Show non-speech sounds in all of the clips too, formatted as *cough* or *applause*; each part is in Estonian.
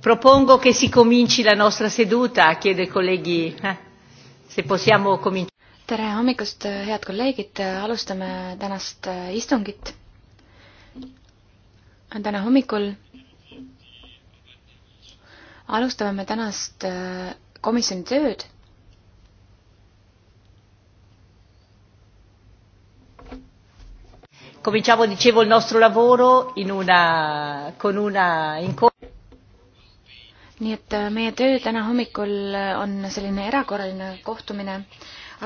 Propongo che si cominci la nostra seduta, chiedo ai colleghi eh, se possiamo cominciare. tere hommikust, head kolleegid, alustame tänast istungit. täna hommikul alustame me tänast äh, komisjoni tööd cominciamo dicevo il nostro lavoro in una, con una incontro nii et äh, meie töö täna hommikul äh, on selline erakorraline kohtumine,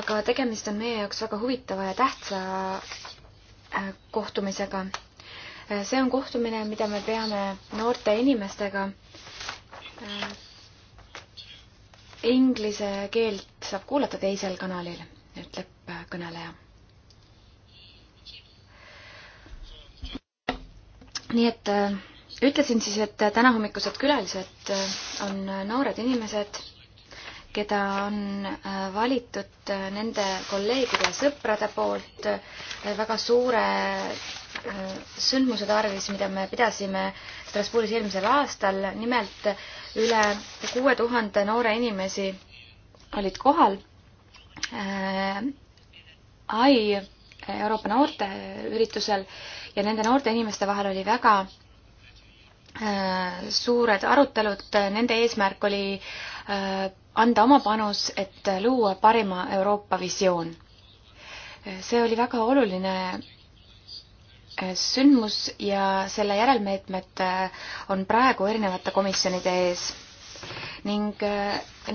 aga tegemist on meie jaoks väga huvitava ja tähtsa äh, kohtumisega. see on kohtumine, mida me peame noorte inimestega. Inglise keelt saab kuulata teisel kanalil, ütleb kõneleja nii et ütlesin siis, et tänahommikused külalised on noored inimesed, keda on äh, valitud äh, nende kolleegide ja sõprade poolt äh, väga suure sündmuse tarvis, mida me pidasime Strasbourgis eelmisel aastal, nimelt üle kuue tuhande noore inimesi olid kohal ai Euroopa noorteüritusel ja nende noorte inimeste vahel oli väga Äh, suured arutelud, nende eesmärk oli äh, anda oma panus, et luua parima Euroopa visioon. see oli väga oluline äh, sündmus ja selle järelmeetmed on praegu erinevate komisjonide ees. ning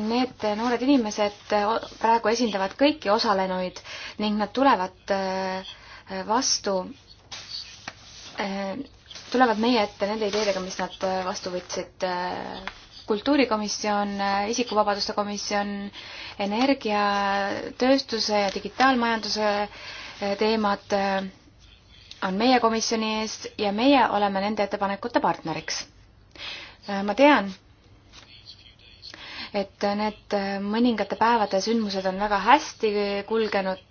need noored inimesed praegu esindavad kõiki osalenuid ning nad tulevad vastu tulevad meie ette nende ideedega, mis nad äh, vastu võtsid. Äh, kultuurikomisjon, äh, isikuvabaduste komisjon, energia, tööstuse ja digitaalmajanduse teemad on meie komisjoni ees ja meie oleme nende ettepanekute partneriks. ma tean, et need mõningate päevade sündmused on väga hästi kulgenud.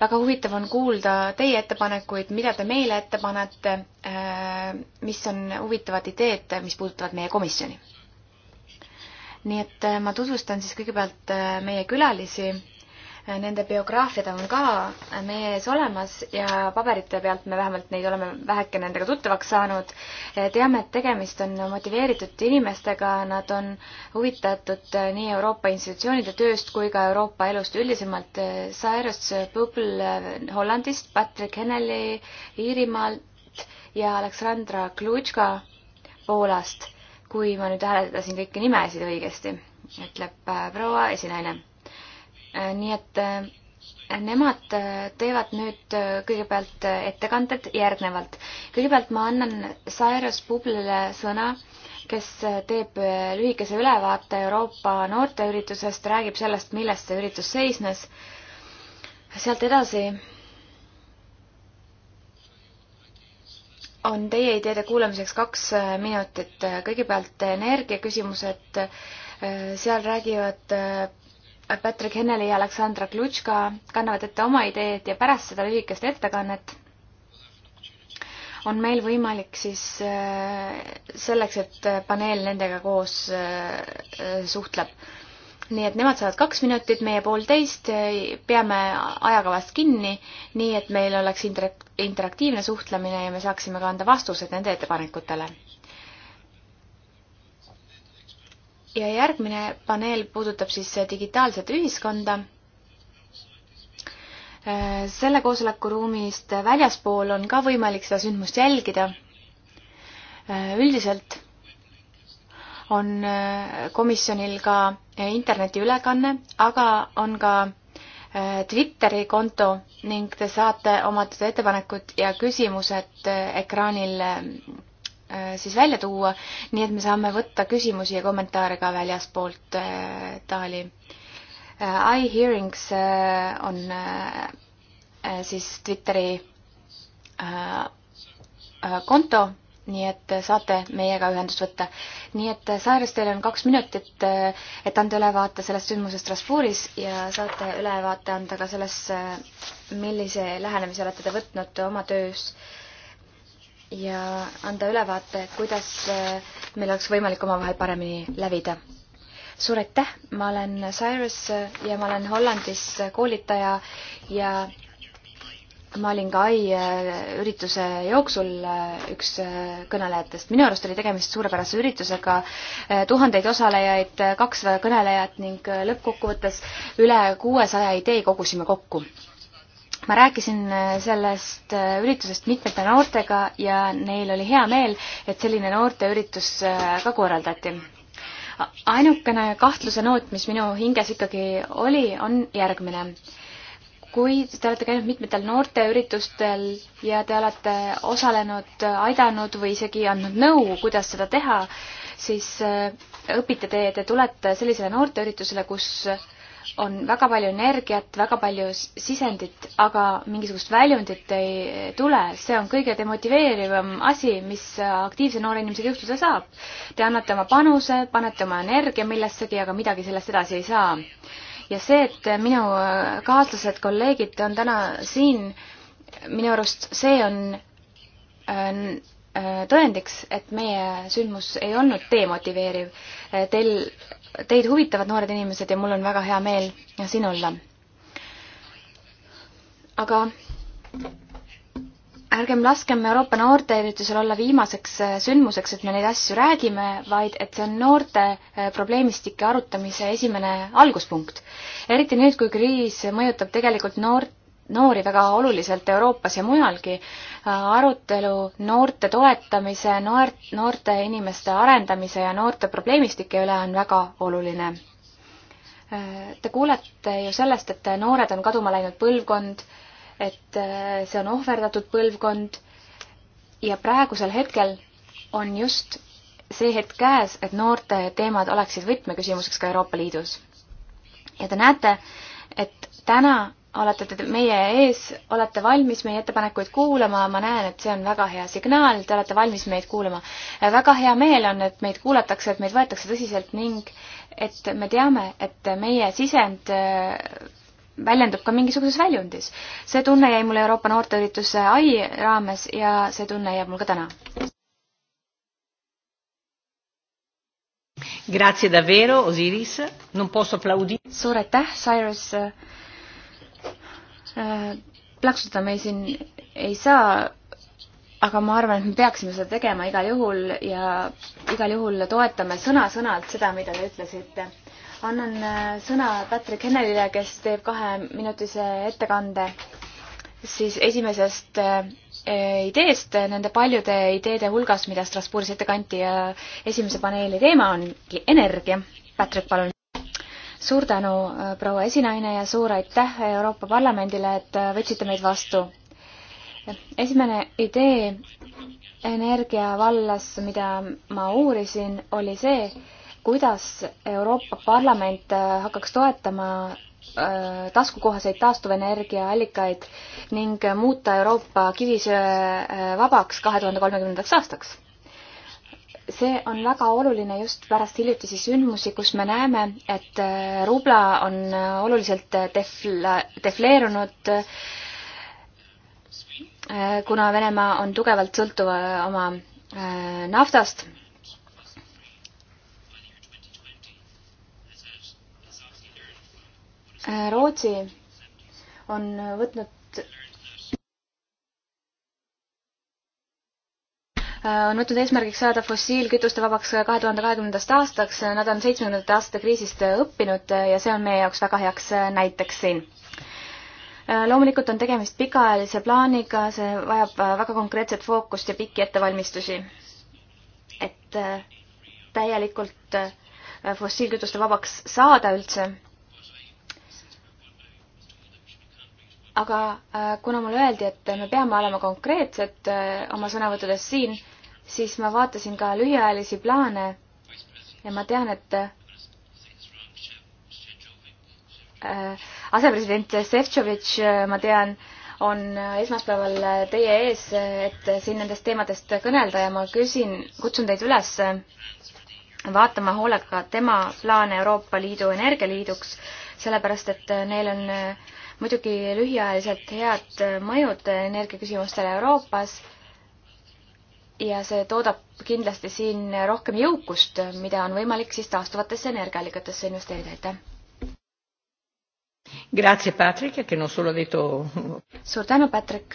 väga huvitav on kuulda teie ettepanekuid, mida te meile ette panete, äh, mis on huvitavad ideed, mis puudutavad meie komisjoni. nii et äh, ma tutvustan siis kõigepealt äh, meie külalisi Nende biograafiad on ka meie ees olemas ja paberite pealt me vähemalt neid oleme väheke nendega tuttavaks saanud. teame, et tegemist on motiveeritud inimestega, nad on huvitatud nii Euroopa institutsioonide tööst kui ka Euroopa elust üldisemalt. Cyrus Publ Hollandist, Patrick Heneli Iirimaalt ja Aleksandra Klutška Poolast, kui ma nüüd hääldasin kõiki nimesid õigesti, ütleb äh, proua esinaine Äh, nii et äh, nemad äh, teevad nüüd kõigepealt ettekanded järgnevalt. kõigepealt ma annan Cyrus Bublile sõna, kes teeb lühikese ülevaate Euroopa noorteüritusest, räägib sellest, milles see üritus seisnes. sealt edasi on teie ideede kuulamiseks kaks minutit. kõigepealt energiaküsimused, seal räägivad Patrick Henneli ja Aleksandra Klutška kannavad ette oma ideed ja pärast seda lühikest ettekannet on meil võimalik siis äh, selleks, et äh, paneel nendega koos äh, suhtleb. nii et nemad saavad kaks minutit, meie poolteist, peame ajakavast kinni, nii et meil oleks interaktiivne suhtlemine ja me saaksime ka anda vastused nende ettepanekutele. ja järgmine paneel puudutab siis digitaalset ühiskonda. selle koosoleku ruumist väljaspool on ka võimalik seda sündmust jälgida. üldiselt on komisjonil ka internetiülekanne, aga on ka Twitteri konto ning te saate oma ettepanekud ja küsimused ekraanil Äh, siis välja tuua, nii et me saame võtta küsimusi ja kommentaare ka väljaspoolt äh, Taali. Äh, iHearings on siis Twitteri konto, nii et saate meiega ühendust võtta. nii et Sairas, teil on kaks minutit, et anda ülevaate sellest sündmusest Strasbourgis ja saate ülevaate anda ka selles, millise lähenemise olete te võtnud oma töös äh, ja anda ülevaate, kuidas äh, meil oleks võimalik omavahel paremini lävida. suur aitäh, ma olen Cyrus äh, ja ma olen Hollandis äh, koolitaja ja ma olin ka ai ürituse jooksul üks kõnelejatest. minu arust oli tegemist suurepärase üritusega, tuhandeid osalejaid, kakssada kõnelejat ning lõppkokkuvõttes üle kuuesaja idee kogusime kokku ma rääkisin äh, sellest äh, üritusest mitmete noortega ja neil oli hea meel, et selline noorteüritus äh, ka korraldati. ainukene kahtluse noot, mis minu hinges ikkagi oli, on järgmine. kui te olete käinud mitmetel noorteüritustel ja te olete osalenud, aidanud või isegi andnud nõu, kuidas seda teha, siis õpite te, te tulete sellisele noorteüritusele, kus on väga palju energiat, väga palju sisendit, aga mingisugust väljundit ei tule, see on kõige demotiveerivam asi, mis aktiivse noore inimesega juhtuda saab. Te annate oma panuse, panete oma energia millessegi, aga midagi sellest edasi ei saa. ja see, et minu kaaslased, kolleegid on täna siin, minu arust see on, on äh, Äh, tõendiks, et meie sündmus ei olnud demotiveeriv. Äh, teil, teid huvitavad noored inimesed ja mul on väga hea meel siin olla. aga ärgem laskem Euroopa noorteüritusel olla viimaseks äh, sündmuseks, et me neid asju räägime, vaid et see on noorte probleemistike arutamise esimene alguspunkt. eriti nüüd, kui kriis mõjutab tegelikult noort, noori väga oluliselt Euroopas ja mujalgi. arutelu noorte toetamise, noort, noorte inimeste arendamise ja noorte probleemistike üle on väga oluline. Te kuulete ju sellest, et noored on kaduma läinud põlvkond, et see on ohverdatud põlvkond ja praegusel hetkel on just see hetk käes, et noorte teemad oleksid võtmeküsimuseks ka Euroopa Liidus. ja te näete, et täna olete te meie ees, olete valmis meie ettepanekuid kuulama, ma näen, et see on väga hea signaal, te olete valmis meid kuulama. väga hea meel on, et meid kuulatakse, et meid võetakse tõsiselt ning et me teame, et meie sisend äh, väljendub ka mingisuguses väljundis. see tunne jäi mulle Euroopa noorteürituse ai raames ja see tunne jääb mul ka täna. Grazie davvero, Osiris, non posso applaudire. suur aitäh, Cyrus Äh, plaksutada me siin ei saa, aga ma arvan, et me peaksime seda tegema igal juhul ja igal juhul toetame sõna-sõnalt seda, mida te ütlesite. annan äh, sõna Patrick Hennelile, kes teeb kaheminutise ettekande siis esimesest äh, ideest nende paljude ideede hulgas, mida Strasbourgis ette kanti ja esimese paneeli teema ongi energia. Patrick, palun suur tänu, äh, proua esinaine ja suur aitäh Euroopa Parlamendile, et äh, võtsite meid vastu. esimene idee energia vallas, mida ma uurisin, oli see, kuidas Euroopa Parlament äh, hakkaks toetama taskukohaseid taastuvenergiaallikaid ning muuta Euroopa kivisöe vabaks kahe tuhande kolmekümnendaks aastaks see on väga oluline just pärast hiljutisi sündmusi, kus me näeme, et äh, rubla on äh, oluliselt äh, defla-, defleerunud, kuna Venemaa on tugevalt sõltuv oma naftast Rootsi on võtnud Äh, on võtnud eesmärgiks saada fossiilkütuste vabaks kahe tuhande kahekümnendast aastaks. Nad on seitsmekümnendate aastate kriisist õppinud ja see on meie jaoks väga heaks näiteks siin. Äh, loomulikult on tegemist pikaajalise plaaniga, see vajab äh, väga konkreetset fookust ja pikki ettevalmistusi. et täielikult fossiilkütuste vabaks saada üldse. aga kuna mulle öeldi, et me peame olema konkreetsed oma sõnavõttudes siin, siis ma vaatasin ka lühiajalisi plaane ja ma tean, et äh, asepresident Šefčovitš, äh, ma tean, on äh, esmaspäeval teie ees, et siin nendest teemadest kõnelda ja ma küsin, kutsun teid üles vaatama hoolega tema plaane Euroopa Liidu energialiiduks, sellepärast et neil on muidugi lühiajaliselt head mõjud energiaküsimustele Euroopas ja see toodab kindlasti siin rohkem jõukust, mida on võimalik siis taastuvatesse energiaallikatesse investeerida, aitäh! Grazie Patrick, che non solo ha detto... suur tänu, Patrick!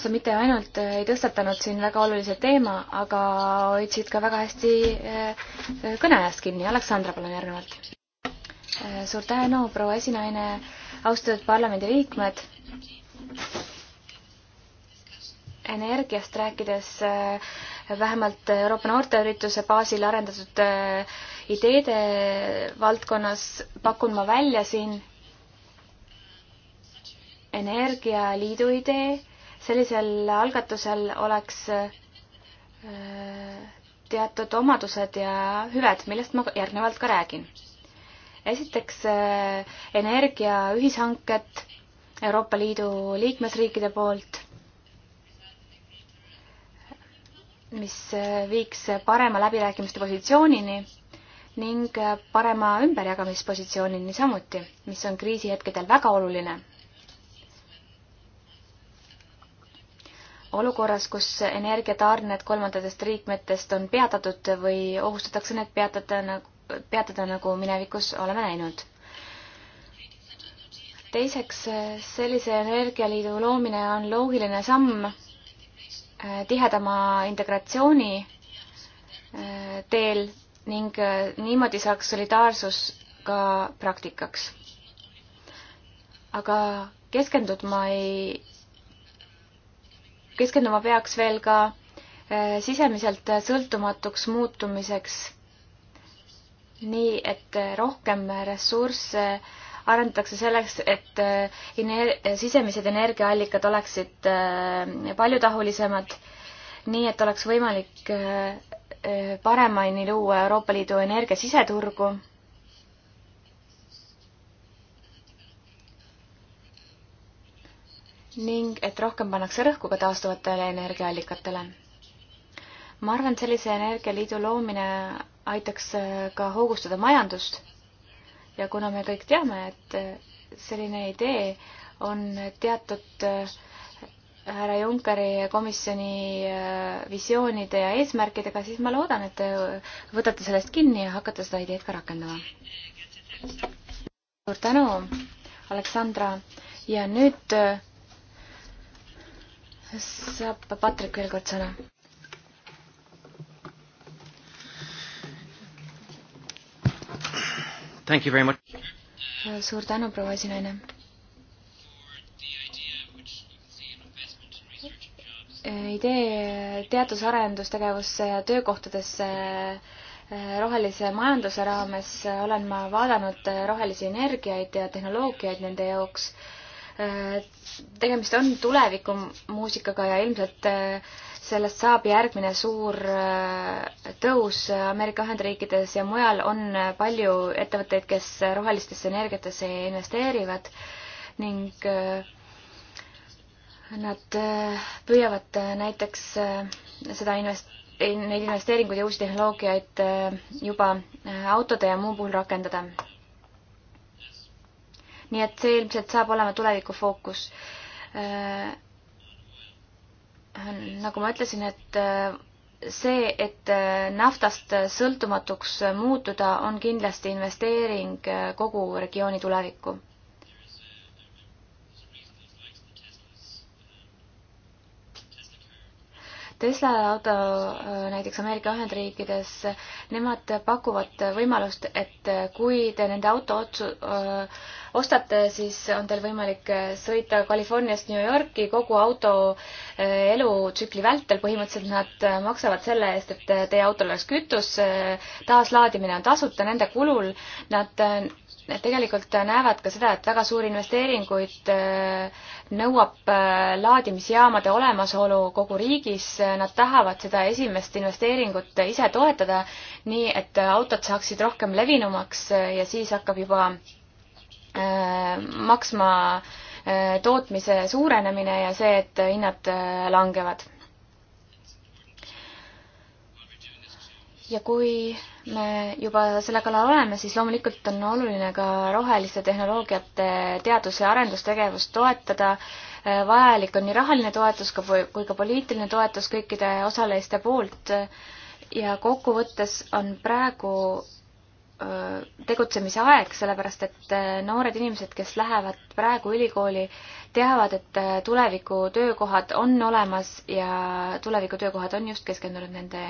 sa mitte ainult äh, ei tõstatanud siin väga olulise teema, aga hoidsid ka väga hästi äh, kõneajast kinni. Aleksandra, palun järgnevalt. Äh, suur tänu, proua esinaine, austatud parlamendiliikmed energiast rääkides äh, vähemalt Euroopa noorteürituse baasil arendatud äh, ideede valdkonnas pakun ma välja siin energialiidu idee. sellisel algatusel oleks äh, teatud omadused ja hüved, millest ma järgnevalt ka räägin. esiteks energia ühishanked Euroopa Liidu liikmesriikide poolt mis äh, viiks parema läbirääkimiste positsioonini ning äh, parema ümberjagamispositsioonini samuti, mis on kriisihetkedel väga oluline. olukorras, kus energiatarned kolmandatest riikmetest on peatatud või ohustatakse need peatada, nagu, peatada nagu minevikus oleme näinud. teiseks, sellise energialiidu loomine on loogiline samm Äh, tihedama integratsiooni äh, teel ning äh, niimoodi saaks solidaarsus ka praktikaks. aga keskenduma ei, keskenduma peaks veel ka sisemiselt sõltumatuks muutumiseks, nii et rohkem ressursse äh, arendatakse selleks, et äh, ener-, sisemised energiaallikad oleksid äh, paljutahulisemad, nii et oleks võimalik äh, paremini luua Euroopa Liidu energia siseturgu. ning et rohkem pannakse rõhku ka taastuvatele energiaallikatele. ma arvan, et sellise energialiidu loomine aitaks ka hoogustada majandust ja kuna me kõik teame, et selline idee on teatud äh, härra Junckeri komisjoni äh, visioonide ja eesmärkidega, siis ma loodan, et te võtate sellest kinni ja hakkate seda ideed ka rakendama. suur tänu, Aleksandra, ja nüüd äh, saab Patrik veel kord sõna. suur tänu, proua esinaine. idee teadus-arendustegevusse ja töökohtadesse eh, rohelise majanduse raames olen ma vaadanud eh, rohelisi energiaid ja tehnoloogiaid nende jaoks tegemist on tulevikumuusikaga ja ilmselt äh, sellest saab järgmine suur äh, tõus Ameerika Ühendriikides ja mujal on äh, palju ettevõtteid, kes rohelistesse energiatesse investeerivad ning nad püüavad näiteks seda invest-, neid investeeringuid ja uusi tehnoloogiaid juba autode ja muu puhul rakendada nii et see ilmselt saab olema tuleviku fookus. Äh, nagu ma ütlesin, et äh, see, et äh, naftast sõltumatuks muutuda, on kindlasti investeering kogu regiooni tulevikku Tesla auto äh, näiteks Ameerika Ühendriikides, nemad pakuvad võimalust, et kui te nende auto otsu-, äh, ostate, siis on teil võimalik äh, sõita Californiast New Yorki kogu auto elutsükli vältel, põhimõtteliselt nad maksavad selle eest, et teie autol oleks kütus, taaslaadimine on tasuta nende kulul, nad tegelikult näevad ka seda, et väga suuri investeeringuid äh, nõuab äh, laadimisjaamade olemasolu kogu riigis, nad tahavad seda esimest investeeringut ise toetada, nii et autod saaksid rohkem levinumaks äh, ja siis hakkab juba maksma tootmise suurenemine ja see, et hinnad langevad. ja kui me juba selle kallal oleme, siis loomulikult on oluline ka roheliste tehnoloogiate teadus- ja arendustegevust toetada. vajalik on nii rahaline toetus kui ka poliitiline toetus kõikide osaliste poolt. ja kokkuvõttes on praegu Äh, tegutsemise aeg, sellepärast et äh, noored inimesed, kes lähevad praegu ülikooli, teavad, et äh, tuleviku töökohad on olemas ja tuleviku töökohad on just keskendunud nende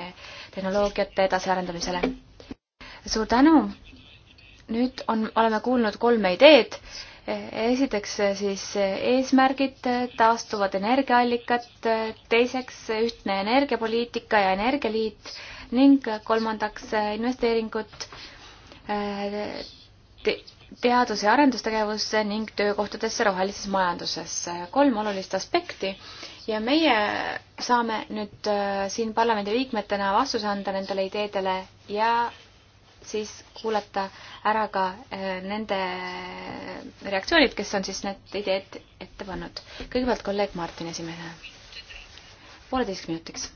tehnoloogiate edasiarendamisele. suur tänu! nüüd on, oleme kuulnud kolme ideed. E, esiteks siis eesmärgid, taastuvad energiaallikad, teiseks ühtne energiapoliitika ja energialiit ning kolmandaks investeeringud äh, Äh, te teadus- ja arendustegevusse ning töökohtadesse rohelises majandusesse. kolm olulist aspekti ja meie saame nüüd äh, siin parlamendiliikmetena vastuse anda nendele ideedele ja siis kuulata ära ka äh, nende reaktsioonid, kes on siis need ideed ette pannud. kõigepealt kolleeg Martin esimene. pooleteiseks minutiks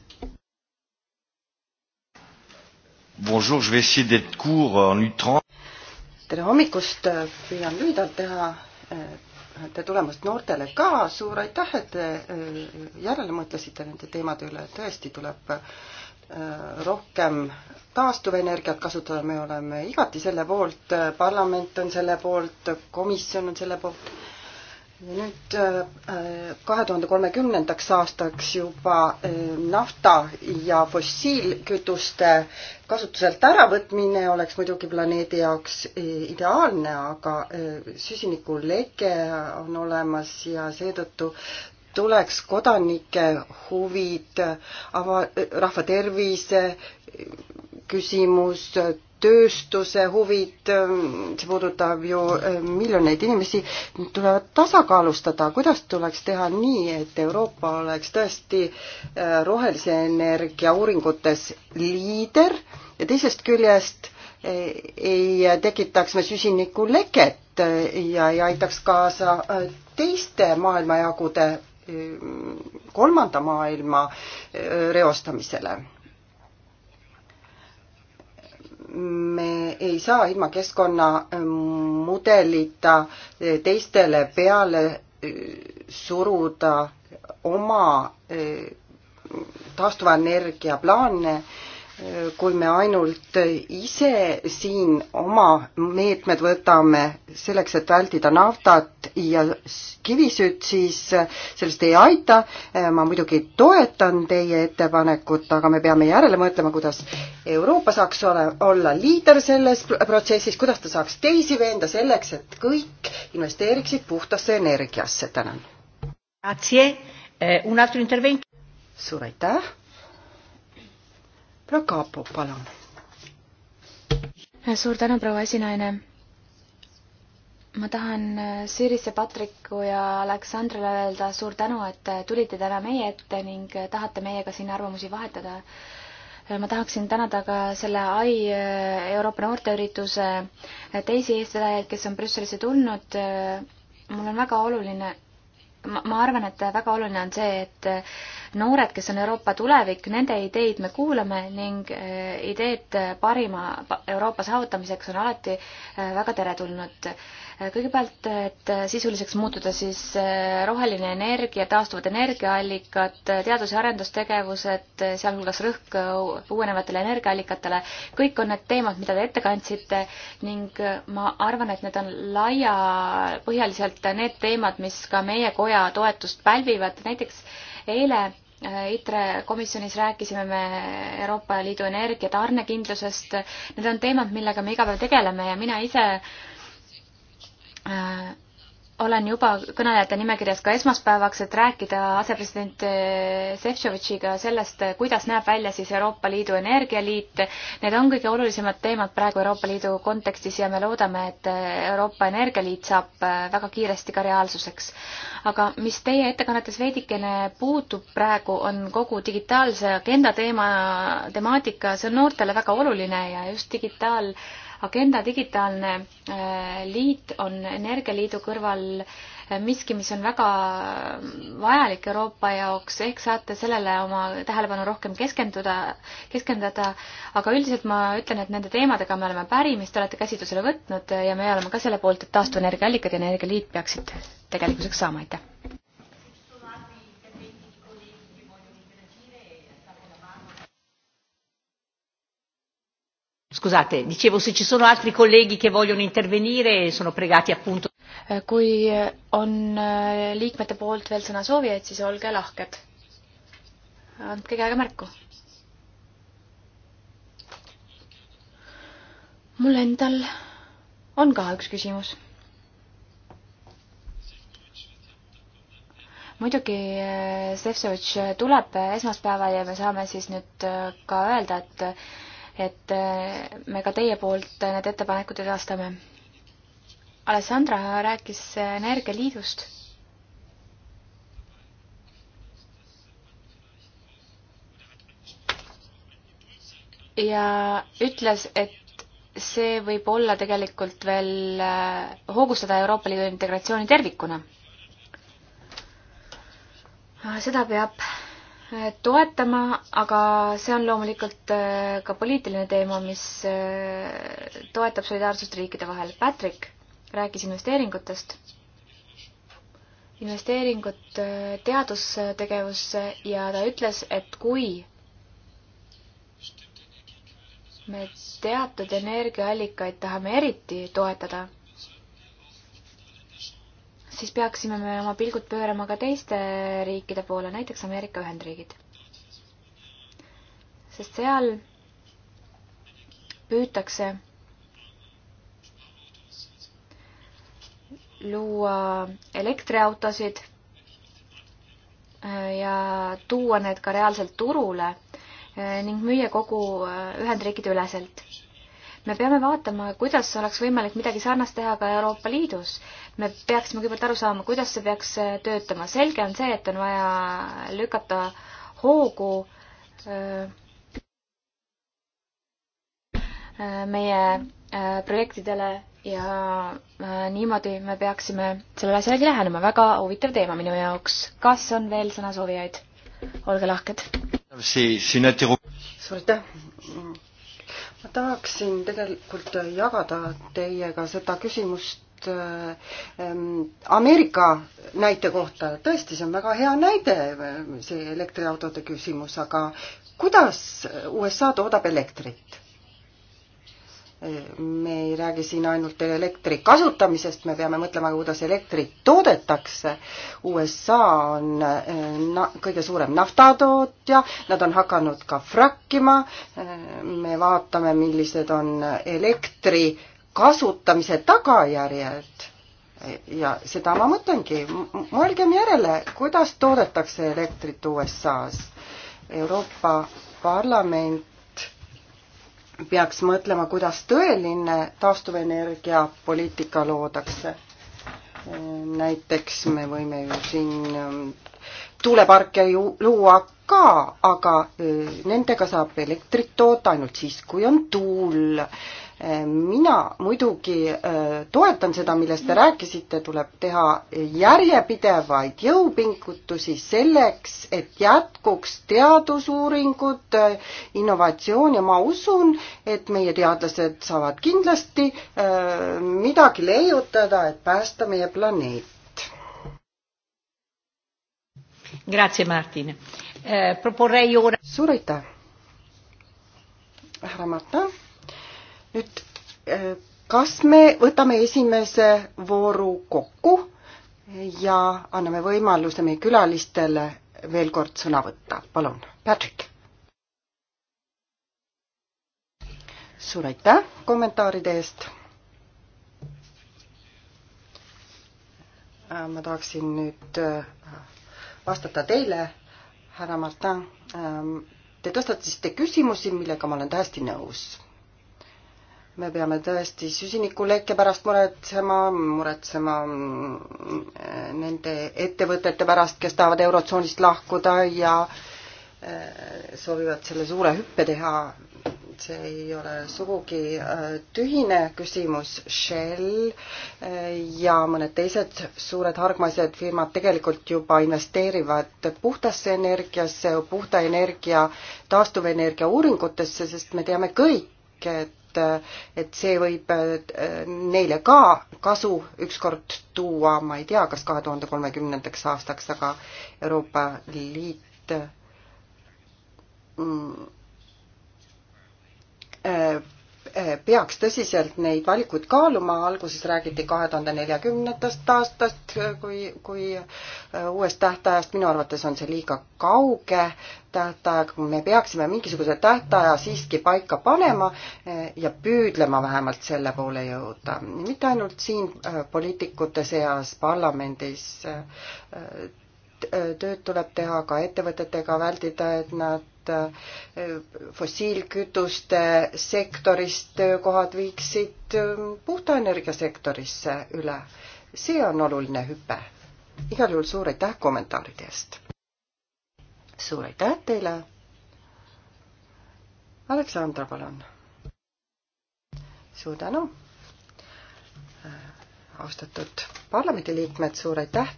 Bonjour, je vais essayer d'être court euh, en ütrant. tere hommikust, äh, püüan lühidalt teha. Äh, tere tulemast noortele ka, suur aitäh, et te äh, järele mõtlesite nende teemade üle, tõesti tuleb rohkem taastuvenergiat kasutada, me oleme igati selle poolt, parlament on selle poolt, komisjon on selle poolt nüüd äh, kahe tuhande kolmekümnendaks aastaks juba äh, nafta ja fossiilkütuste kasutuselt äravõtmine oleks muidugi planeedi jaoks äh, ideaalne, aga süsinikuleke on olemas ja seetõttu tuleks kodanike huvid, ava-, rahva tervise küsimus, tööstuse huvid, see puudutab ju äh, miljoneid inimesi, tulevad tasakaalustada, kuidas tuleks teha nii, et Euroopa oleks tõesti äh, rohelise energia uuringutes liider ja teisest küljest äh, ei tekitaks me süsinikuleket ja ei aitaks kaasa teiste maailmajagude kolmanda maailma reostamisele me ei saa ilma keskkonnamudelita teistele peale e, suruda oma e, taastuvenergia plaane kui me ainult ise siin oma meetmed võtame selleks, et vältida naftat ja kivisütt, siis sellest ei aita. ma muidugi toetan teie ettepanekut, aga me peame järele mõtlema, kuidas Euroopa saaks ole, olla liider selles protsessis, kuidas ta saaks teisi veenda selleks, et kõik investeeriksid puhtasse energiasse. tänan. Eh, suur aitäh Prokopov, palun. suur tänu, proua esinaine. ma tahan äh, Sirise Patriku ja Aleksandrile öelda suur tänu, et äh, tulite täna meie ette ning äh, tahate meiega siin arvamusi vahetada. ma tahaksin tänada ka selle ai Euroopa noorteürituse teisi eestvedajaid, kes on Brüsselisse tulnud mul on väga oluline, ma arvan, et väga oluline on see, et noored, kes on Euroopa tulevik, nende ideid me kuulame ning äh, ideed parima Euroopa saavutamiseks on alati äh, väga teretulnud kõigepealt, et sisuliseks muutuda siis äh, roheline energia, taastuvad energiaallikad, teadus- ja arendustegevused, äh, sealhulgas rõhk äh, uuenevatele energiaallikatele, kõik on need teemad, mida te ette kandsite ning ma arvan, et need on laiapõhjaliselt need teemad, mis ka meie koja toetust pälvivad, näiteks eile ITRE komisjonis rääkisime me Euroopa Liidu energiatarnekindlusest, need on teemad, millega me iga päev tegeleme ja mina ise äh, Äh, olen juba kõnelejate nimekirjas ka esmaspäevaks, et rääkida asepresident äh, Šefčovitšiga sellest, kuidas näeb välja siis Euroopa Liidu energialiit. Need on kõige olulisemad teemad praegu Euroopa Liidu kontekstis ja me loodame, et äh, Euroopa Energialiit saab väga kiiresti ka reaalsuseks. aga mis teie ettekannetes veidikene puutub praegu, on kogu digitaalse agenda teema, temaatika, see on noortele väga oluline ja just digitaal- äh, agenda digitaalne äh, liit on energialiidu kõrval äh, miski, mis on väga äh, vajalik Euroopa jaoks, ehk saate sellele oma tähelepanu rohkem keskenduda, keskenduda, aga üldiselt ma ütlen, et nende teemadega me oleme päri, mis te olete käsitlusele võtnud ja me oleme ka selle poolt, et taastuvenergiaallikad ja energialiit peaksid tegelikkuseks saama, aitäh! Scusate, dicevo se ci sono altri colleghi che vogliono intervenire, sono pregati appunto. Eh, kui eh, on eh, liikmete poolt veel sõnasoovijaid, siis olge lahked. andke käega märku. mul endal on ka üks küsimus. muidugi Stefsovitš tuleb esmaspäeval ja me saame siis nüüd ka öelda, et et äh, me ka teie poolt äh, need ettepanekud edastame. Alessandra rääkis äh, Energialiidust. ja ütles, et see võib olla tegelikult veel hoogustada Euroopa Liidu integratsiooni tervikuna. Ah, seda peab Äh, toetama, aga see on loomulikult äh, ka poliitiline teema, mis äh, toetab solidaarsust riikide vahel. Patrick rääkis investeeringutest. investeeringud teadustegevusse ja ta ütles, et kui me teatud energiaallikaid tahame eriti toetada siis peaksime me oma pilgud pöörama ka teiste riikide poole, näiteks Ameerika Ühendriigid. sest seal püütakse luua elektriautosid äh, ja tuua need ka reaalselt turule äh, ning müüa kogu äh, Ühendriikide üleselt me peame vaatama, kuidas oleks võimalik midagi sarnast teha ka Euroopa Liidus. me peaksime kõigepealt aru saama, kuidas see peaks äh, töötama. selge on see, et on vaja lükata hoogu äh, äh, meie projektidele ja niimoodi me peaksime sellele asjalegi lähenema. väga huvitav teema minu jaoks. kas on veel sõnasoovijaid? olge lahked. suur aitäh ma tahaksin tegelikult jagada teiega seda küsimust ähm, Ameerika näite kohta, tõesti, see on väga hea näide, see elektriautode küsimus, aga kuidas USA toodab elektrit? me ei räägi siin ainult elektri kasutamisest, me peame mõtlema, kuidas elektrit toodetakse. USA on eh, na-, kõige suurem naftatootja, nad on hakanud ka frakkima, eh, me vaatame, millised on elektri kasutamise tagajärjed eh, ja seda ma mõtlengi, mõelgem järele, kuidas toodetakse elektrit USA-s. Euroopa Parlament peaks mõtlema, kuidas tõeline taastuvenergia poliitika loodakse. näiteks me võime ju siin ähm, tuuleparke ju luua ka, aga äh, nendega saab elektrit toota ainult siis, kui on tuul mina muidugi äh, toetan seda, millest te rääkisite, tuleb teha järjepidevaid jõupingutusi selleks, et jätkuks teadusuuringud, äh, innovatsioon ja ma usun, et meie teadlased saavad kindlasti äh, midagi leiutada, et päästa meie planeet. Grazie Martin eh,. Proporrei ora. suur aitäh. härra Martin nüüd äh, kas me võtame esimese vooru kokku ja anname võimaluse meie külalistele veel kord sõna võtta, palun, Patrick. suur aitäh kommentaaride eest. Äh, ma tahaksin nüüd äh, vastata teile, härra Martin. Ähm, te tõstatasite küsimusi, millega ma olen täiesti nõus me peame tõesti süsinikulekke pärast muretsema, muretsema mm, nende ettevõtete pärast, kes tahavad Eurotsoonist lahkuda ja äh, soovivad selle suure hüppe teha. see ei ole sugugi äh, tühine küsimus. Shell äh, ja mõned teised suured hargmaised firmad tegelikult juba investeerivad puhtasse energiasse, puhta energia, taastuvenergia uuringutesse, sest me teame kõik, et, et see võib neile ka kasu ükskord tuua, ma ei tea, kas kahe tuhande kolmekümnendaks aastaks, aga Euroopa Liit mm, äh, Eh, peaks tõsiselt neid valikuid kaaluma, alguses räägiti kahe tuhande neljakümnendast aastast eh, kui, kui eh, uuest tähtajast, minu arvates on see liiga kauge tähtaeg, me peaksime mingisuguse tähtaja siiski paika panema ja püüdlema vähemalt selle poole jõuda. mitte ainult siin poliitikute seas parlamendis tööd tuleb teha ka ettevõtetega, väldida, et nad äh, fossiilkütuste sektorist töökohad viiksid äh, puhta energia sektorisse üle. see on oluline hüpe. igal juhul suur aitäh kommentaaride eest! suur aitäh teile! Aleksandra, palun! suur tänu! Äh, austatud parlamendiliikmed, suur aitäh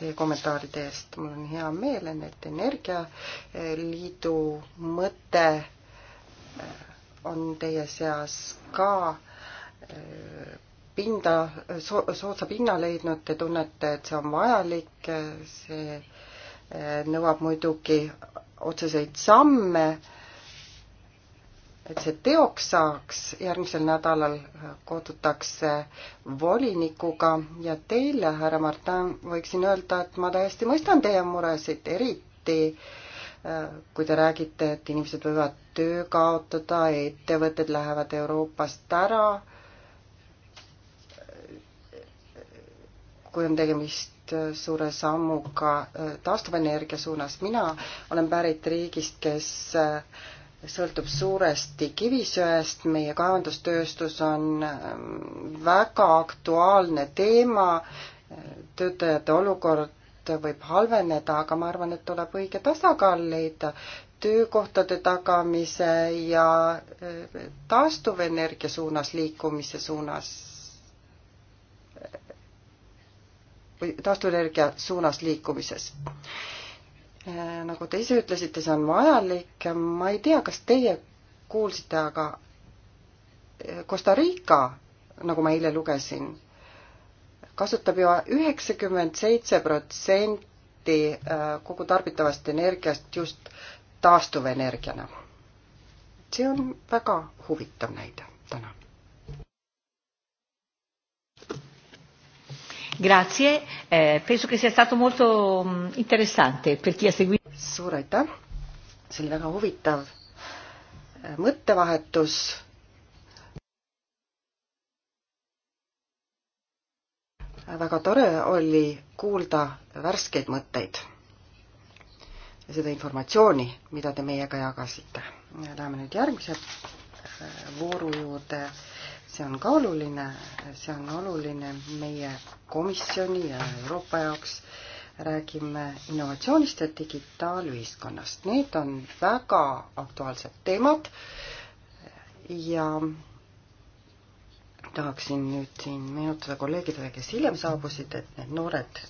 teie kommentaaride eest. mul on hea meel, et Energialiidu mõte äh, on teie seas ka äh, pinda so,, soodsa pinna leidnud, te tunnete, et see on vajalik, see äh, nõuab muidugi otseseid samme et see teoks saaks, järgmisel nädalal äh, kohtutakse volinikuga ja teile, härra Martin, võiksin öelda, et ma täiesti mõistan teie muresid, eriti äh, kui te räägite, et inimesed võivad töö kaotada, ettevõtted lähevad Euroopast ära, kui on tegemist äh, suure sammuga taastuvenergia suunas. mina olen pärit riigist, kes sõltub suuresti kivisöest, meie kaevandustööstus on ähm, väga aktuaalne teema, töötajate olukord võib halveneda, aga ma arvan, et tuleb õige tasakaal leida töökohtade tagamise ja äh, taastuvenergia suunas liikumise suunas äh, või taastuvenergia suunas liikumises Äh, nagu te ise ütlesite, see on vajalik, ma ei tea, kas teie kuulsite, aga äh, Costa Rica, nagu ma eile lugesin, kasutab juba üheksakümmend seitse protsenti äh, kogu tarbitavast energiast just taastuvenergiana. see on väga huvitav näide, tänan. Grazie, eh, penso che sia stato molto mm, interessante per chi ha seguito. suur aitäh, see oli väga huvitav eh, mõttevahetus. väga tore oli kuulda värskeid mõtteid ja seda informatsiooni, mida te meiega jagasite. Läheme nüüd järgmise eh, vooru juurde see on ka oluline, see on oluline meie komisjoni ja Euroopa jaoks. räägime innovatsioonist ja digitaalühiskonnast, need on väga aktuaalsed teemad ja tahaksin nüüd siin meenutada kolleegidele, kes hiljem saabusid, et need noored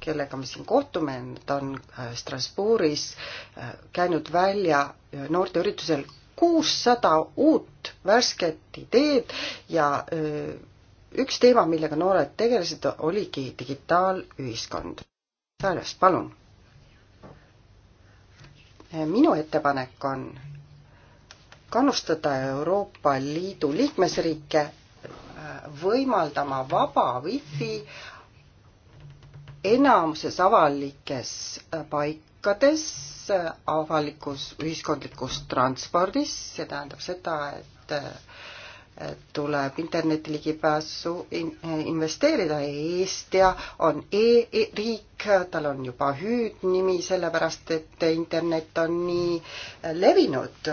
kellega me siin kohtume, nad on äh, Strasbourgis äh, käinud välja noorteüritusel kuussada uut värsket ideed ja öö, üks teema, millega noored tegelesid, oligi digitaalühiskond. Sääles, palun. minu ettepanek on kannustada Euroopa Liidu liikmesriike võimaldama vaba wifi enamuses avalikes äh, paik-, pankades, avalikus ühiskondlikus transpordis, see tähendab seda, et tuleb interneti ligipääsu in, investeerida. Eestia on e-riik, tal on juba hüüdnimi, sellepärast et internet on nii levinud.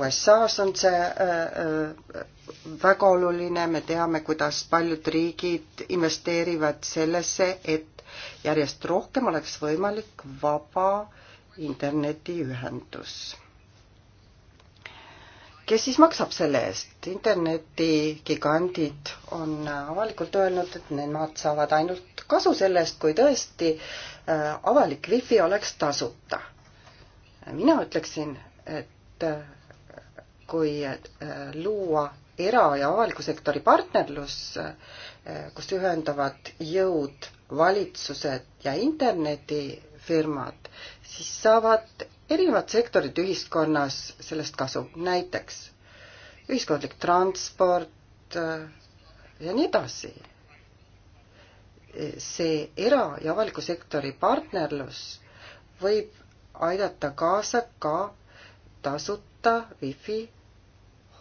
USA-s on see väga oluline, me teame, kuidas paljud riigid investeerivad sellesse, et järjest rohkem oleks võimalik vaba internetiühendus. kes siis maksab selle eest? internetigigandid on avalikult öelnud, et nemad saavad ainult kasu sellest, kui tõesti äh, avalik wifi oleks tasuta. mina ütleksin, et äh, kui äh, luua era- ja avaliku sektori partnerlus, kus ühendavad jõud valitsused ja internetifirmad, siis saavad erinevad sektorid ühiskonnas sellest kasu, näiteks ühiskondlik transport äh, ja nii edasi. see era- ja avaliku sektori partnerlus võib aidata kaasa ka tasuta wifi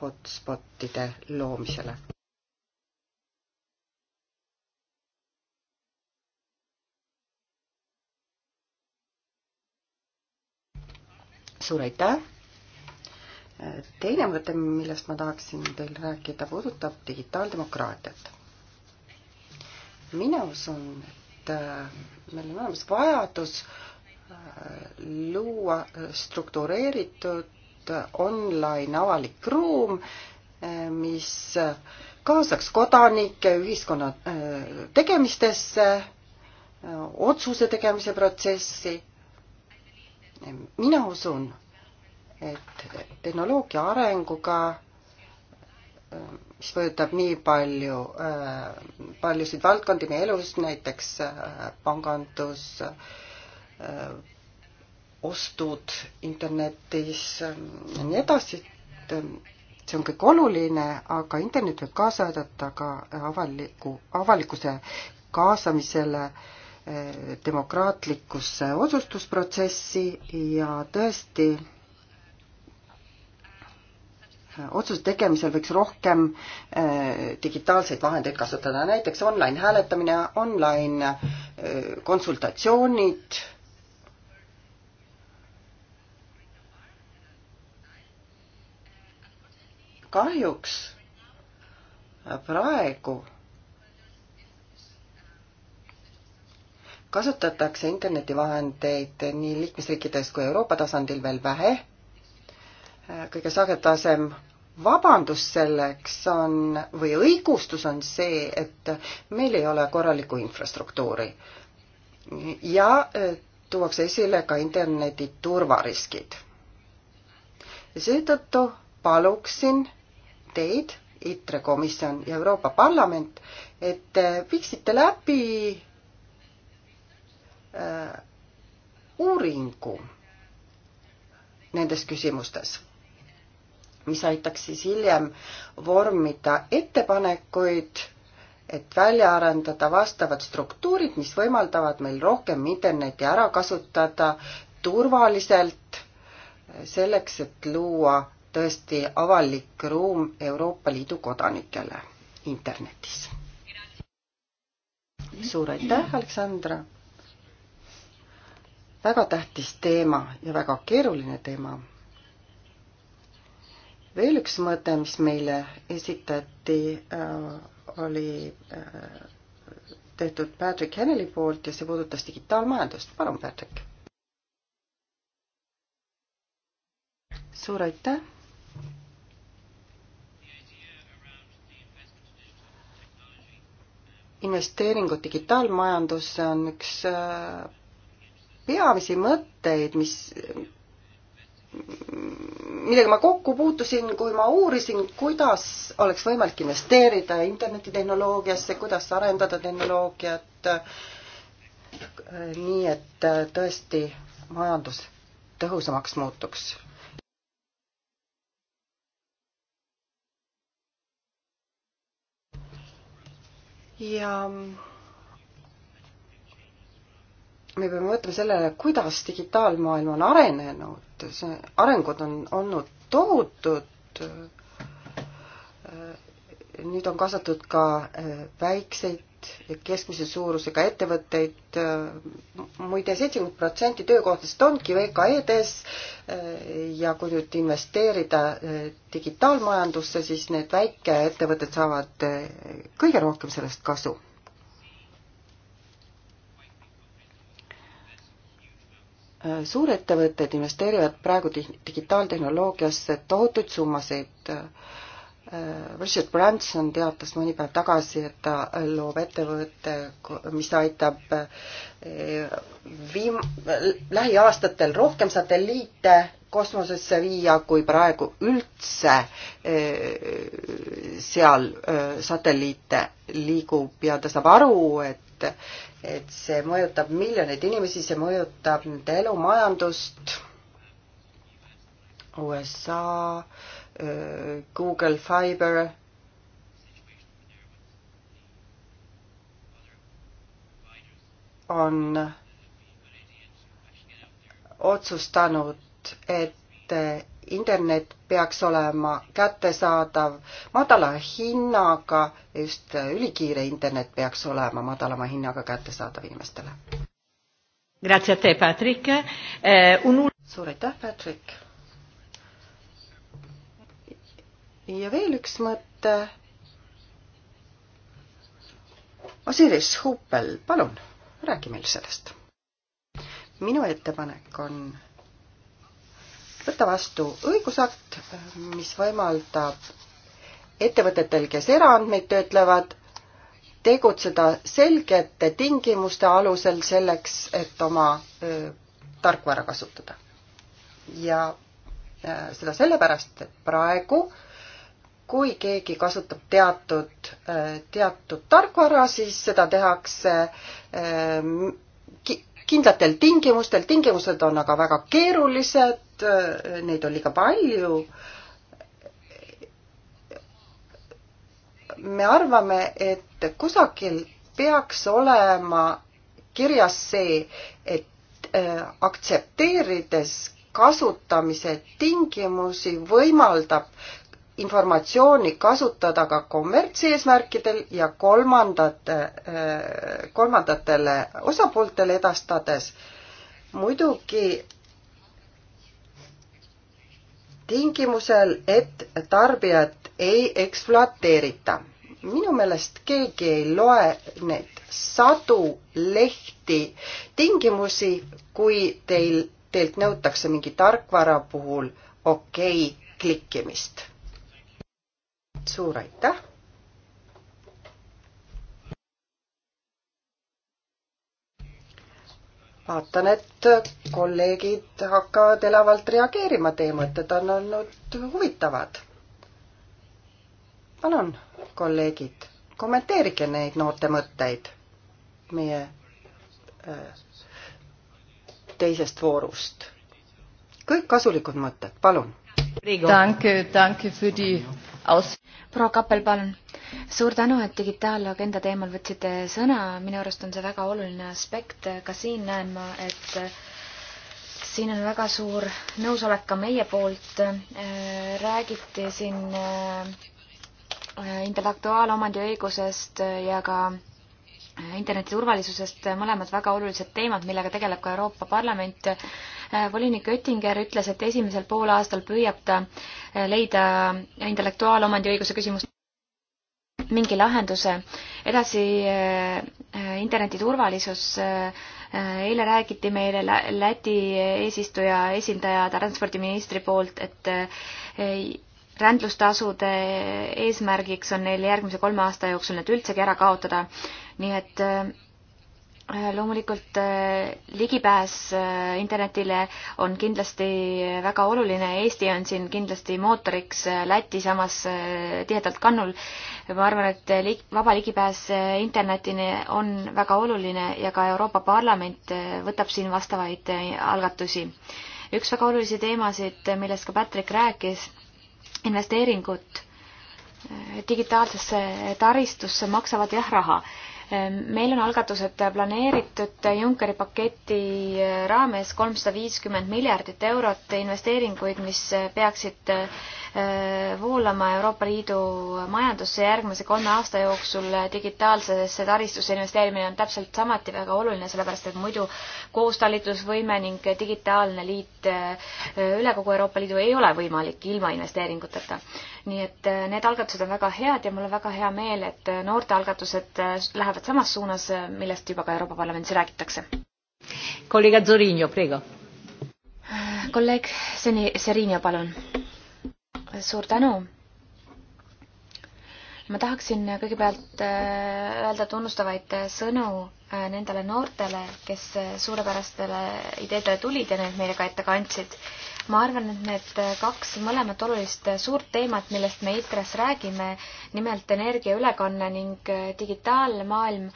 hotspotide loomisele. suur aitäh! teine mõte, millest ma tahaksin teil rääkida, puudutab digitaaldemokraatiat. mina usun, et äh, meil on olemas vajadus äh, luua struktureeritud äh, online avalik ruum, mis kaasaks kodanikke ühiskonna tegemistesse, otsuse tegemise protsessi mina usun, et tehnoloogia arenguga, mis mõjutab nii palju, äh, paljusid valdkondi meie elus, näiteks äh, pangandus, äh, ostud internetis ja nii edasi, et see on kõik oluline, aga internet võib kaasa aidata ka avaliku, avalikkuse kaasamisele äh, demokraatlikusse otsustusprotsessi ja tõesti otsuse tegemisel võiks rohkem eh, digitaalseid vahendeid kasutada, näiteks online hääletamine, online eh, konsultatsioonid. kahjuks praegu kasutatakse internetivahendeid nii liikmesriikides kui Euroopa tasandil veel vähe. kõige sagedasem vabandus selleks on või õigustus on see, et meil ei ole korralikku infrastruktuuri. ja eh, tuuakse esile ka interneti turvariskid. ja seetõttu paluksin teid, ITRE komisjon ja Euroopa Parlament, et viiksite läbi äh, uuringu nendes küsimustes, mis aitaks siis hiljem vormida ettepanekuid, et välja arendada vastavad struktuurid, mis võimaldavad meil rohkem Internetti ära kasutada turvaliselt, selleks, et luua tõesti avalik ruum Euroopa Liidu kodanikele internetis. suur aitäh, Aleksandra! väga tähtis teema ja väga keeruline teema. veel üks mõte, mis meile esitati, äh, oli äh, tehtud Patrick Henneli poolt ja see puudutas digitaalmajandust. palun, Patrick. suur aitäh. investeeringud digitaalmajandusse on üks äh, peamisi mõtteid, mis, millega ma kokku puutusin, kui ma uurisin, kuidas oleks võimalik investeerida internetitehnoloogiasse, kuidas arendada tehnoloogiat nii, et tõesti majandus tõhusamaks muutuks ja me peame mõtlema sellele, kuidas digitaalmaailm on arenenud, see arengud on olnud tohutud. nüüd on kaasatud ka äh, väikseid ja keskmise suurusega ettevõtteid muide. muide, seitsekümmend protsenti töökohtadest ongi VKE-des äh, ja kui nüüd investeerida äh, digitaalmajandusse, siis need väikeettevõtted saavad kõige rohkem sellest kasu suurettevõtted investeerivad praegu digitaaltehnoloogiasse tohutuid summasid. Äh, Richard Branson teatas mõni päev tagasi, et ta loob ettevõtte, mis aitab äh, viim-, lähiaastatel rohkem satelliite kosmosesse viia, kui praegu üldse äh, seal satelliite liigub ja ta saab aru, et et, et see mõjutab miljoneid inimesi, see mõjutab nende elu, majandust. USA, Google Fiber. on otsustanud, et internet peaks olema kättesaadav madala hinnaga, just ülikiire internet peaks olema madalama hinnaga kättesaadav inimestele. Eh, un... suur aitäh, Patrick! ja veel üks mõte. Osiris Huppel, palun, räägi meil sellest. minu ettepanek on võtta vastu õigusakt, mis võimaldab ettevõtetel, kes eraandmeid töötlevad, tegutseda selgete tingimuste alusel selleks, et oma öö, tarkvara kasutada. ja öö, seda sellepärast, et praegu kui keegi kasutab teatud, teatud tarkvara, siis seda tehakse öö, kindlatel tingimustel, tingimused on aga väga keerulised, et äh, neid on liiga palju. me arvame, et kusagil peaks olema kirjas see, et äh, aktsepteerides kasutamise tingimusi võimaldab informatsiooni kasutada ka kommertseesmärkidel ja kolmandate, äh, kolmandatele osapooltele edastades. muidugi tingimusel, et tarbijat ei ekspluateerita. minu meelest keegi ei loe neid sadu lehti tingimusi, kui teil, teilt nõutakse mingi tarkvara puhul okei okay klikkimist. suur aitäh! vaatan, et kolleegid hakkavad elavalt reageerima, teie mõtted on olnud huvitavad. palun, kolleegid, kommenteerige neid noorte mõtteid meie äh, teisest voorust. kõik kasulikud mõtted, palun. proua Kappel, palun suur tänu, et digitaalagenda teemal võtsite sõna, minu arust on see väga oluline aspekt, ka siin näen ma, et siin on väga suur nõusolek ka meie poolt, räägiti siin äh, intellektuaalomandi õigusest ja ka interneti turvalisusest, mõlemad väga olulised teemad, millega tegeleb ka Euroopa Parlament. Äh, volinik Oettinger ütles, et esimesel poolaastal püüab ta äh, leida intellektuaalomandi õiguse küsimust mingi lahenduse. edasi äh, äh, interneti turvalisus. Äh, eile räägiti meile Läti eesistuja esindaja transpordiministri poolt, et rändlustasude eesmärgiks on neil järgmise kolme aasta jooksul need üldsegi ära kaotada. nii et Äh, loomulikult äh, ligipääs äh, internetile on kindlasti väga oluline, Eesti on siin kindlasti mootoriks, Läti samas tihedalt kannul. ma arvan, et lig-, vaba ligipääs internetini on väga oluline ja ka Euroopa Parlament võtab siin vastavaid algatusi. üks väga olulisi teemasid, millest ka Patrick rääkis, investeeringud digitaalsesse taristusse maksavad jah raha Ehm, meil on algatused planeeritud Junckeri paketi eh, raames kolmsada viiskümmend miljardit eurot investeeringuid, mis eh, peaksid eh, voolama Euroopa Liidu majandusse järgmise kolme aasta jooksul. digitaalsesse taristusse investeerimine on täpselt samuti väga oluline, sellepärast et muidu koostalitlusvõime ning digitaalne liit üle kogu Euroopa Liidu ei ole võimalik ilma investeeringuteta nii et äh, need algatused on väga head ja mul on väga hea meel, et äh, noortealgatused äh, lähevad samas suunas, millest juba ka Euroopa Parlamendis räägitakse. kolleeg Zorinio, prego. kolleeg Seni-, Serinio, palun. suur tänu. ma tahaksin kõigepealt öelda tunnustavaid sõnu nendele noortele, kes suurepärastele ideedele tulid ja need meile ka ette kandsid ma arvan, et need kaks mõlemat olulist suurt teemat, millest me ITRES räägime, nimelt energiaülekanne ning digitaalne maailm,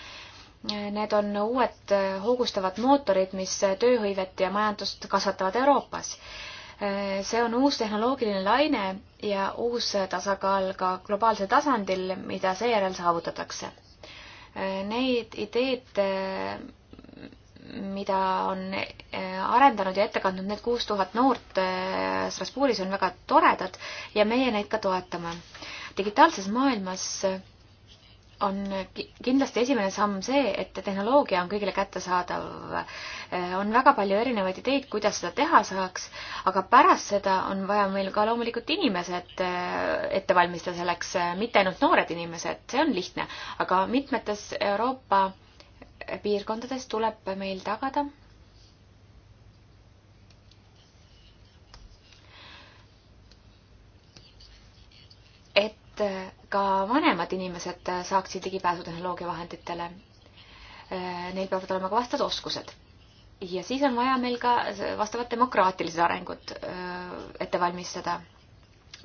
need on uued hoogustavad mootorid, mis tööhõivet ja majandust kasvatavad Euroopas. see on uus tehnoloogiline laine ja uus tasakaal ka globaalsel tasandil, mida seejärel saavutatakse. Need ideed mida on äh, arendanud ja ette kandnud need kuus tuhat noort äh, Strasbourgis, on väga toredad ja meie neid ka toetame. digitaalses maailmas äh, on kindlasti esimene samm see, et tehnoloogia on kõigile kättesaadav. on väga palju erinevaid ideid, kuidas seda teha saaks, aga pärast seda on vaja meil ka loomulikult inimesed ette valmistada selleks, mitte ainult noored inimesed, see on lihtne, aga mitmetes Euroopa piirkondades tuleb meil tagada et ka vanemad inimesed saaksid ligipääsu tehnoloogia vahenditele. Neil peavad olema ka vastavad oskused. ja siis on vaja meil ka vastavat demokraatilised arengud äh, ette valmistada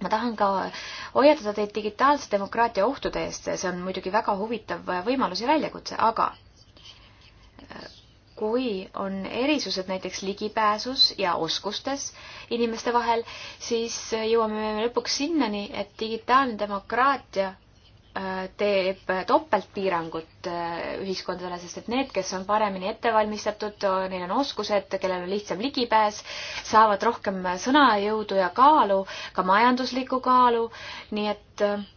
ma tahan ka hoiatada teid digitaalse demokraatia ohtude eest, see on muidugi väga huvitav võimalus ja väljakutse, aga kui on erisused näiteks ligipääsus ja oskustes inimeste vahel, siis jõuame me lõpuks sinnani, et digitaalne demokraatia äh, teeb topeltpiirangut äh, ühiskondadele, sest et need, kes on paremini ette valmistatud, neil on oskused, kellel on lihtsam ligipääs, saavad rohkem sõnajõudu ja kaalu, ka majanduslikku kaalu, nii et äh,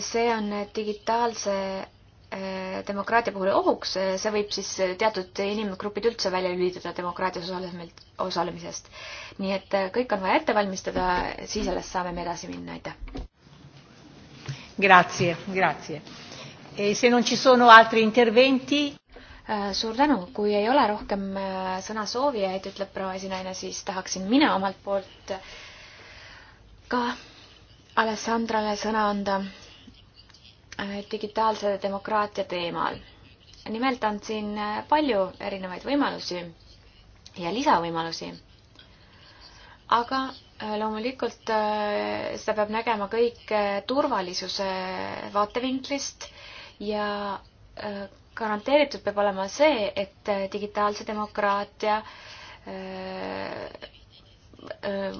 see on digitaalse eh, demokraatia puhul ohuks, eh, see võib siis teatud inimgrupid üldse välja lülitada demokraatias osalemiselt, osalemisest. nii et eh, kõik on vaja ette valmistada, siis alles saame me edasi minna, aitäh. Grazie, grazie e. Se non ci sono altri interventi? suur tänu, kui ei ole rohkem sõnasoovijaid, ütleb proua esinaine, siis tahaksin mina omalt poolt ka Alessandrale sõna anda Äh, digitaalse demokraatia teemal. nimelt on siin äh, palju erinevaid võimalusi ja lisavõimalusi. aga äh, loomulikult seda peab nägema kõik turvalisuse vaatevinklist ja garanteeritud peab olema see, et digitaalse demokraatia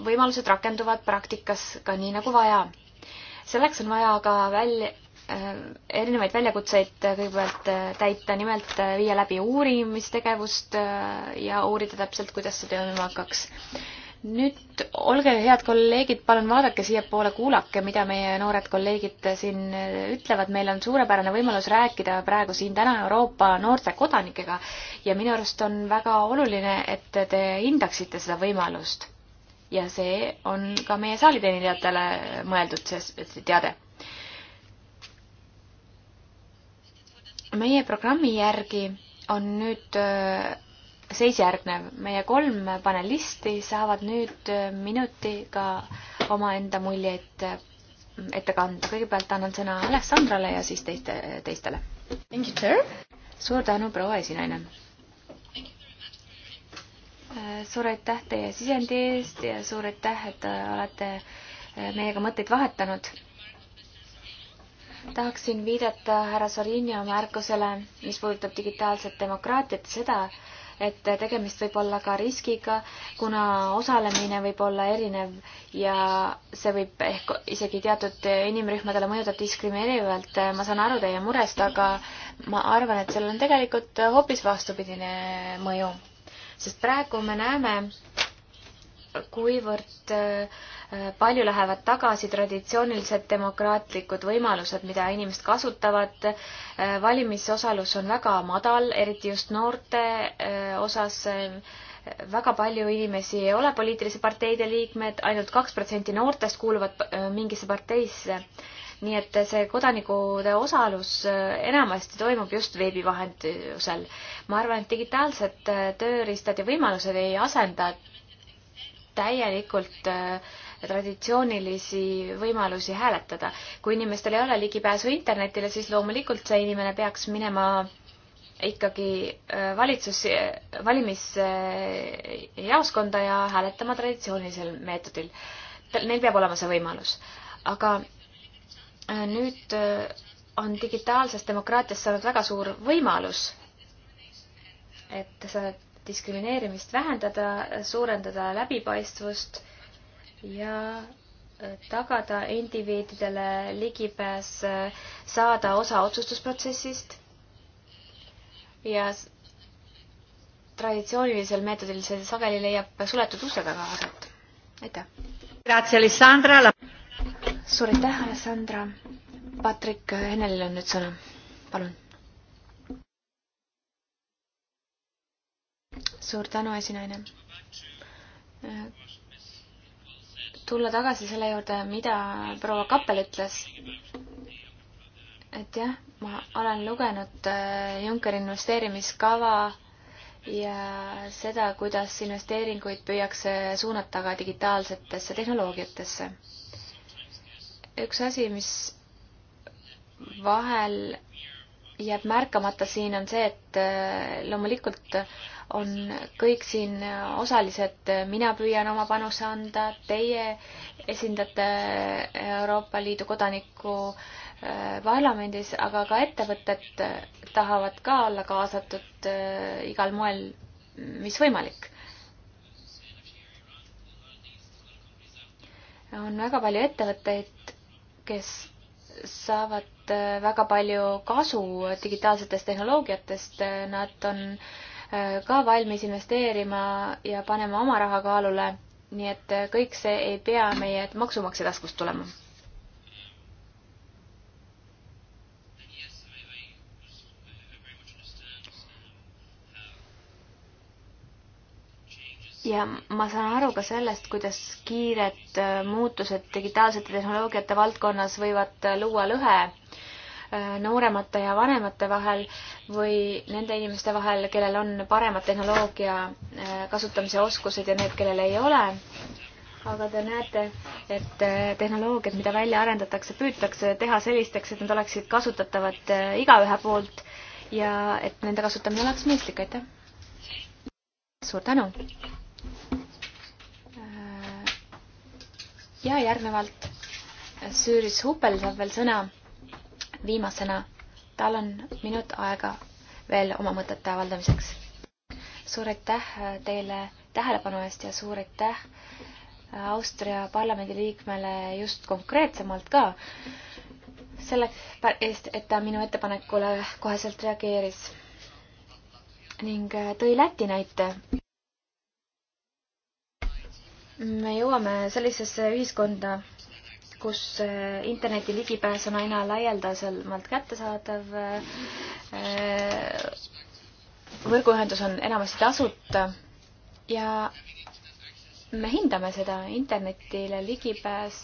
võimalused rakenduvad praktikas ka nii nagu vaja. selleks on vaja ka välja Äh, erinevaid väljakutseid äh, kõigepealt äh, täita, nimelt viia läbi uurimistegevust ja uurida täpselt, kuidas see toimuma hakkaks. nüüd olge head kolleegid, palun vaadake siiapoole, kuulake, mida meie noored kolleegid siin ütlevad, meil on suurepärane võimalus rääkida praegu siin täna Euroopa noorte kodanikega ja minu arust on väga oluline, et te hindaksite seda võimalust. ja see on ka meie saaliteenijatele mõeldud, see teade meie programmi järgi on nüüd äh, seis järgnev. meie kolm panelisti saavad nüüd äh, minutiga omaenda muljeid äh, ette kanda. kõigepealt annan sõna Aleksandrale ja siis teiste, teistele. suur tänu, proua esinaine! suur aitäh teie sisendi eest ja suur aitäh, et olete meiega mõtteid vahetanud tahaksin viidata härra Sorinio märkusele, mis puudutab digitaalset demokraatiat, seda, et tegemist võib olla ka riskiga, kuna osalemine võib olla erinev ja see võib ehk isegi teatud inimrühmadele mõjuda diskrimineerivalt. ma saan aru teie murest, aga ma arvan, et sellel on tegelikult hoopis vastupidine mõju. sest praegu me näeme, kuivõrd äh, palju lähevad tagasi traditsioonilised demokraatlikud võimalused, mida inimesed kasutavad. valimisosalus on väga madal, eriti just noorte äh, osas. Äh, väga palju inimesi ei ole poliitilise parteide liikmed ainult, ainult kaks protsenti noortest kuuluvad äh, mingisse parteisse nii et see kodanikude osalus enamasti toimub just veebi vahendusel. ma arvan, et digitaalsed tööriistad ja võimalused ei asenda täielikult äh, traditsioonilisi võimalusi hääletada. kui inimestel ei ole ligipääsu internetile, siis loomulikult see inimene peaks minema ikkagi äh, valitsus, valimisjaoskonda ja hääletama traditsioonilisel meetodil. Neil peab olema see võimalus. aga äh, nüüd äh, on digitaalsest demokraatiast saanud väga suur võimalus, et seda diskrimineerimist vähendada, suurendada läbipaistvust ja äh, tagada indiviididele ligipääs äh, saada osa otsustusprotsessist ja traditsioonilisel meetodil see sageli leiab suletud uste taga aset. aitäh! suur aitäh, Alessandra! Patrik Hennelil on nüüd sõna, palun. suur tänu, esinaine tulla tagasi selle juurde, mida proua Kappel ütles. et jah, ma olen lugenud äh, Junckeri investeerimiskava ja seda, kuidas investeeringuid püüakse suunata ka digitaalsetesse tehnoloogiatesse. üks asi, mis vahel jääb märkamata siin, on see, et äh, loomulikult on kõik siin osalised, mina püüan oma panuse anda, teie esindate Euroopa Liidu kodanikku äh, parlamendis, aga ka ettevõtted tahavad ka olla kaasatud äh, igal moel, mis võimalik. on väga palju ettevõtteid, kes saavad äh, väga palju kasu digitaalsetest tehnoloogiatest, nad on äh, ka valmis investeerima ja panema oma raha kaalule, nii et kõik see ei pea meie maksumaksja taskust tulema ja ma saan aru ka sellest, kuidas kiired muutused digitaalsete tehnoloogiate valdkonnas võivad luua lõhe Äh, nooremate ja vanemate vahel või nende inimeste vahel, kellel on paremad tehnoloogia äh, kasutamise oskused ja need, kellel ei ole. aga te näete, et äh, tehnoloogiad, mida välja arendatakse, püütakse teha sellisteks, et nad oleksid kasutatavad igaühe poolt ja et nende kasutamine oleks mõistlik, aitäh! suur tänu! ja järgnevalt Süüris Hupel saab veel sõna viimasena. tal on minut aega veel oma mõtete avaldamiseks. suur aitäh teile tähelepanu eest ja suur aitäh Austria parlamendi liikmele just konkreetsemalt ka selle eest, et ta minu ettepanekule koheselt reageeris ning tõi Läti näite. me jõuame sellisesse ühiskonda, kus eh, interneti ligipääs on aina laialdasemalt kättesaadav. Eh, võrguühendus on enamasti tasuta ja me hindame seda, internetile ligipääs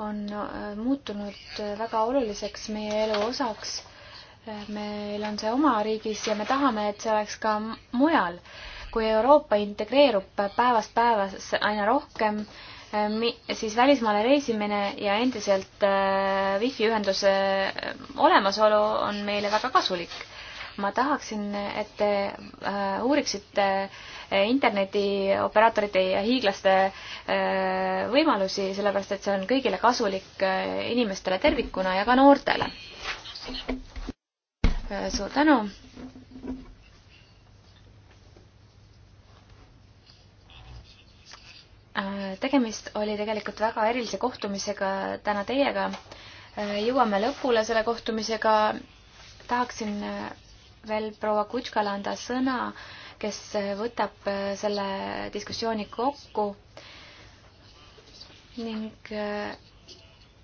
on eh, muutunud väga oluliseks meie elu osaks. meil on see oma riigis ja me tahame, et see oleks ka mujal. kui Euroopa integreerub päevast päevas aina rohkem, Äh, siis välismaale reisimine ja endiselt äh, wifi ühenduse äh, olemasolu on meile väga kasulik. ma tahaksin, et te uuriksite internetioperaatorite ja hiiglaste võimalusi, sellepärast et see on kõigile kasulik inimestele tervikuna ja ka noortele. suur tänu Äh, tegemist oli tegelikult väga erilise kohtumisega täna teiega. Äh, jõuame lõpule selle kohtumisega. tahaksin äh, veel proua Kutškale anda sõna, kes võtab selle diskussiooni kokku ning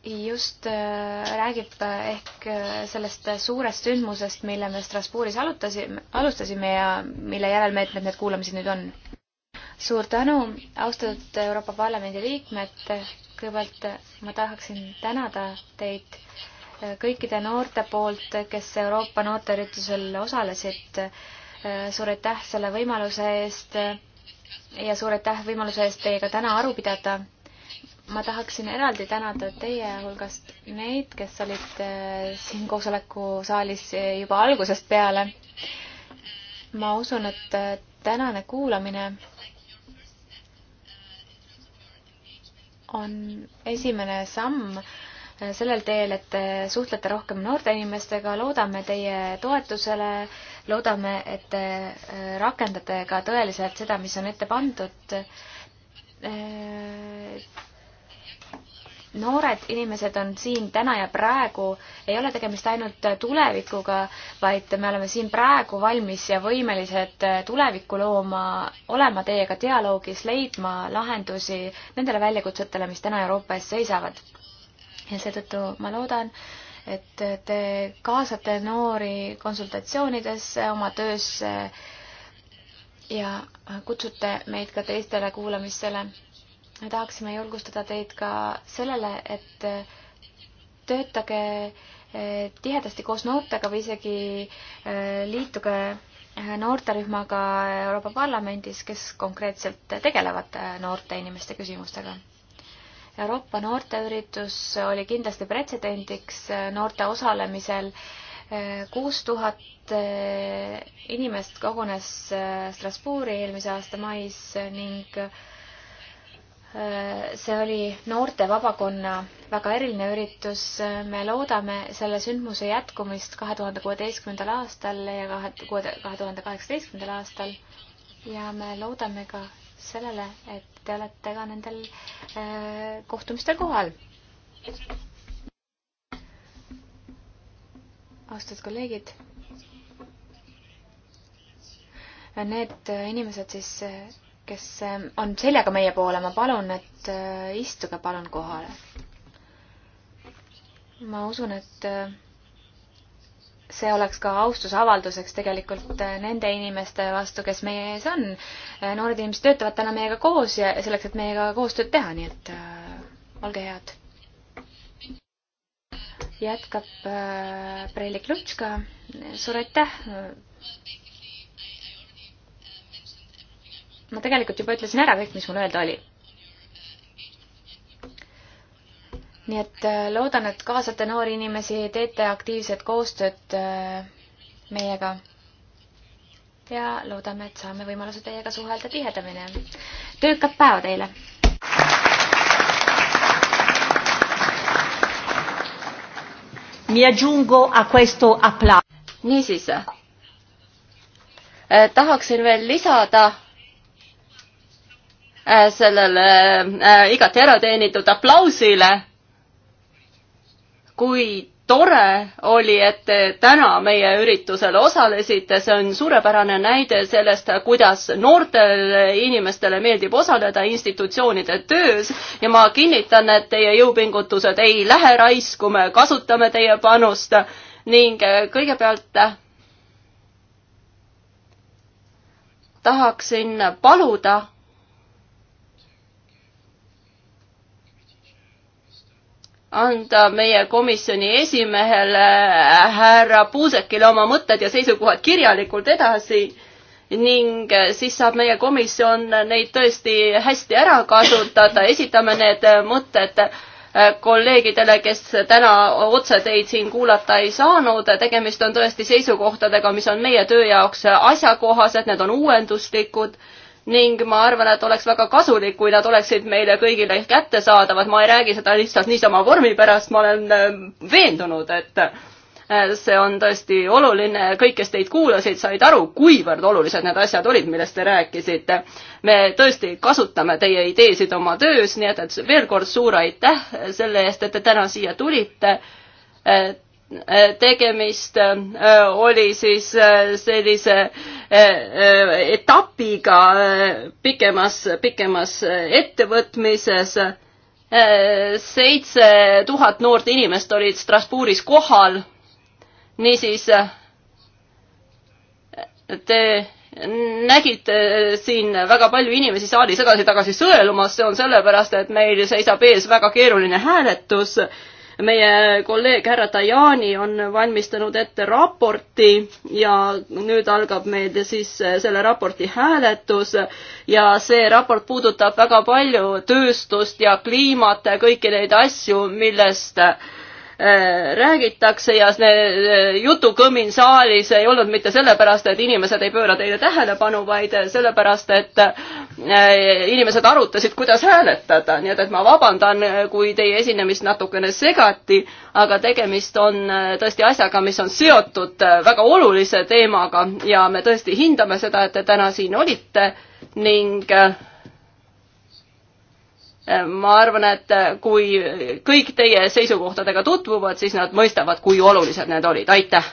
just räägib ehk sellest suurest sündmusest, mille me Strasbourgis alutasime, alustasime ja mille järelmeetmed need kuulamised nüüd on suur tänu, austatud Euroopa Parlamendi liikmed, kõigepealt ma tahaksin tänada teid kõikide noorte poolt, kes Euroopa noorteüritusel osalesid. suur aitäh selle võimaluse eest ja suur aitäh võimaluse eest teiega täna aru pidada. ma tahaksin eraldi tänada teie hulgast neid, kes olid äh, siin koosolekusaalis juba algusest peale. ma usun, et äh, tänane kuulamine on esimene samm äh, sellel teel, et te suhtlete rohkem noorte inimestega, loodame teie toetusele, loodame, et te äh, rakendate ka tõeliselt seda, mis on ette pandud. Äh, noored inimesed on siin täna ja praegu, ei ole tegemist ainult tulevikuga, vaid me oleme siin praegu valmis ja võimelised tulevikku looma, olema teiega dialoogis, leidma lahendusi nendele väljakutsetele, mis täna Euroopa ees seisavad. ja seetõttu ma loodan, et te kaasate noori konsultatsioonidesse oma töösse ja kutsute meid ka teistele kuulamistele me tahaksime julgustada teid ka sellele, et töötage eh, tihedasti koos noortega või isegi eh, liituge eh, noorterühmaga Euroopa Parlamendis, kes konkreetselt tegelevad noorte inimeste küsimustega. Euroopa noorteüritus oli kindlasti pretsedendiks noorte osalemisel. kuus tuhat inimest kogunes Strasbourgi eelmise aasta mais ning see oli noorte vabakonna väga eriline üritus. me loodame selle sündmuse jätkumist kahe tuhande kuueteistkümnendal aastal ja kahe, kahe tuhande kaheksateistkümnendal aastal. ja me loodame ka sellele, et te olete ka nendel äh, kohtumistel kohal. austatud kolleegid. Need inimesed siis kes ähm, on seljaga meie poole, ma palun, et äh, istuge palun kohale. ma usun, et äh, see oleks ka austusavalduseks tegelikult äh, nende inimeste vastu, kes meie ees on. noored inimesed töötavad täna meiega koos ja selleks, et meiega koostööd teha, nii et olge head. jätkab Preili Klutška. suur aitäh ma tegelikult juba ütlesin ära kõik, mis mul öelda oli. nii et äh, loodan, et kaasate noori inimesi, teete aktiivset koostööd äh, meiega ja loodame, et saame võimaluse teiega suhelda tihedamini. töökat päeva teile! niisiis, äh, tahaksin veel lisada, Äh, sellele äh, igati ära teenitud aplausile. kui tore oli, et te täna meie üritusel osalesite, see on suurepärane näide sellest, kuidas noortele inimestele meeldib osaleda institutsioonide töös ja ma kinnitan, et teie jõupingutused ei lähe raisku, me kasutame teie panust ning äh, kõigepealt tahaksin paluda anda meie komisjoni esimehele härra Puusekile oma mõtted ja seisukohad kirjalikult edasi ning siis saab meie komisjon neid tõesti hästi ära kasutada, esitame need mõtted kolleegidele, kes täna otse teid siin kuulata ei saanud, tegemist on tõesti seisukohtadega, mis on meie töö jaoks asjakohased, need on uuenduslikud ning ma arvan, et oleks väga kasulik, kui nad oleksid meile kõigile kättesaadavad, ma ei räägi seda lihtsalt niisama vormi pärast, ma olen äh, veendunud, et äh, see on tõesti oluline, kõik, kes teid kuulasid, said aru, kuivõrd olulised need asjad olid, millest te rääkisite. me tõesti kasutame teie ideesid oma töös, nii et, et veel kord suur aitäh selle eest, et te täna siia tulite äh, tegemist oli siis sellise Äh, äh, etapiga äh, pikemas, pikemas ettevõtmises. seitse tuhat noort inimest olid Strasbourgis kohal. niisiis te nägite siin väga palju inimesi saalis edasi-tagasi sõelumas, see on sellepärast, et meil seisab ees väga keeruline hääletus meie kolleeg härra Tajani on valmistanud ette raporti ja nüüd algab meil siis selle raporti hääletus ja see raport puudutab väga palju tööstust ja kliimat, kõiki neid asju, millest äh, Äh, räägitakse ja see äh, jutukõmin saalis ei olnud mitte sellepärast, et inimesed ei pööra teile tähelepanu, vaid sellepärast, et äh, inimesed arutasid, kuidas hääletada, nii et, et ma vabandan, kui teie esinemist natukene segati, aga tegemist on tõesti asjaga, mis on seotud väga olulise teemaga ja me tõesti hindame seda, et te täna siin olite ning äh, ma arvan, et kui kõik teie seisukohtadega tutvuvad, siis nad mõistavad, kui olulised need olid, aitäh!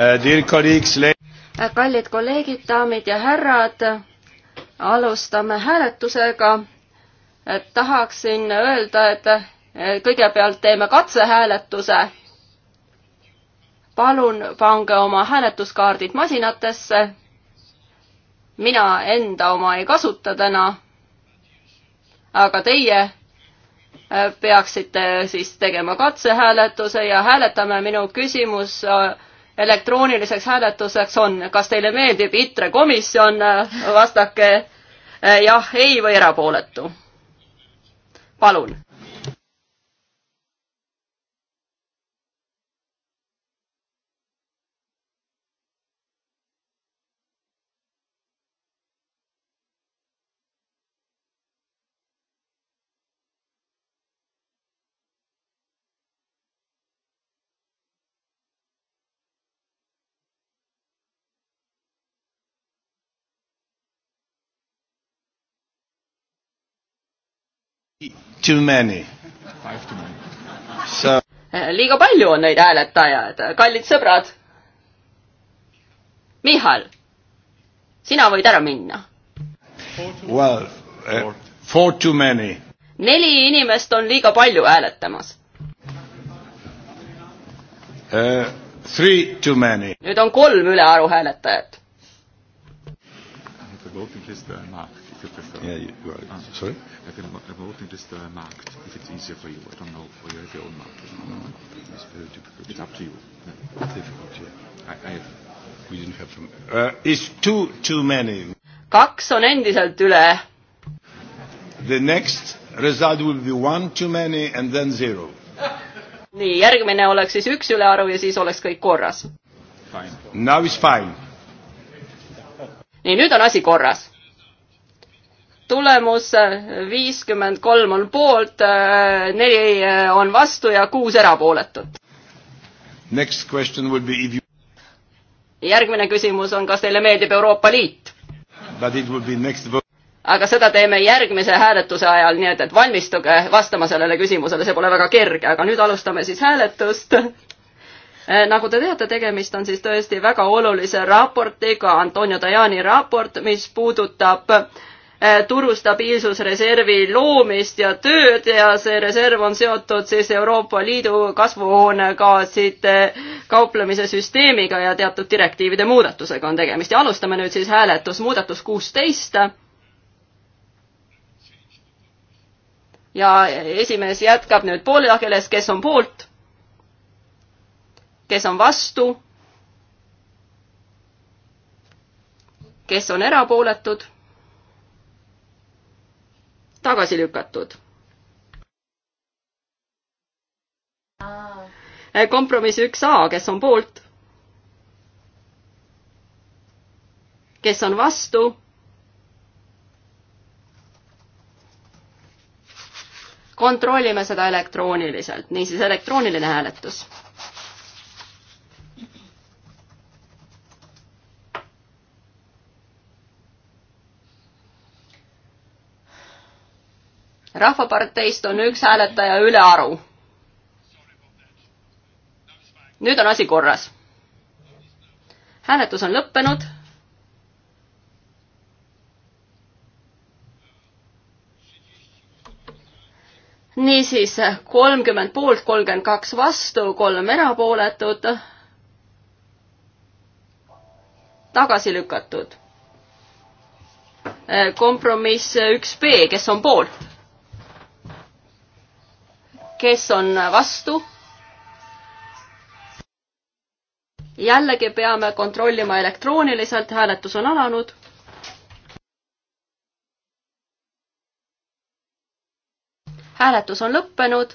Eh, eh, kallid kolleegid, daamid ja härrad, alustame hääletusega. Eh, tahaksin öelda, et kõigepealt teeme katsehääletuse. palun pange oma hääletuskaardid masinatesse. mina enda oma ei kasuta täna. aga teie peaksite siis tegema katsehääletuse ja hääletame minu küsimus äh, elektrooniliseks hääletuseks on, kas teile meeldib ITRE komisjon, vastake eh, jah, ei või erapooletu. palun Too many. Five too many. So. Eh, liiga palju on neid hääletajaid, kallid sõbrad. Michal, sina võid ära minna. Well uh,, four too many. neli inimest on liiga palju hääletamas uh,. Three too many. nüüd on kolm ülearu hääletajat. The voting list on not if you prefer. Yeah, you, you are. Ah. Sorry? I can vote in this uh, marked, if it's easier for you. I don't know, or you have your own mark. No, mm-hmm. no. It's very difficult. It's up to you. No. Difficult, yeah. I, I have. We didn't have from... Uh, it's too, too many. Kaks on endiselt üle. The next result will be one too many and then zero. nii, järgmine oleks siis üks ülearu ja siis oleks kõik korras. Now is fine. nii, nüüd on asi korras tulemus viiskümmend kolm on poolt, neli on vastu ja kuus erapooletut. You... järgmine küsimus on, kas teile meeldib Euroopa Liit? aga seda teeme järgmise hääletuse ajal, nii et, et valmistuge vastama sellele küsimusele, see pole väga kerge, aga nüüd alustame siis hääletust eh, nagu te teate, tegemist on siis tõesti väga olulise raportiga, Antonio Tajani raport, mis puudutab äh, Äh, turu stabiilsusreservi loomist ja tööd ja see reserv on seotud siis Euroopa Liidu kasvuhoonegaaside kauplemise süsteemiga ja teatud direktiivide muudatusega on tegemist ja alustame nüüd siis hääletus, muudatus kuusteist. ja esimees jätkab nüüd poole jageles, kes on poolt, kes on vastu, kes on erapooletud tagasi lükatud. kompromiss üks A, kes on poolt? kes on vastu? kontrollime seda elektrooniliselt, niisiis elektrooniline hääletus rahvaparteist on üks hääletaja ülearu. nüüd on asi korras. hääletus on lõppenud. niisiis kolmkümmend poolt, kolmkümmend kaks vastu, kolm erapooletut. tagasi lükatud. kompromiss üks B, kes on poolt? kes on vastu? jällegi peame kontrollima elektrooniliselt, hääletus on alanud. hääletus on lõppenud.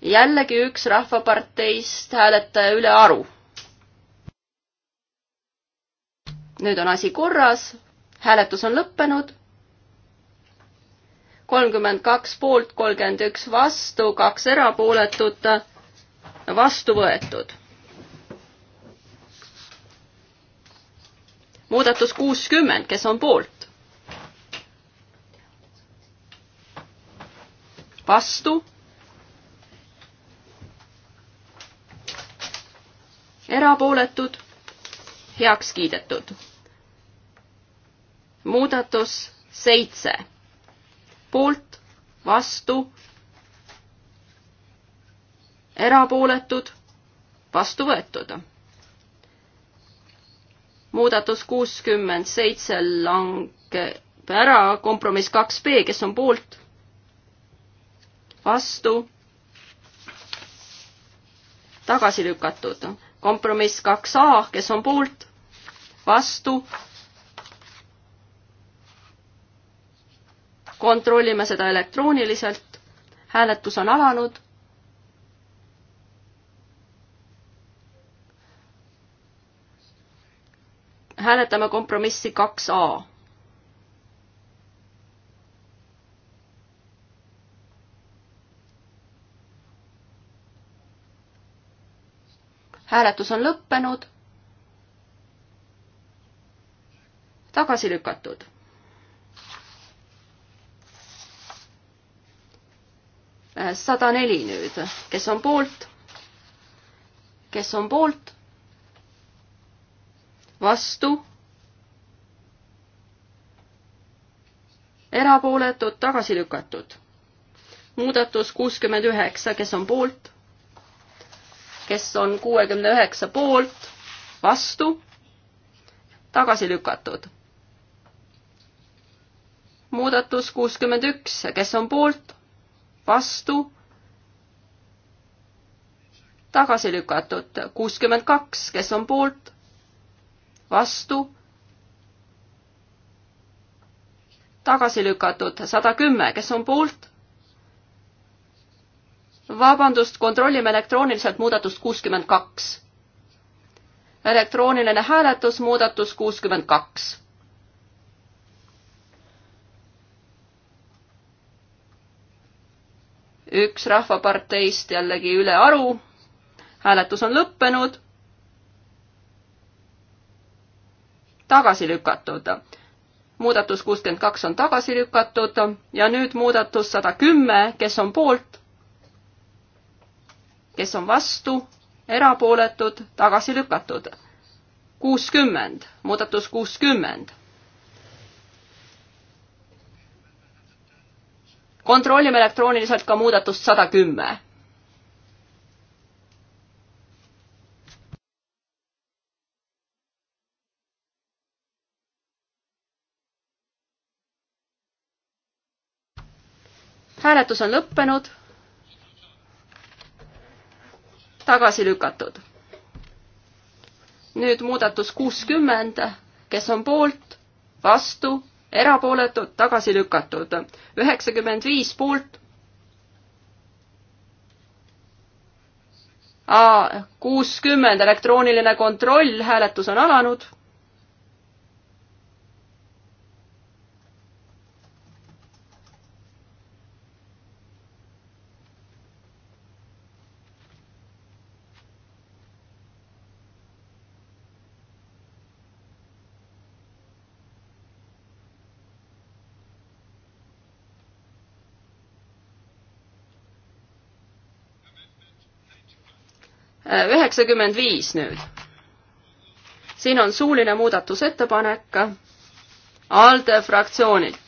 jällegi üks Rahvaparteist hääletaja üle aru. nüüd on asi korras, hääletus on lõppenud kolmkümmend kaks poolt, kolmkümmend üks vastu, kaks erapooletut, vastu võetud. muudatus kuuskümmend, kes on poolt? vastu. erapooletud, heaks kiidetud. muudatus seitse poolt, vastu, erapooletud, vastu võetud. muudatus kuuskümmend seitse langeb ära, kompromiss kaks B, kes on poolt, vastu, tagasi lükatud. kompromiss kaks A, kes on poolt, vastu, kontrollime seda elektrooniliselt. hääletus on alanud. hääletame kompromissi kaks A. hääletus on lõppenud. tagasi lükatud sada neli nüüd, kes on poolt? kes on poolt? vastu? erapooletud, tagasi lükatud. muudatus kuuskümmend üheksa, kes on poolt? kes on kuuekümne üheksa poolt, vastu, tagasi lükatud. muudatus kuuskümmend üks, kes on poolt, vastu, tagasi lükatud, kuuskümmend kaks, kes on poolt, vastu, tagasi lükatud, sada kümme, kes on poolt, vabandust, kontrollime elektrooniliselt muudatust kuuskümmend kaks. elektrooniline hääletus, muudatus kuuskümmend kaks üks rahvaparteist jällegi ülearu. hääletus on lõppenud. tagasi lükatud. muudatus kuuskümmend kaks on tagasi lükatud ja nüüd muudatus sada kümme, kes on poolt? kes on vastu? erapooletud, tagasi lükatud. kuuskümmend, muudatus kuuskümmend kontrollime elektrooniliselt ka muudatust sada kümme. hääletus on lõppenud. tagasi lükatud. nüüd muudatus kuuskümmend, kes on poolt, vastu, erapooletud, tagasi lükatud. üheksakümmend viis poolt. kuuskümmend elektrooniline kontroll, hääletus on alanud üheksakümmend viis nüüd. siin on suuline muudatusettepanek ALDE fraktsioonilt.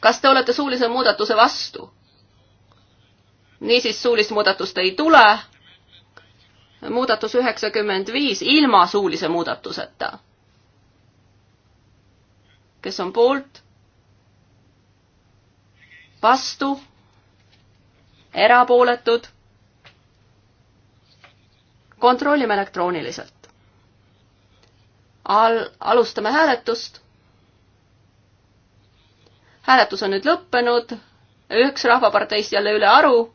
kas te olete suulise muudatuse vastu? niisiis suulist muudatust ei tule. muudatus üheksakümmend viis ilma suulise muudatuseta. kes on poolt? vastu erapooletud. kontrollime elektrooniliselt. Al-, alustame hääletust. hääletus on nüüd lõppenud, üks rahvaparteist jälle üle aru.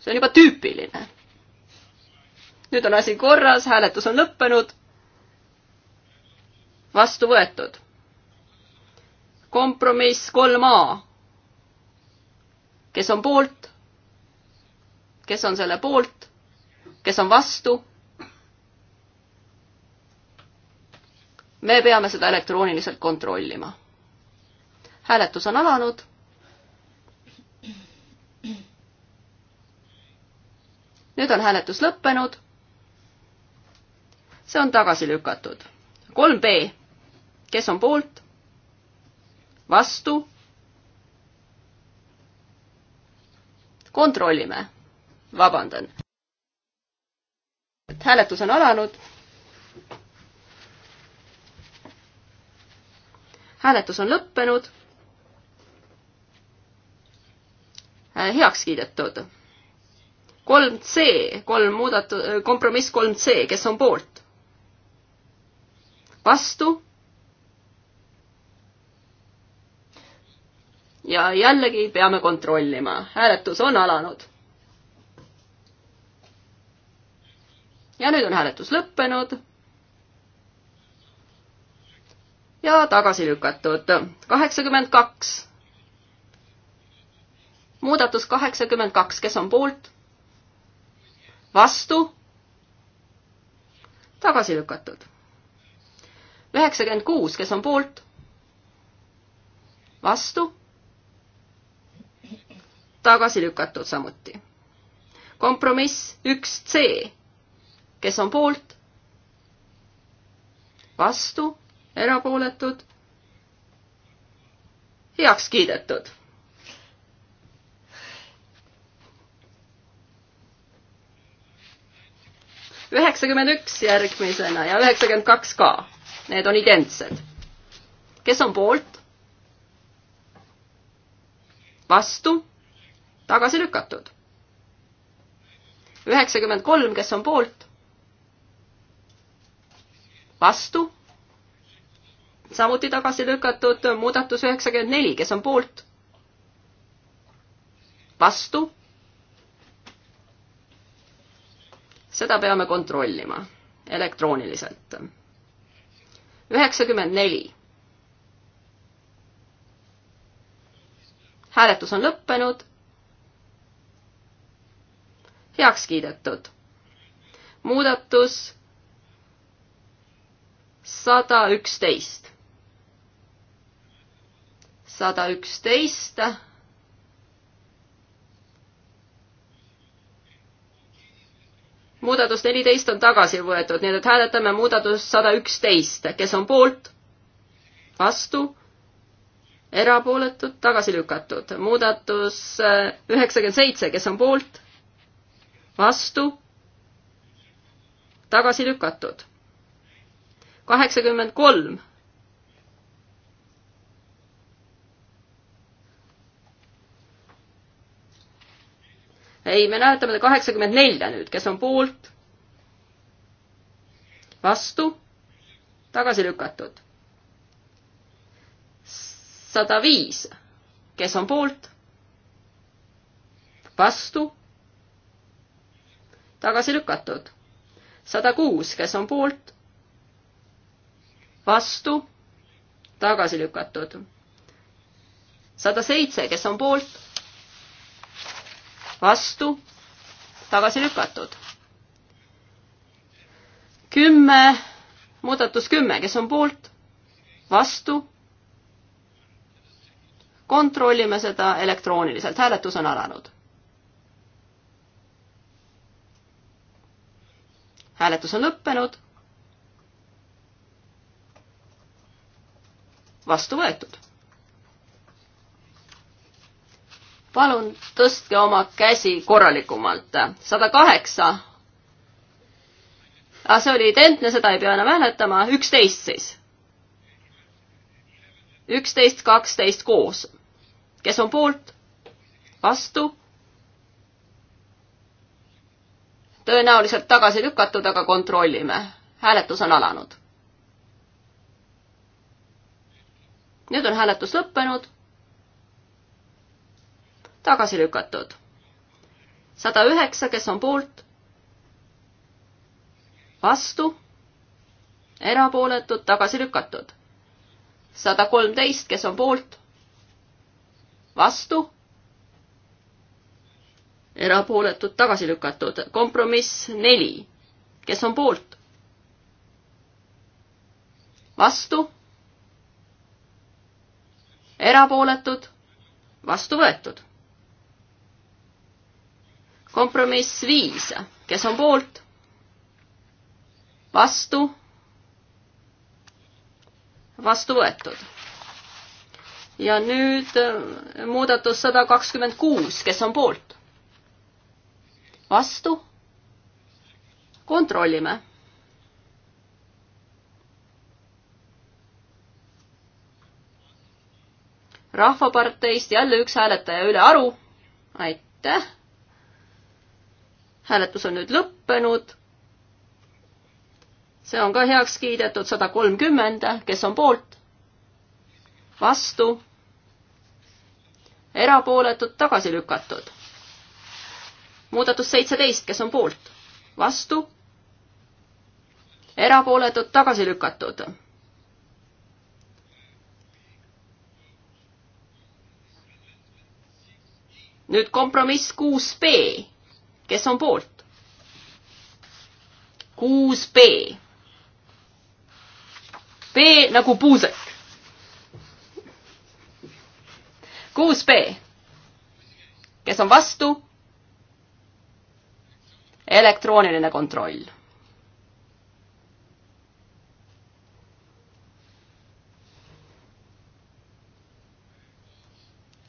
see on juba tüüpiline. nüüd on asi korras, hääletus on lõppenud. vastu võetud. kompromiss kolm A. kes on poolt? kes on selle poolt, kes on vastu. me peame seda elektrooniliselt kontrollima. hääletus on alanud. nüüd on hääletus lõppenud. see on tagasi lükatud. kolm B, kes on poolt? vastu kontrollime vabandan. et hääletus on alanud. hääletus on lõppenud. Äh, heaks kiidetud. kolm C, kolm muudatu-, kompromiss kolm C, kes on poolt? vastu ja jällegi peame kontrollima, hääletus on alanud. ja nüüd on hääletus lõppenud. ja tagasi lükatud kaheksakümmend kaks. muudatus kaheksakümmend kaks, kes on poolt? vastu? tagasi lükatud. üheksakümmend kuus, kes on poolt? vastu? tagasi lükatud samuti. kompromiss üks C kes on poolt, vastu, erapooletud, heaks kiidetud üheksakümmend üks järgmisena ja üheksakümmend kaks ka. Need on identsed. kes on poolt? vastu? tagasi lükatud. üheksakümmend kolm, kes on poolt? vastu, samuti tagasi lükatud muudatus üheksakümmend neli, kes on poolt, vastu. seda peame kontrollima elektrooniliselt. üheksakümmend neli hääletus on lõppenud. heaks kiidetud. muudatus sada üksteist. sada üksteist. muudatus neliteist on tagasi võetud, nii et hääletame muudatust sada üksteist, kes on poolt, vastu, erapooletud, tagasi lükatud. muudatus üheksakümmend seitse, kes on poolt, vastu, tagasi lükatud kaheksakümmend kolm. ei, me näitame kaheksakümmend nelja nüüd, kes on poolt, vastu, tagasi lükatud. sada viis, kes on poolt, vastu, tagasi lükatud. sada kuus, kes on poolt, vastu, tagasi lükatud. sada seitse, kes on poolt, vastu, tagasi lükatud. kümme, muudatus kümme, kes on poolt, vastu. kontrollime seda elektrooniliselt, hääletus on alanud. hääletus on lõppenud vastu võetud. palun tõstke oma käsi korralikumalt. sada kaheksa. Ah, see oli identne, seda ei pea enam hääletama. üksteist siis. üksteist, kaksteist koos. kes on poolt? vastu? tõenäoliselt tagasi lükatud, aga kontrollime. hääletus on alanud nüüd on hääletus lõppenud. tagasi lükatud. sada üheksa, kes on poolt? vastu? erapooletud, tagasi lükatud. sada kolmteist, kes on poolt? vastu? erapooletud, tagasi lükatud. kompromiss neli, kes on poolt? vastu? erapooletud, vastu võetud. kompromiss viis, kes on poolt, vastu, vastu võetud. ja nüüd äh, muudatus sada kakskümmend kuus, kes on poolt, vastu, kontrollime rahvaparteist jälle üks hääletaja ülearu. aitäh. hääletus on nüüd lõppenud. see on ka heaks kiidetud, sada kolmkümmend, kes on poolt? vastu? erapooletud, tagasi lükatud. muudatus seitseteist, kes on poolt? vastu? erapooletud, tagasi lükatud nüüd kompromiss kuus B, kes on poolt? kuus B. B nagu puusek. kuus B. kes on vastu? elektrooniline kontroll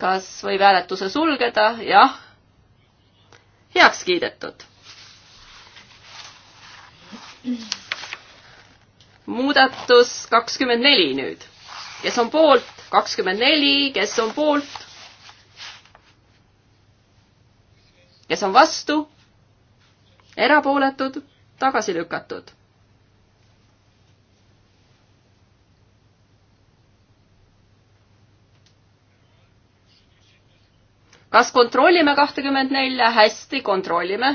kas võib hääletuse sulgeda? jah. heaks kiidetud. muudatus kakskümmend neli nüüd. kes on poolt? kakskümmend neli, kes on poolt? kes on vastu? erapooletud, tagasi lükatud kas kontrollime kahtekümmend nelja? hästi, kontrollime.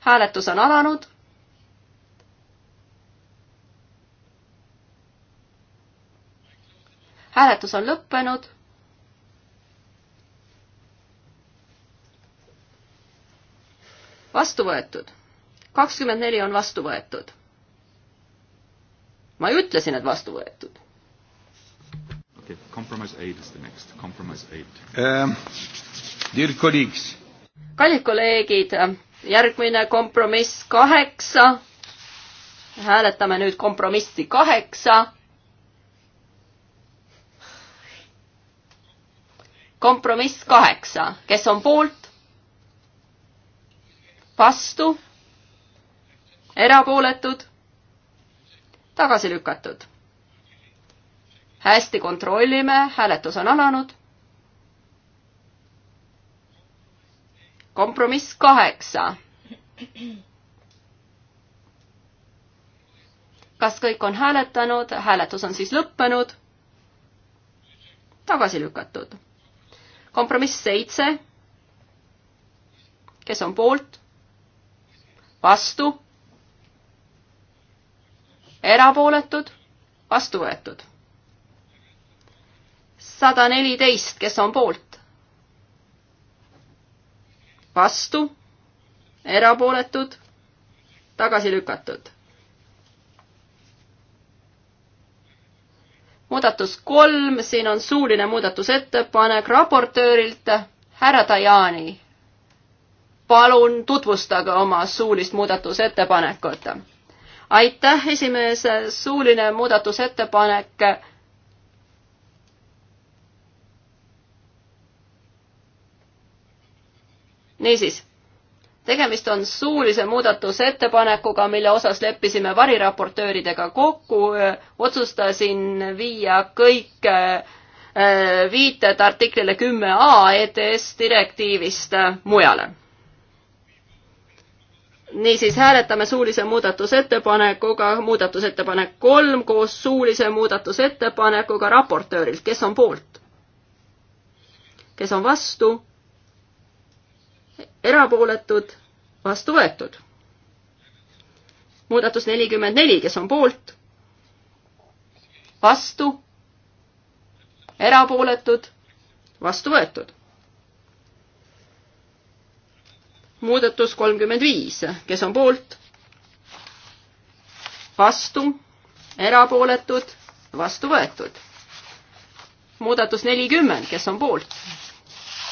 hääletus on alanud. hääletus on lõppenud. vastu võetud. kakskümmend neli on vastu võetud. ma ju ütlesin, et vastu võetud. Okay, compromise aid is the next, compromise aid um,. Ähm, kallid kolleegid, järgmine kompromiss kaheksa. hääletame nüüd kompromissi kaheksa. kompromiss kaheksa, kes on poolt? vastu? erapooletud? tagasi lükatud? hästi, kontrollime, hääletus on alanud kompromiss kaheksa. kas kõik on hääletanud, hääletus on siis lõppenud? tagasi lükatud. kompromiss seitse. kes on poolt? vastu? erapooletud? vastu võetud? sada neliteist, kes on poolt? vastu, erapooletud, tagasi lükatud. muudatus kolm, siin on suuline muudatusettepanek raportöörilt, härra Tajani. palun tutvustage oma suulist muudatusettepanekut. aitäh, esimees, suuline muudatusettepanek niisiis, tegemist on suulise muudatusettepanekuga, mille osas leppisime variraportööridega kokku, otsustasin viia kõik viited artiklile kümme A ETS direktiivist mujale. niisiis hääletame suulise muudatusettepanekuga, muudatusettepanek kolm koos suulise muudatusettepanekuga raportöörilt, kes on poolt? kes on vastu? erapooletud, vastu võetud. muudatus nelikümmend neli, kes on poolt, vastu, erapooletud, vastu võetud. muudatus kolmkümmend viis, kes on poolt, vastu, erapooletud, vastu võetud. muudatus nelikümmend, kes on poolt,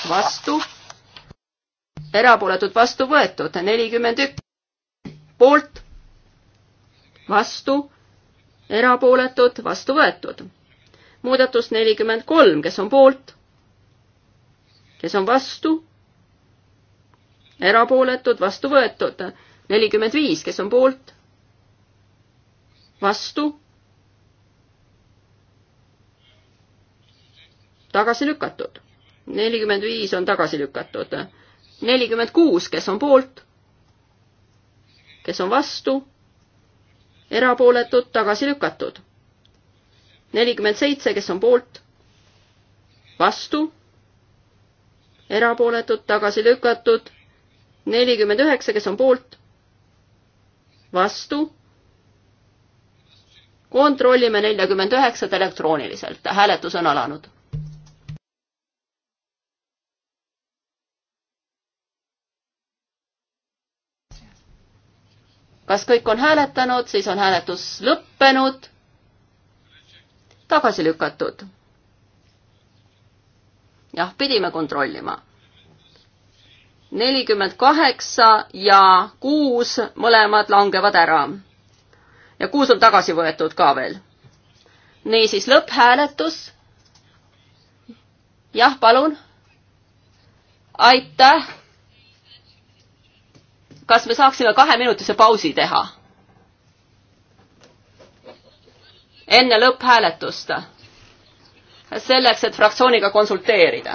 vastu erapooletud vastu võetud, nelikümmend üks poolt, vastu, erapooletud, vastu võetud. muudatus nelikümmend kolm, kes on poolt, kes on vastu, erapooletud, vastu võetud. nelikümmend viis, kes on poolt, vastu, tagasi lükatud. nelikümmend viis on tagasi lükatud nelikümmend kuus, kes on poolt, kes on vastu, erapooletud, tagasi lükatud. nelikümmend seitse, kes on poolt, vastu, erapooletud, tagasi lükatud. nelikümmend üheksa, kes on poolt, vastu. kontrollime neljakümmend üheksat elektrooniliselt, hääletus on alanud kas kõik on hääletanud, siis on hääletus lõppenud, tagasi lükatud. jah, pidime kontrollima. nelikümmend kaheksa ja kuus, mõlemad langevad ära. ja kuus on tagasi võetud ka veel. niisiis, lõpphääletus. jah, palun. aitäh kas me saaksime kaheminutise pausi teha? enne lõpphääletust. selleks, et fraktsiooniga konsulteerida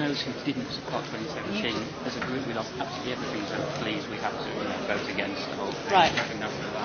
those who didn't support 2017, mm-hmm. as a group, we lost absolutely everything, so please, we have to you know, vote against the whole thing. Right.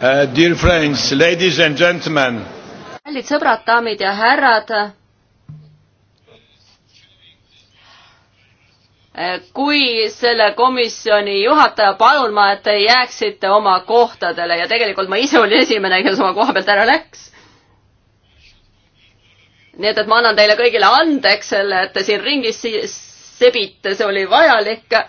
Uh, dear friends, ladies and gentlemen. kallid sõbrad, daamid ja härrad. Uh, kui selle komisjoni juhataja, palun ma, et te jääksite oma kohtadele ja tegelikult ma ise olin esimene, kes oma koha pealt ära läks nii et, et ma annan teile kõigile andeks selle, et te siin ringis sebite, see oli vajalik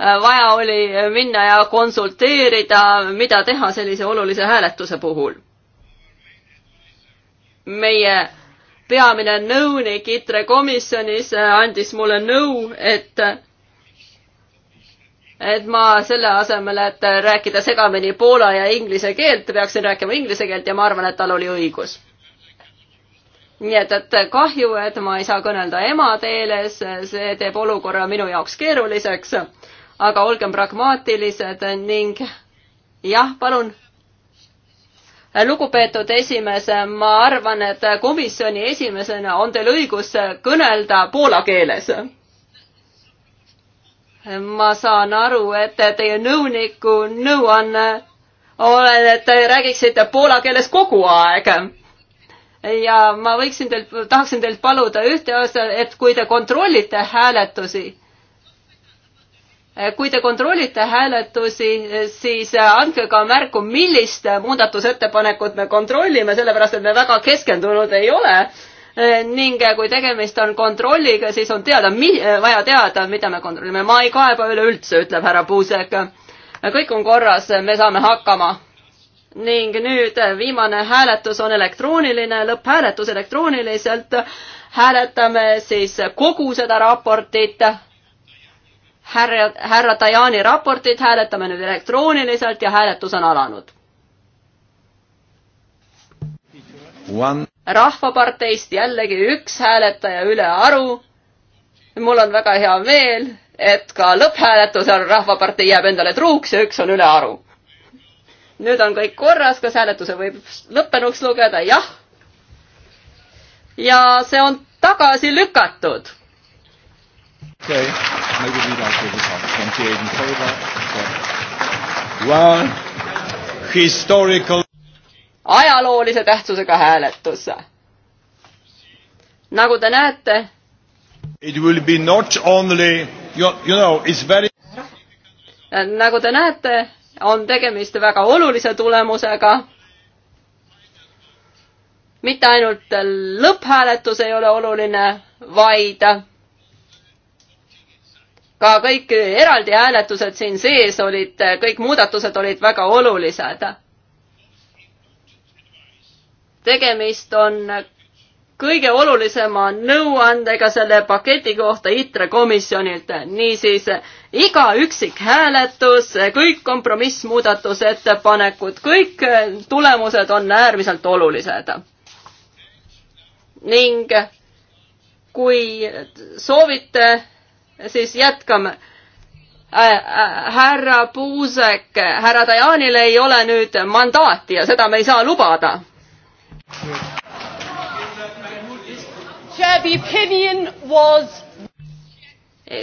Äh, vaja oli minna ja konsulteerida, mida teha sellise olulise hääletuse puhul. meie peamine nõunik ITRE komisjonis äh, andis mulle nõu, et et ma selle asemel, et rääkida segamini poola ja inglise keelt, peaksin rääkima inglise keelt ja ma arvan, et tal oli õigus. nii et, et kahju, et ma ei saa kõnelda emakeeles, see teeb olukorra minu jaoks keeruliseks aga olgem pragmaatilised ning jah, palun. lugupeetud esimees, ma arvan, et komisjoni esimesena on teil õigus kõnelda poola keeles. ma saan aru, et teie nõuniku nõuanne on, et te räägiksite poola keeles kogu aeg ja ma võiksin teilt, tahaksin teilt paluda ühte asja, et kui te kontrollite hääletusi Eh, kui te kontrollite hääletusi, eh, siis eh, andke ka märku, millist muudatusettepanekut me kontrollime, sellepärast et me väga keskendunud ei ole. ning kui tegemist on kontrolliga, siis on teada, vaja teada, mida me kontrollime. ma ei kaeba üleüldse, ütleb härra Puusek. kõik on korras, me saame hakkama. ning nüüd viimane hääletus on elektrooniline, lõpphääletus elektrooniliselt. hääletame siis kogu seda raportit härra, härra Tajani raportit hääletame nüüd elektrooniliselt ja hääletus on alanud. rahvaparteist jällegi üks hääletaja ülearu. mul on väga hea meel, et ka lõpphääletusel Rahvapartei jääb endale truuks ja üks on ülearu. nüüd on kõik korras, kas hääletuse võib lõppenuks lugeda? jah. ja see on tagasi lükatud Okay, maybe we don't give it up. 28 in favor. Okay. Well, historical. ajaloolise tähtsusega hääletus. nagu te näete. It will be not only you, you know it's very. nagu te näete, on tegemist väga olulise tulemusega mitte ainult lõpphääletus ei ole oluline, vaid ka kõik eraldi hääletused siin sees olid, kõik muudatused olid väga olulised. tegemist on kõige olulisema nõuandega selle paketi kohta ITRE komisjonilt. niisiis iga üksik hääletus, kõik kompromissmuudatusettepanekud, kõik tulemused on äärmiselt olulised. ning kui soovite siis jätkame härra Puusek, härra Dajanil ei ole nüüd mandaati ja seda me ei saa lubada.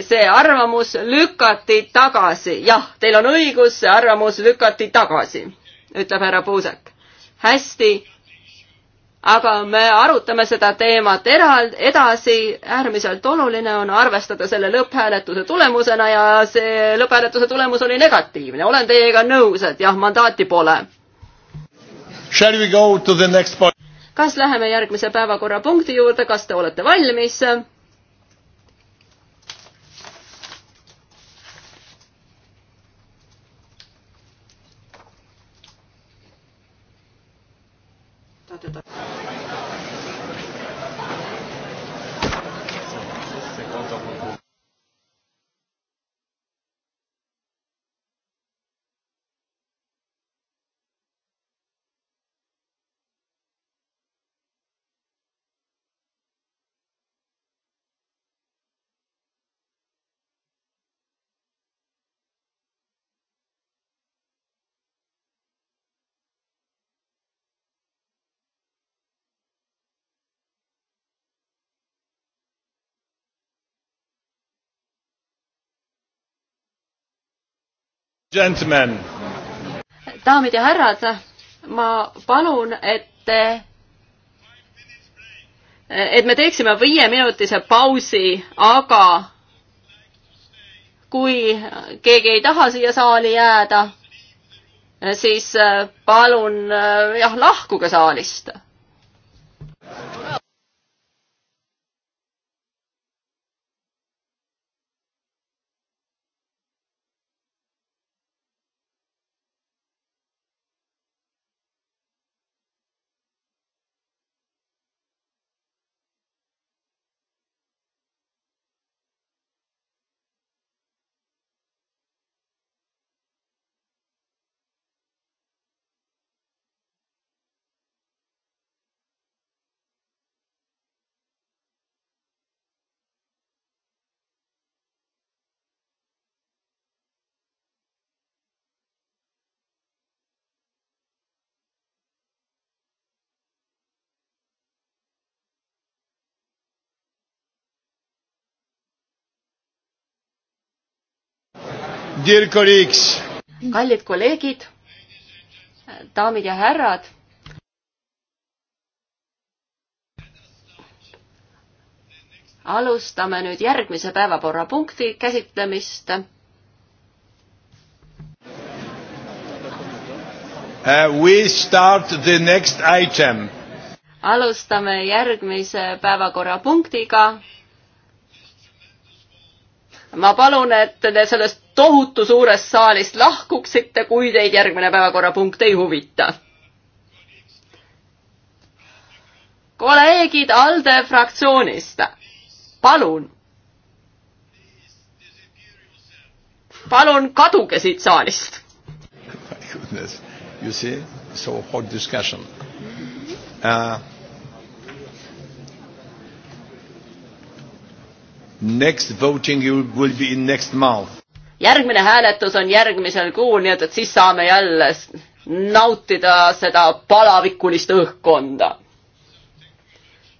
see arvamus lükati tagasi, jah, teil on õigus, see arvamus lükati tagasi, ütleb härra Puusek. hästi, aga me arutame seda teemat eral-, edasi, äärmiselt oluline on arvestada selle lõpphääletuse tulemusena ja see lõpphääletuse tulemus oli negatiivne, olen teiega nõus, et jah, mandaati pole. kas läheme järgmise päevakorrapunkti juurde, kas te olete valmis? teda. Gentlemen. daamid ja härrad, ma palun, et te, et me teeksime viieminutise pausi, aga kui keegi ei taha siia saali jääda, siis palun jah, lahkuge saalist kallid kolleegid, daamid ja härrad. alustame nüüd järgmise päevakorrapunkti käsitlemist uh,. alustame järgmise päevakorrapunktiga ma palun, et sellest tohutu suurest saalist lahkuksite, kui teid järgmine päevakorrapunkt ei huvita. kolleegid ALDE fraktsioonist, palun. palun kaduge siit saalist. You see, so hot discussion uh,. Next voting will be in next month järgmine hääletus on järgmisel kuul, nii et, et siis saame jälle nautida seda palavikulist õhkkonda.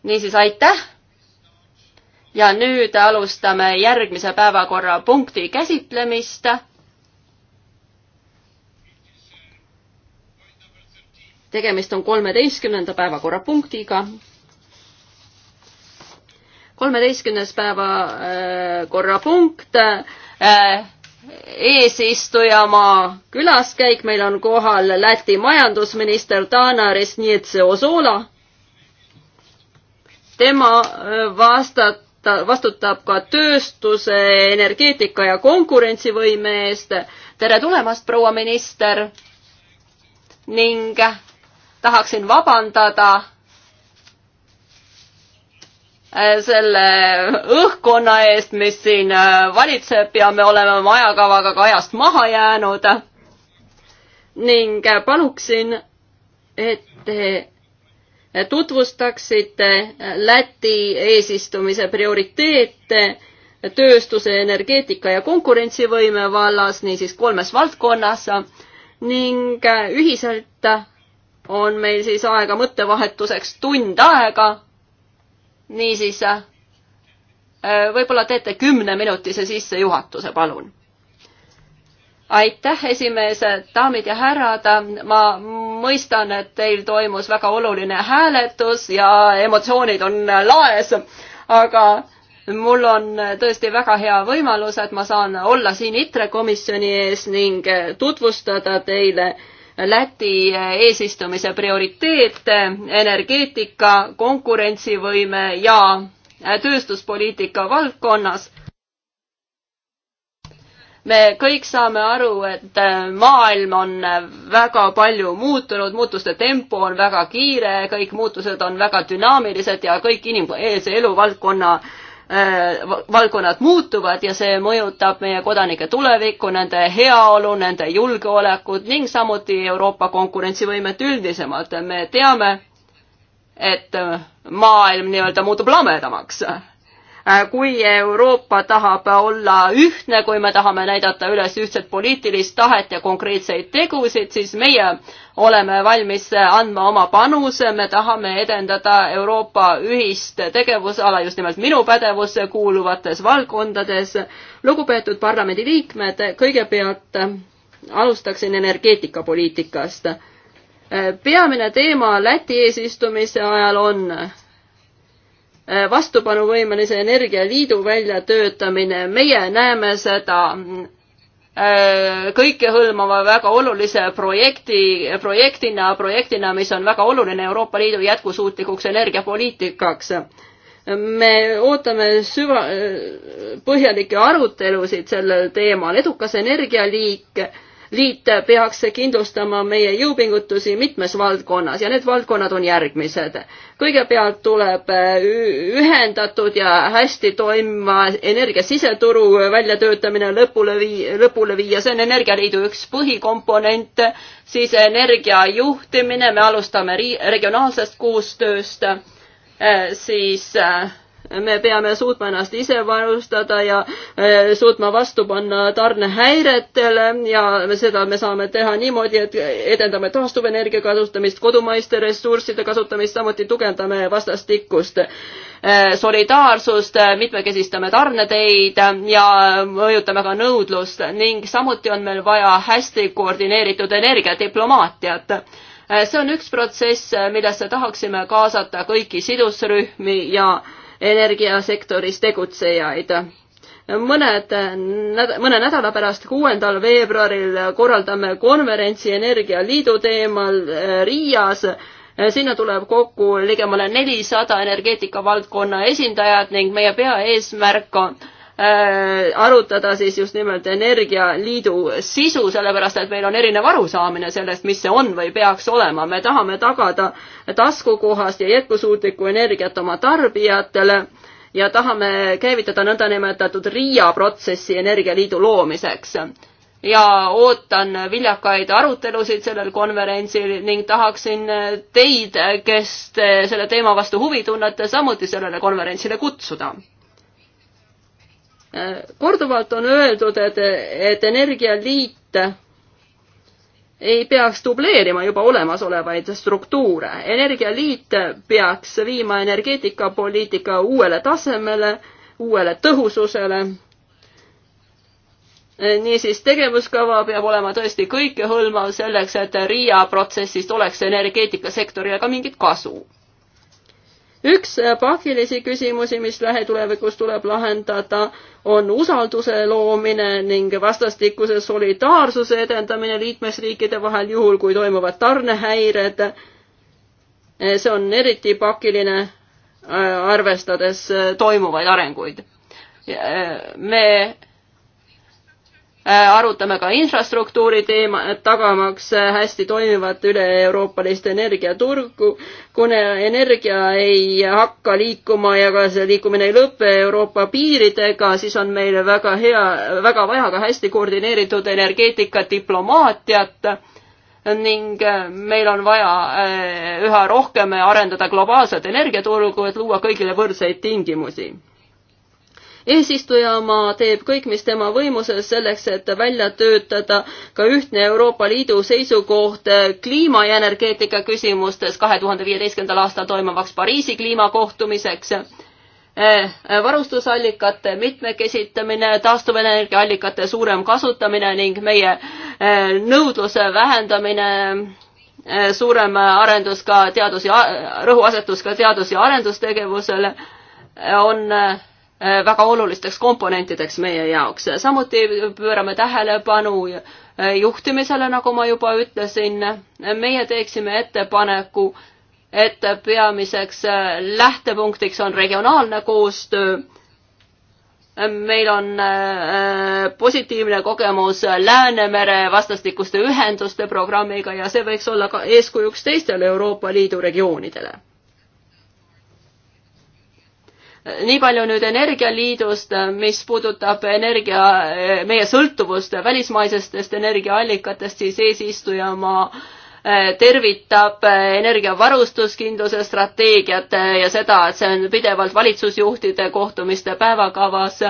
niisiis, aitäh! ja nüüd alustame järgmise päevakorrapunkti käsitlemist. tegemist on kolmeteistkümnenda päevakorrapunktiga kolmeteistkümnes päeva äh, korrapunkt äh, eesistujamaa külaskäik, meil on kohal Läti majandusminister Taanaris Nietse Ozola. tema äh, vastata, vastutab ka tööstuse, energeetika ja konkurentsivõime eest. tere tulemast, proua minister! ning tahaksin vabandada Äh, selle õhkkonna eest, mis siin äh, valitseb ja me oleme oma ajakavaga ka ajast maha jäänud. ning äh, paluksin, et te tutvustaksite Läti eesistumise prioriteete tööstuse, energeetika ja konkurentsivõime vallas, niisiis kolmes valdkonnas ning ühiselt on meil siis aega mõttevahetuseks tund aega niisiis, äh, äh, võib-olla teete kümneminutise sissejuhatuse, palun. aitäh, esimees, daamid ja härrad, ma mõistan, et teil toimus väga oluline hääletus ja emotsioonid on laes, aga mul on tõesti väga hea võimalus, et ma saan olla siin ITRE komisjoni ees ning tutvustada teile äh, Läti eesistumise prioriteete, energeetika, konkurentsivõime ja tööstuspoliitika valdkonnas. me kõik saame aru, et maailm on väga palju muutunud, muutuste tempo on väga kiire, kõik muutused on väga dünaamilised ja kõik inimese eluvaldkonna äh, Äh, valdkonnad muutuvad ja see mõjutab meie kodanike tulevikku, nende heaolu, nende julgeolekut ning samuti Euroopa konkurentsivõimet üldisemalt. me teame, et maailm nii-öelda muutub lamedamaks Äh, kui Euroopa tahab olla ühtne, kui me tahame näidata üles ühtset poliitilist tahet ja konkreetseid tegusid, siis meie oleme valmis andma oma panuse, me tahame edendada Euroopa ühist tegevusala just nimelt minu pädevusse kuuluvates valdkondades. lugupeetud parlamendiliikmed, kõigepealt alustaksin energeetikapoliitikast. Äh, peamine teema Läti eesistumise ajal on Äh, vastupanuvõimelise energialiidu väljatöötamine, meie näeme seda äh, kõikehõlmava väga olulise projekti, projektina, projektina, mis on väga oluline Euroopa Liidu jätkusuutlikuks energiapoliitikaks. me ootame süva, põhjalikke arutelusid sellel teemal, edukas energialiik liit peaks kindlustama meie jõupingutusi mitmes valdkonnas ja need valdkonnad on järgmised. kõigepealt tuleb äh, ühendatud ja hästi toimiva energiasiseturu väljatöötamine lõpule vii-, lõpule viia, see on Energialiidu üks põhikomponent, siis energia juhtimine, me alustame ri-, regionaalsest koostööst, äh, siis äh, me peame suutma ennast ise varustada ja eh, suutma vastu panna tarnehäiretele ja seda me saame teha niimoodi, et edendame taastuvenergia kasutamist, kodumaiste ressursside kasutamist, samuti tugevdame vastastikust eh, solidaarsust, eh, mitmekesistame tarneteid ja mõjutame ka nõudlust ning samuti on meil vaja hästi koordineeritud energiadiplomaatiat see on üks protsess, millesse tahaksime kaasata kõiki sidusrühmi ja äh, energiasektoris tegutsejaid mõned, mõne nädala pärast, kuuendal veebruaril korraldame konverentsi Energialiidu teemal eh, Riias. sinna tuleb kokku ligemale nelisada energeetika valdkonna esindajat ning meie peaeesmärk on Äh, arutada siis just nimelt Energialiidu sisu, sellepärast et meil on erinev arusaamine sellest, mis see on või peaks olema. me tahame tagada taskukohast ja jätkusuutlikku energiat oma tarbijatele ja tahame käivitada nõndanimetatud RIA protsessi Energialiidu loomiseks ja ootan viljakaid arutelusid sellel konverentsil ning tahaksin teid, kes te selle teema vastu huvi tunnete, samuti sellele konverentsile kutsuda korduvalt on öeldud, et, et energialiit ei peaks dubleerima juba olemasolevaid struktuure. energialiit peaks viima energeetikapoliitika uuele tasemele, uuele tõhususele. niisiis, tegevuskava peab olema tõesti kõikehõlmav selleks, et Riia protsessist oleks energeetikasektorile ka mingit kasu üks äh, pakilisi küsimusi, mis lähitulevikus tuleb lahendada, on usalduse loomine ning vastastikuse solidaarsuse edendamine liikmesriikide vahel, juhul kui toimuvad tarnehäired. Äh, see on eriti pakiline, äh, arvestades toimuvaid arenguid. me Äh, arutame ka infrastruktuuri teema, tagamaks äh, hästi toimivat üle-euroopalist energiaturgu. kuna energia ei hakka liikuma ja ka see liikumine ei lõpe Euroopa piiridega, siis on meil väga hea, väga vaja ka hästi koordineeritud energeetikadiplomaatiat ning äh, meil on vaja üha rohkem arendada globaalset energiaturgu, et luua kõigile võrdseid tingimusi eesistujamaa teeb kõik, mis tema võimuses selleks, et välja töötada ka ühtne Euroopa Liidu seisukoht kliima ja energeetika küsimustes kahe tuhande viieteistkümnendal aastal toimuvaks Pariisi kliimakohtumiseks eh, varustusallikate mitmekesitamine, taastuvenergiaallikate suurem kasutamine ning meie eh, nõudluse vähendamine, eh, suurem arendus ka teadus ja, rõhuasetus ka teadus- ja arendustegevusele on Äh, väga olulisteks komponentideks meie jaoks. samuti pöörame tähelepanu äh, juhtimisele, nagu ma juba ütlesin. meie teeksime ettepaneku, et peamiseks äh, lähtepunktiks on regionaalne koostöö. meil on positiivne kogemus Läänemere vastastikuste ühenduste programmiga ja see võiks olla ka eeskujuks teistele Euroopa Liidu regioonidele nii palju nüüd Energialiidust, mis puudutab energia, meie sõltuvust välismaisestest energiaallikatest, siis eesistuja oma eh, tervitab eh, energiavarustuskindluse strateegiat eh, ja seda, et see on pidevalt valitsusjuhtide kohtumiste päevakavas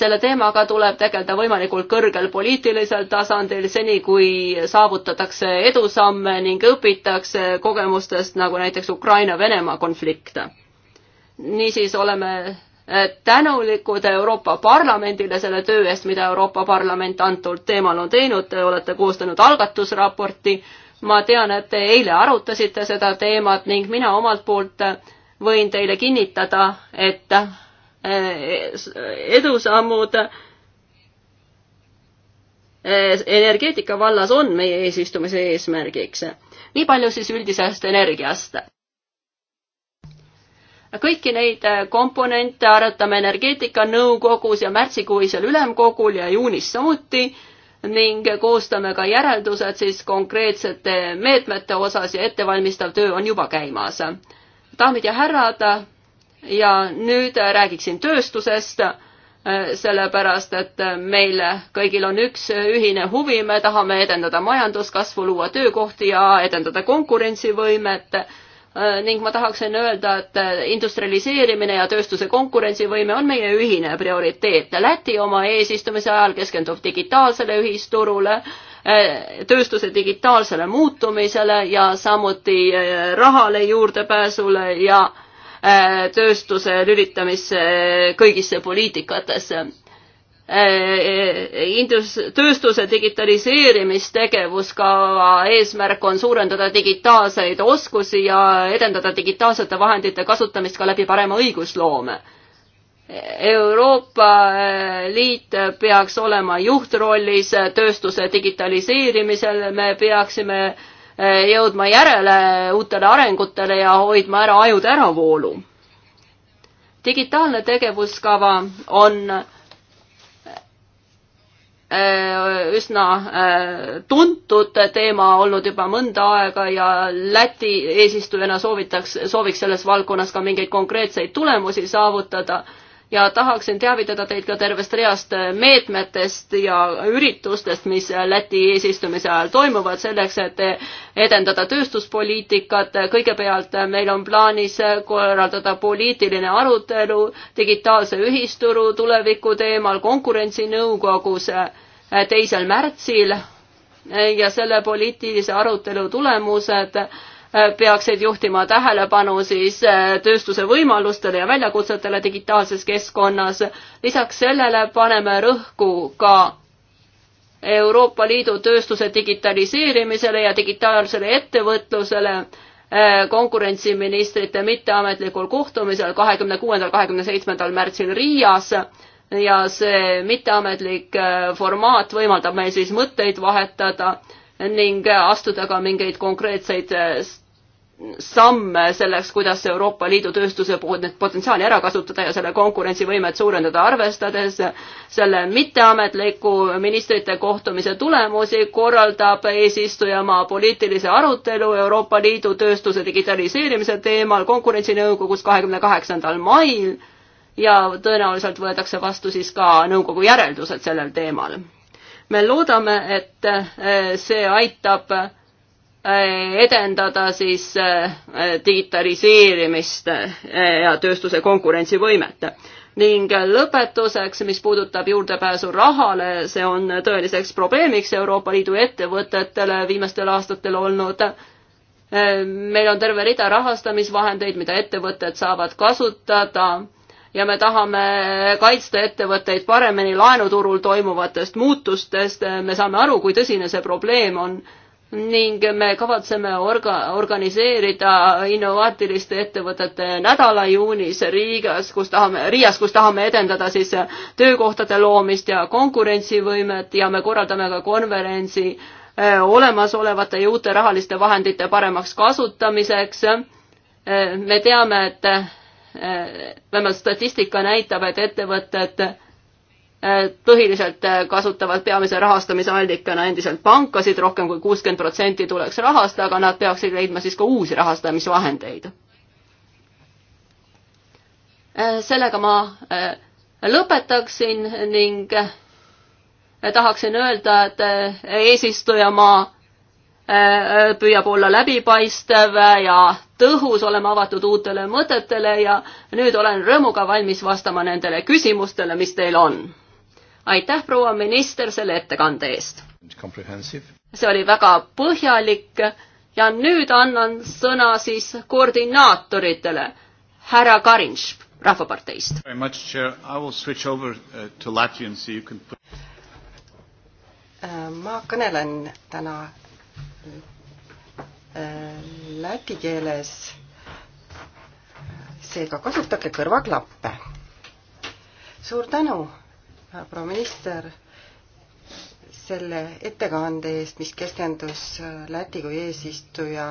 selle teemaga tuleb tegeleda võimalikult kõrgel poliitilisel tasandil, seni kui saavutatakse edusamme ning õpitakse kogemustest, nagu näiteks Ukraina-Venemaa konflikt niisiis oleme äh, tänulikud Euroopa Parlamendile selle töö eest, mida Euroopa Parlament antud teemal on teinud, te olete koostanud algatusraporti, ma tean, et te eile arutasite seda teemat ning mina omalt poolt võin teile kinnitada, et äh, edusammud äh, energeetika vallas on meie eesistumise eesmärgiks. nii palju siis üldisest energiast kõiki neid äh, komponente arutame energeetikanõukogus ja märtsikuisel ülemkogul ja juunis samuti ning koostame ka järeldused siis konkreetsete meetmete osas ja ettevalmistav töö on juba käimas. daamid ja härrad, ja nüüd räägiksin tööstusest, äh, sellepärast et äh, meil kõigil on üks ühine huvi, me tahame edendada majanduskasvu, luua töökohti ja edendada konkurentsivõimet Äh, ning ma tahaksin öelda, et äh, industrialiseerimine ja tööstuse konkurentsivõime on meie ühine prioriteet. Läti oma eesistumise ajal keskendub digitaalsele ühisturule, äh, tööstuse digitaalsele muutumisele ja samuti rahale juurdepääsule ja tööstuse lülitamisse kõigisse poliitikatesse Äh, äh, indus-, tööstuse digitaliseerimistegevuskava eesmärk on suurendada digitaalseid oskusi ja edendada digitaalsete vahendite kasutamist ka läbi parema õigusloome. Euroopa äh, Liit peaks olema juhtrollis tööstuse digitaliseerimisel, me peaksime jõudma järele uutele arengutele ja hoidma ära ajude äravoolu. digitaalne tegevuskava on Äh, üsna äh, tuntud teema olnud juba mõnda aega ja Läti eesistujana soovitaks, sooviks selles valdkonnas ka mingeid konkreetseid tulemusi saavutada ja tahaksin teavitada teid ka tervest reast meetmetest ja üritustest, mis Läti eesistumise ajal toimuvad selleks, et edendada tööstuspoliitikat. kõigepealt meil on plaanis korraldada poliitiline arutelu digitaalse ühisturu tuleviku teemal konkurentsinõukogus teisel märtsil ja selle poliitilise arutelu tulemused peaksid juhtima tähelepanu siis äh, tööstuse võimalustele ja väljakutsetele digitaalses keskkonnas. lisaks sellele paneme rõhku ka Euroopa Liidu tööstuse digitaliseerimisele ja digitaalsele ettevõtlusele äh, konkurentsiministrite mitteametlikul kohtumisel kahekümne kuuendal, kahekümne seitsmendal märtsil Riias ja see mitteametlik äh, formaat võimaldab meil siis mõtteid vahetada ning astuda ka mingeid konkreetseid samme selleks, kuidas Euroopa Liidu tööstuse poolt need potentsiaali ära kasutada ja selle konkurentsivõimet suurendada, arvestades selle mitteametliku ministrite kohtumise tulemusi, korraldab eesistujamaa poliitilise arutelu Euroopa Liidu tööstuse digitaliseerimise teemal konkurentsinõukogus kahekümne kaheksandal mail ja tõenäoliselt võetakse vastu siis ka nõukogu järeldused sellel teemal. me loodame, et eh, see aitab Eh, edendada siis eh, digitaliseerimist eh, ja tööstuse konkurentsivõimet. ning lõpetuseks, mis puudutab juurdepääsu rahale, see on tõeliseks probleemiks Euroopa Liidu ettevõtetele viimastel aastatel olnud. meil on terve rida rahastamisvahendeid, mida ettevõtted saavad kasutada ja me tahame kaitsta ettevõtteid paremini laenuturul toimuvatest muutustest, me saame aru, kui tõsine see probleem on ning me kavatseme orga-, organiseerida innovaatiliste ettevõtete nädala juunis Riigas, kus tahame, Riias, kus tahame edendada siis töökohtade loomist ja konkurentsivõimet ja me korraldame ka konverentsi eh, olemasolevate ja uute rahaliste vahendite paremaks kasutamiseks. Eh, me teame, et eh, vähemalt statistika näitab, et ettevõtted et Äh, põhiliselt äh, kasutavad peamise rahastamise allikana endiselt pankasid, rohkem kui kuuskümmend protsenti tuleks rahastada, aga nad peaksid leidma siis ka uusi rahastamisvahendeid. Äh, sellega ma lõpetaksin ning tahaksin öelda, et eesistujamaa püüab olla läbipaistev ja tõhus, olema avatud uutele mõtetele ja nüüd olen rõõmuga valmis vastama nendele küsimustele, mis teil on aitäh, proua minister, selle ettekande eest. see oli väga põhjalik ja nüüd annan sõna siis koordinaatoritele. härra Karinš Rahvaparteist. Uh, äh, ma kõnelen täna äh, läti keeles. seega kasutage kõrvaklappe. suur tänu proua minister, selle ettekande eest, mis keskendus äh, Läti kui eesistuja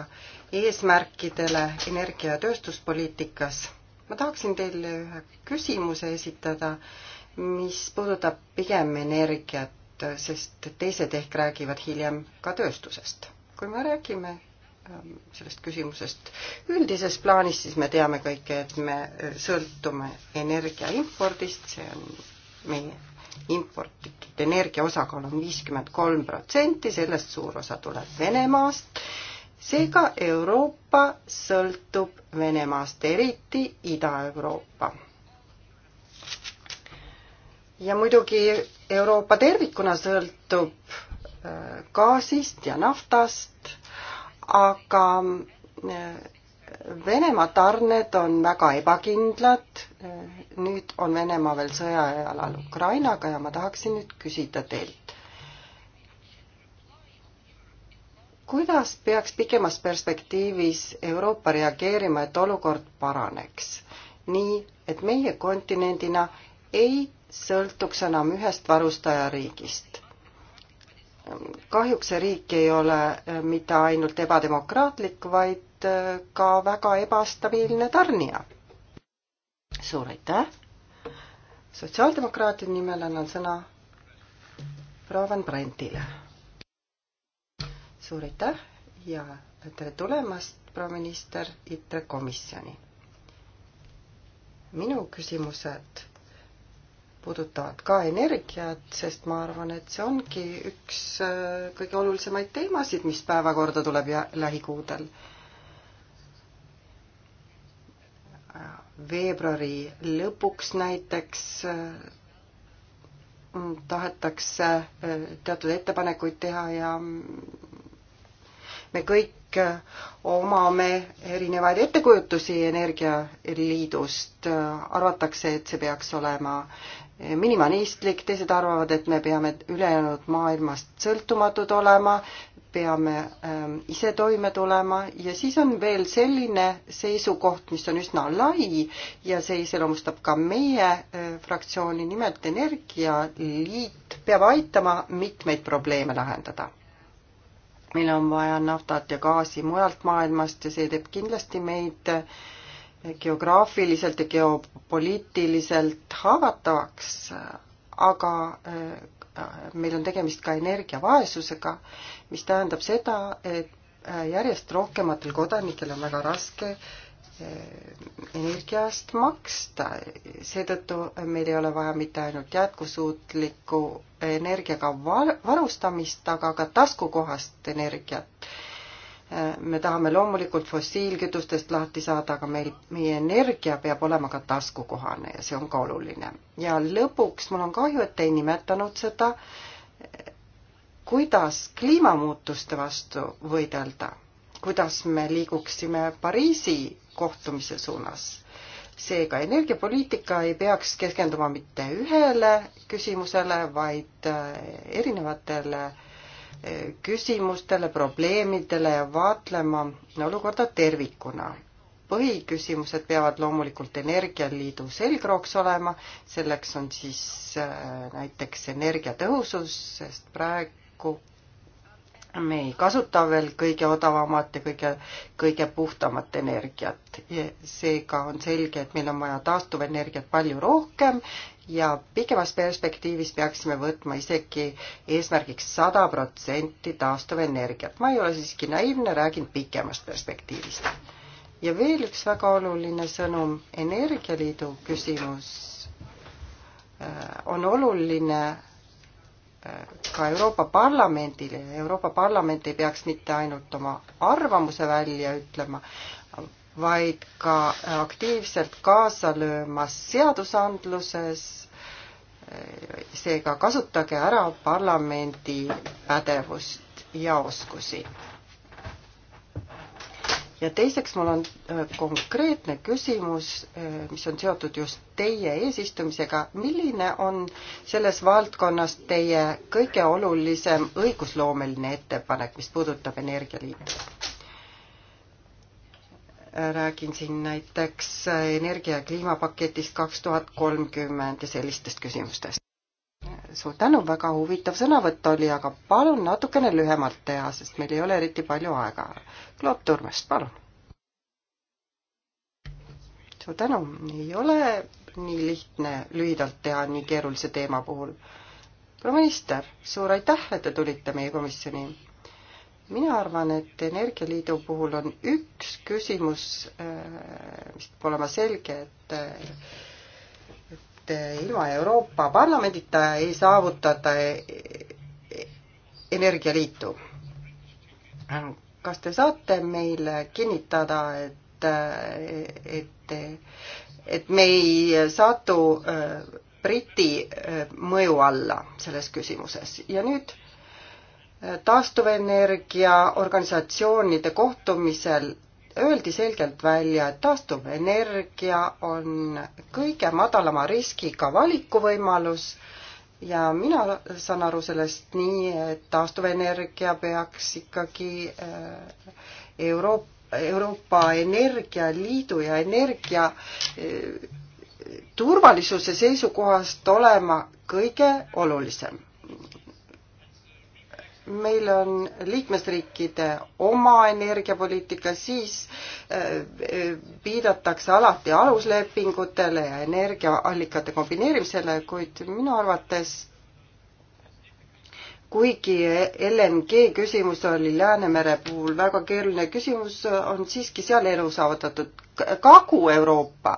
eesmärkidele energia- ja tööstuspoliitikas. ma tahaksin teile ühe küsimuse esitada, mis puudutab pigem energiat, sest teised ehk räägivad hiljem ka tööstusest. kui me räägime ähm, sellest küsimusest üldises plaanis, siis me teame kõike, et me äh, sõltume energia impordist, see on meie importitud energia osakaal on viiskümmend kolm protsenti, sellest suur osa tuleb Venemaast. seega Euroopa sõltub Venemaast, eriti Ida-Euroopa. ja muidugi Euroopa tervikuna sõltub äh, gaasist ja naftast, aga äh, Venemaa tarned on väga ebakindlad. nüüd on Venemaa veel sõjajalal Ukrainaga ja ma tahaksin nüüd küsida teilt. kuidas peaks pikemas perspektiivis Euroopa reageerima, et olukord paraneks? nii, et meie kontinendina ei sõltuks enam ühest varustajariigist kahjuks see riik ei ole mitte ainult ebademokraatlik, vaid Äh, ka väga ebastabiilne tarnija. suur aitäh! sotsiaaldemokraatide nimel annan sõna proua Van Brandile. suur aitäh ja tere tulemast, proua minister, ITRE komisjoni. minu küsimused puudutavad ka energiat, sest ma arvan, et see ongi üks äh, kõige olulisemaid teemasid, mis päevakorda tuleb lähikuudel. veebruari lõpuks näiteks äh, tahetakse äh, teatud ettepanekuid teha ja mm, me kõik äh, omame erinevaid ettekujutusi Energialiidust. arvatakse, et see peaks olema minimalistlik, teised arvavad, et me peame ülejäänud maailmast sõltumatud olema, peame ähm, ise toime tulema ja siis on veel selline seisukoht, mis on üsna lai ja see iseloomustab ka meie äh, fraktsiooni, nimelt Energialiit peab aitama mitmeid probleeme lahendada. meil on vaja naftat ja gaasi mujalt maailmast ja see teeb kindlasti meid äh, geograafiliselt ja geopoliitiliselt haavatavaks, aga äh, meil on tegemist ka energiavaesusega, mis tähendab seda, et äh, järjest rohkematel kodanikel on väga raske äh, energia eest maksta, seetõttu meil ei ole vaja mitte ainult jätkusuutlikku energiaga varustamist, aga ka taskukohast energiat me tahame loomulikult fossiilkütustest lahti saada, aga meil, meie energia peab olema ka taskukohane ja see on ka oluline. ja lõpuks, mul on kahju, et te ei nimetanud seda, kuidas kliimamuutuste vastu võidelda, kuidas me liiguksime Pariisi kohtumise suunas. seega energiapoliitika ei peaks keskenduma mitte ühele küsimusele, vaid erinevatele äh, küsimustele, probleemidele ja vaatlema olukorda tervikuna. põhiküsimused peavad loomulikult Energialiidu selgrooks olema, selleks on siis äh, näiteks energiatõhusus, sest praegu me ei kasuta veel kõige odavamat ja kõige, kõige puhtamat energiat. seega on selge, et meil on vaja taastuvenergiat palju rohkem ja pikemas perspektiivis peaksime võtma isegi eesmärgiks sada protsenti taastuvenergiat. ma ei ole siiski naiivne, räägin pikemast perspektiivist. ja veel üks väga oluline sõnum, Energialiidu küsimus äh, on oluline äh, ka Euroopa Parlamendile ja Euroopa Parlament ei peaks mitte ainult oma arvamuse välja ütlema, vaid ka aktiivselt kaasa löömas seadusandluses. seega kasutage ära parlamendi pädevust ja oskusi. ja teiseks, mul on äh, konkreetne küsimus, äh, mis on seotud just teie eesistumisega. milline on selles valdkonnas teie kõige olulisem õigusloomeline ettepanek, mis puudutab Energialiitu? räägin siin näiteks energia- ja kliimapaketist kaks tuhat kolmkümmend ja sellistest küsimustest. suur tänu, väga huvitav sõnavõtt oli, aga palun natukene lühemalt teha, sest meil ei ole eriti palju aega. Kloop Turmest, palun. suur tänu, ei ole nii lihtne lühidalt teha nii keerulise teema puhul. proua minister, suur aitäh, et te tulite meie komisjoni mina arvan, et Energialiidu puhul on üks küsimus, äh, mis peab olema selge, et äh, et äh, ilma Euroopa Parlamendita ei saavutata energialiitu. kas te saate meile kinnitada, et, et, et me ei satu Briti mõju alla selles küsimuses ja nüüd äh, taastuvenergia organisatsioonide kohtumisel öeldi selgelt välja, et taastuvenergia on kõige madalama riskiga valikuvõimalus ja mina saan aru sellest nii, et taastuvenergia peaks ikkagi äh, Euroopa Euroopa Energialiidu ja energia äh, turvalisuse seisukohast olema kõige olulisem meil on liikmesriikide oma energiapoliitika, siis eh, viidatakse alati aluslepingutele ja energiaallikate kombineerimisele, kuid minu arvates kuigi LNG küsimus oli Läänemere puhul väga keeruline küsimus, on siiski seal elu saavutatud. Kagu-Euroopa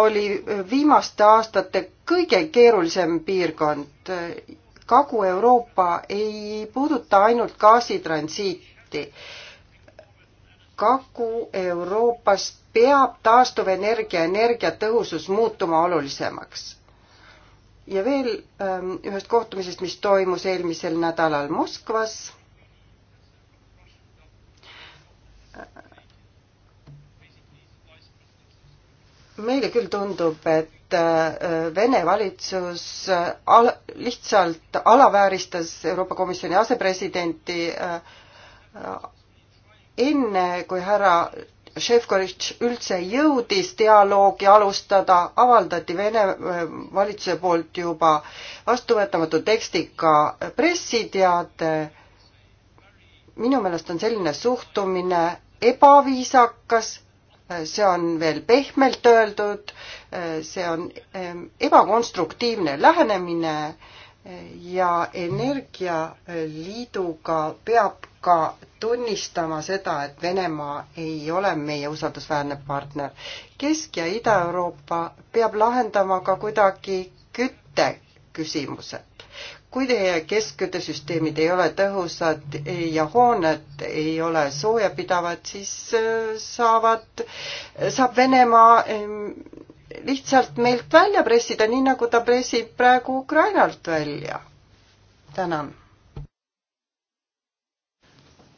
oli viimaste aastate kõige keerulisem piirkond Kagu-Euroopa ei puuduta ainult gaasitransiiti. Kagu-Euroopas peab taastuvenergia, energiatõhusus muutuma olulisemaks. ja veel ähm, ühest kohtumisest, mis toimus eelmisel nädalal Moskvas meile küll tundub, et et äh, Vene valitsus äh, al-, lihtsalt alavääristas Euroopa Komisjoni asepresidenti äh, enne, kui härra Šefkovitš üldse jõudis dialoogi alustada, avaldati Vene valitsuse poolt juba vastuvõetamatu tekstiga pressiteade. minu meelest on selline suhtumine ebaviisakas see on veel pehmelt öeldud, see on ehm, ebakonstruktiivne lähenemine eh, ja Energialiiduga peab ka tunnistama seda, et Venemaa ei ole meie usaldusväärne partner. Kesk- ja Ida-Euroopa peab lahendama ka kuidagi kütteküsimused kui teie keskküttesüsteemid ei ole tõhusad ja hooned ei ole soojapidavad, siis äh, saavad, saab Venemaa lihtsalt meilt välja pressida, nii nagu ta pressib praegu Ukrainalt välja. tänan.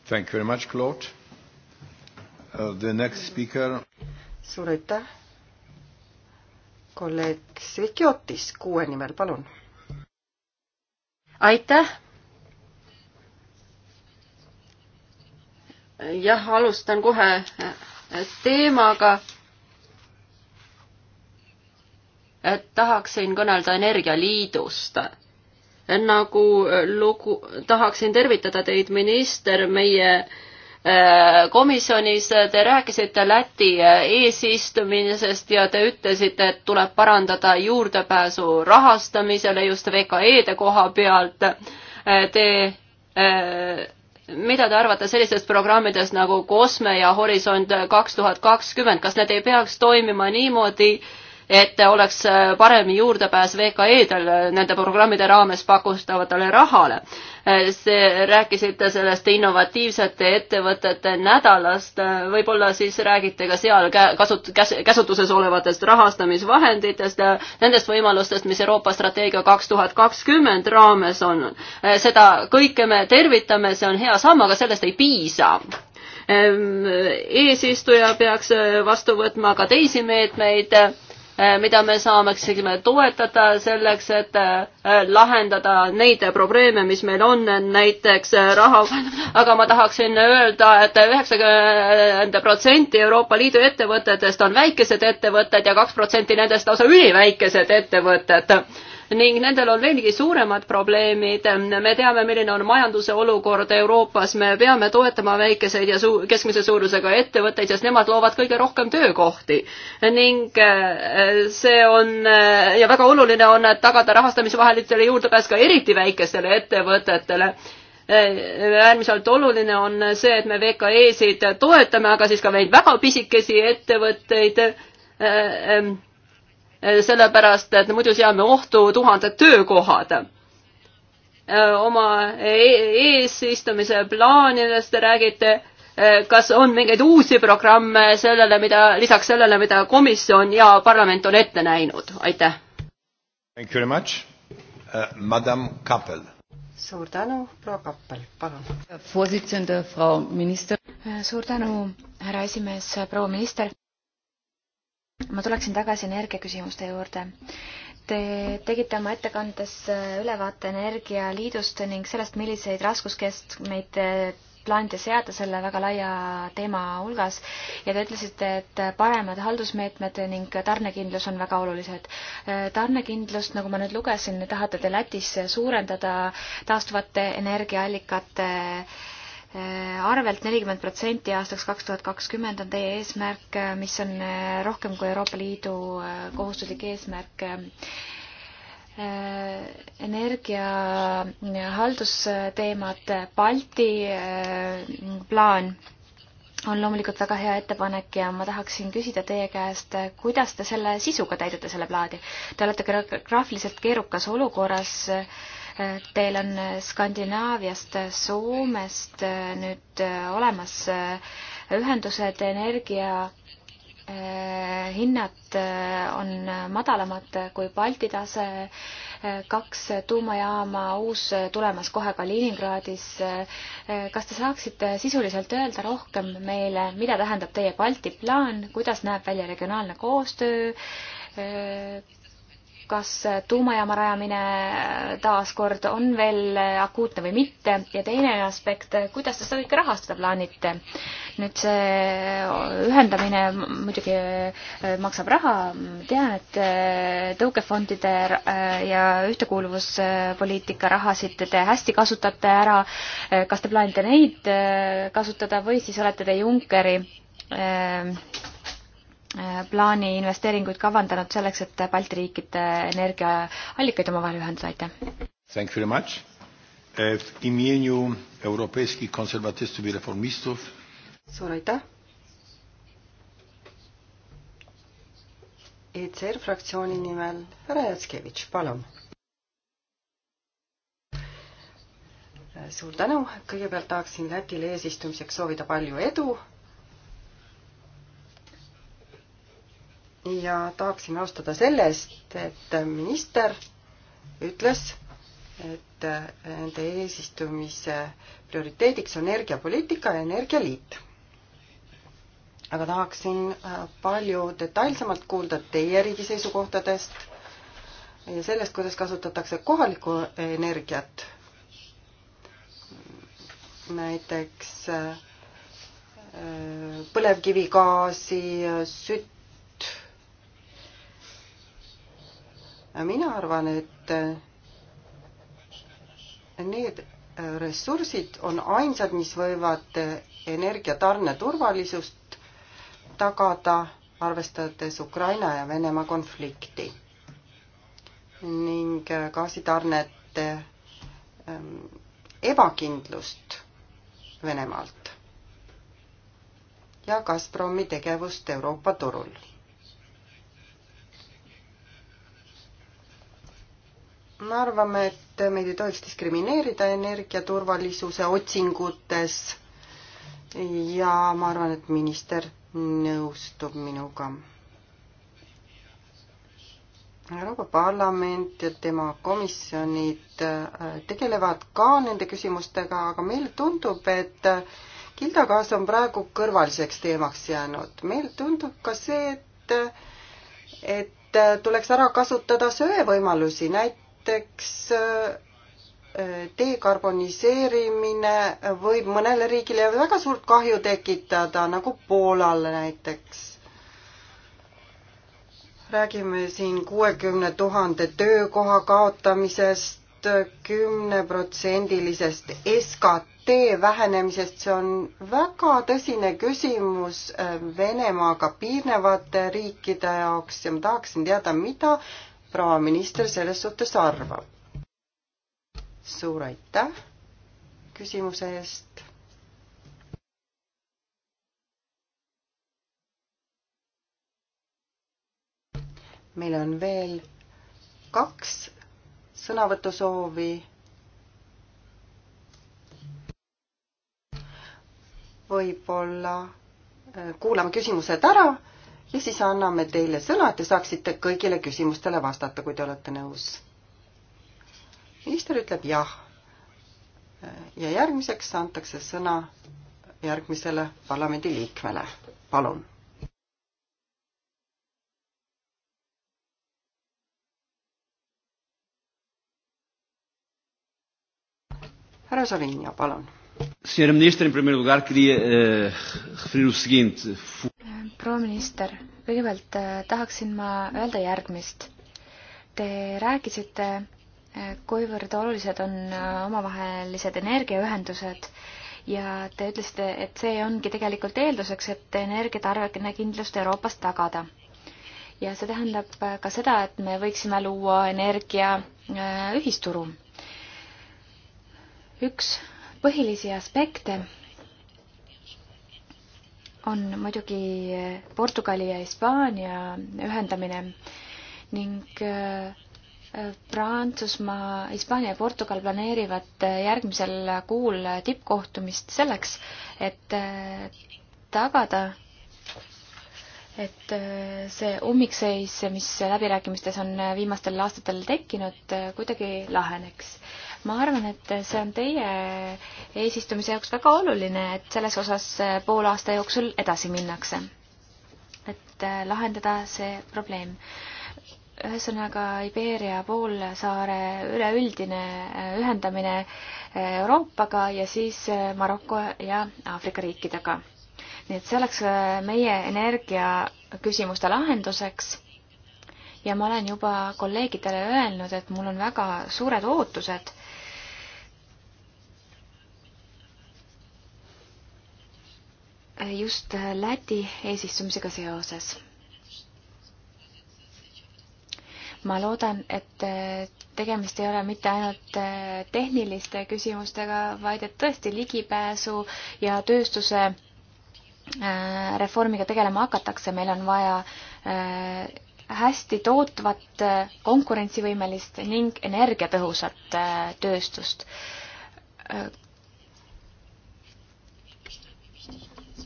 Thank you very much, Claude uh,. The next speaker. suur aitäh. kolleeg Svikiotis, kuue nimel, palun aitäh. jah, alustan kohe äh, teemaga. et äh, tahaksin kõnelda Energialiidust äh, nagu lugu, tahaksin tervitada teid, minister, meie äh, Äh, komisjonis te rääkisite Läti äh, eesistumisest ja te ütlesite, et tuleb parandada juurdepääsu rahastamisele just VKE-de koha pealt. Äh, te, mida te arvate sellistest programmidest nagu COSME ja Horisont kaks tuhat kakskümmend, kas need ei peaks toimima niimoodi, et oleks äh, parem juurdepääs VKE-del äh, nende programmide raames pakustavatele rahale. Äh, see, rääkisite sellest innovatiivsete ettevõtete nädalast, võib-olla siis räägite ka seal kasut-, käs-, käsutuses olevatest rahastamisvahenditest, nendest võimalustest, mis Euroopa strateegia kaks tuhat kakskümmend raames on. seda kõike me tervitame, see on hea samm, aga sellest ei piisa ehm, eesistuja peaks vastu võtma ka teisi meetmeid Äh, mida me saaksime toetada selleks, et äh, lahendada neid probleeme, mis meil on, näiteks äh, raha, aga ma tahaksin öelda et, et üheksakümmend protsenti Euroopa Liidu ettevõtetest on väikesed ettevõtted ja kaks protsenti nendest lausa üliväikesed ettevõtted ning nendel on veelgi suuremad probleemid. me teame, milline on majanduse olukord Euroopas, me peame toetama väikeseid ja suu-, keskmise suurusega ettevõtteid, sest nemad loovad kõige rohkem töökohti. ning äh, see on äh, ja väga oluline on, et tagada rahastamisvahelitele juurdepääs ka eriti väikestele ettevõtetele äh, äärmiselt oluline on see, et me VKE-sid toetame, aga siis ka neid väga pisikesi ettevõtteid ähm, Eh, sellepärast et muidu seame ohtu tuhanded töökohad. Eh, oma e-, eesistumise plaanidest te räägite, eh, kas on mingeid uusi programme sellele, mida, lisaks sellele, mida komisjon ja parlament on ette näinud, aitäh. Thank you very much uh,, madam Kappel. suur tänu, proua Kappel, palun. suur tänu, härra esimees, proua minister ma tuleksin tagasi energiaküsimuste juurde. Te tegite oma ettekandes äh, ülevaate Energialiidust ning sellest, milliseid raskuskeskmeid äh, plaanite seada selle väga laia teema hulgas ja te ütlesite, et äh, paremad haldusmeetmed ning tarnekindlus on väga olulised. tarnekindlust, nagu ma nüüd lugesin, tahate te Lätis suurendada taastuvate energiaallikate äh, Eh, arvelt nelikümmend protsenti aastaks kaks tuhat kakskümmend on teie eesmärk, eh, mis on eh, rohkem kui Euroopa Liidu kohustuslik eesmärk. energia haldusteemad, Balti plaan on loomulikult väga hea ettepanek ja ma tahaksin küsida teie käest, kuidas te selle sisuga täidate selle plaadi? Te olete graafiliselt keerukas olukorras äh, Teil on Skandinaaviast, Soomest äh, nüüd äh, olemas äh, ühendused, energia hinnad on madalamad kui Balti tase, kaks tuumajaama, uus tulemas kohe Kaliningradis. kas te saaksite sisuliselt öelda rohkem meile, mida tähendab teie Balti plaan, kuidas näeb välja regionaalne koostöö? kas tuumajaama rajamine taaskord on veel akuutne või mitte ja teine aspekt, kuidas te seda kõike rahastada plaanite? nüüd see ühendamine muidugi äh, maksab raha, tean, et äh, tõukefondide äh, ja ühtekuuluvuspoliitika rahasid te hästi kasutate ära, kas te plaanite neid kasutada või siis olete te Junckeri Äh, plaani investeeringuid kavandanud selleks, et Balti riikide energiaallikaid omavahel ühendada, aitäh! Thank you very much. W imieniu Europejskich Konserwatystów i Reformistów. Suur aitäh! ECR fraktsiooni nimel härra Jatskevitš, palun. suur tänu, kõigepealt tahaksin Lätile eesistumiseks soovida palju edu ja tahaksin alustada sellest, et minister ütles, et nende eesistumise prioriteediks on energiapoliitika ja energialiit. aga tahaksin palju detailsemalt kuulda teie riigi seisukohtadest ja sellest, kuidas kasutatakse kohalikku energiat. näiteks äh, põlevkivigaasi, sütt, mina arvan, et äh, need äh, ressursid on ainsad, mis võivad äh, energiatarne turvalisust tagada, arvestades Ukraina ja Venemaa konflikti ning gaasitarnete ähm, ebakindlust Venemaalt ja Gazpromi tegevust Euroopa turul me arvame, et meid ei tohiks diskrimineerida energiaturvalisuse otsingutes ja ma arvan, et minister nõustub minuga. Euroopa Parlament ja tema komisjonid äh, tegelevad ka nende küsimustega, aga meile tundub, et äh, kildagaas on praegu kõrvaliseks teemaks jäänud. meile tundub ka see, et, äh, et tuleks ära kasutada söevõimalusi, näiteks näiteks äh, dekarboniseerimine võib mõnele riigile väga suurt kahju tekitada, nagu Poolale näiteks. räägime siin kuuekümne tuhande töökoha kaotamisest, kümneprotsendilisest SKT vähenemisest, see on väga tõsine küsimus äh, Venemaaga piirnevate riikide jaoks ja ma tahaksin teada, mida proua minister selles suhtes arvab? suur aitäh küsimuse eest. meil on veel kaks sõnavõtusoovi võib-olla äh, kuulame küsimused ära ja siis anname teile sõna, et te saaksite kõigile küsimustele vastata, kui te olete nõus. minister ütleb jah. ja järgmiseks antakse sõna järgmisele parlamendiliikmele. palun Herra Savinho, palun. Senhora Ministra, em primeiro lugar, queria uh, referir o seguinte proua minister, kõigepealt äh, tahaksin ma öelda järgmist. Te rääkisite, äh, kuivõrd olulised on äh, omavahelised energiaühendused ja te ütlesite, et see ongi tegelikult eelduseks, et energiatarvekene kindlust Euroopas tagada. ja see tähendab ka seda, et me võiksime luua energiaühisturu. üks põhilisi aspekte on muidugi Portugali ja Hispaania ühendamine ning äh, Prantsusmaa, Hispaania ja Portugal planeerivad äh, järgmisel kuul tippkohtumist selleks, et äh, tagada, et see ummikseis, mis läbirääkimistes on viimastel aastatel tekkinud, kuidagi laheneks ma arvan, et see on teie eesistumise jaoks väga oluline, et selles osas äh, poole aasta jooksul edasi minnakse. et äh, lahendada see probleem ühesõnaga Iberia poolsaare üleüldine äh, ühendamine Euroopaga ja siis Maroko ja Aafrika riikidega. nii et see oleks meie energiaküsimuste lahenduseks ja ma olen juba kolleegidele öelnud, et mul on väga suured ootused just Läti eesistumisega seoses. ma loodan, et tegemist ei ole mitte ainult tehniliste küsimustega, vaid et tõesti ligipääsu ja tööstuse äh, reformiga tegelema hakatakse, meil on vaja äh, hästi tootvat, äh, konkurentsivõimelist ning energiatõhusat tööstust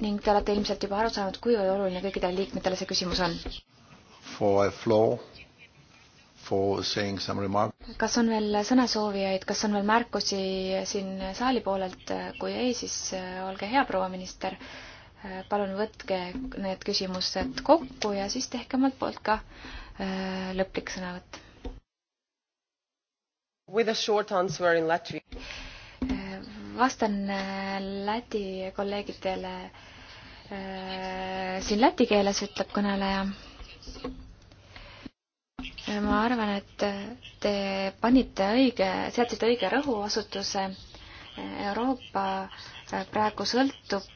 ning te olete ilmselt juba aru saanud, kui oluline kõikidele liikmetele see küsimus on. kas on veel sõnasoovijaid, kas on veel märkusi siin saali poolelt, kui ei, siis äh, olge hea, proua minister, äh, palun võtke need küsimused kokku ja siis tehke omalt poolt ka äh, lõplik sõnavõtt. With a short answer in Latvia vastan Läti kolleegidele Äh, siin läti keeles, ütleb kõneleja. Äh, ma arvan, et te panite õige, seadsite õige rõhuasutuse. Äh, Euroopa praegu sõltub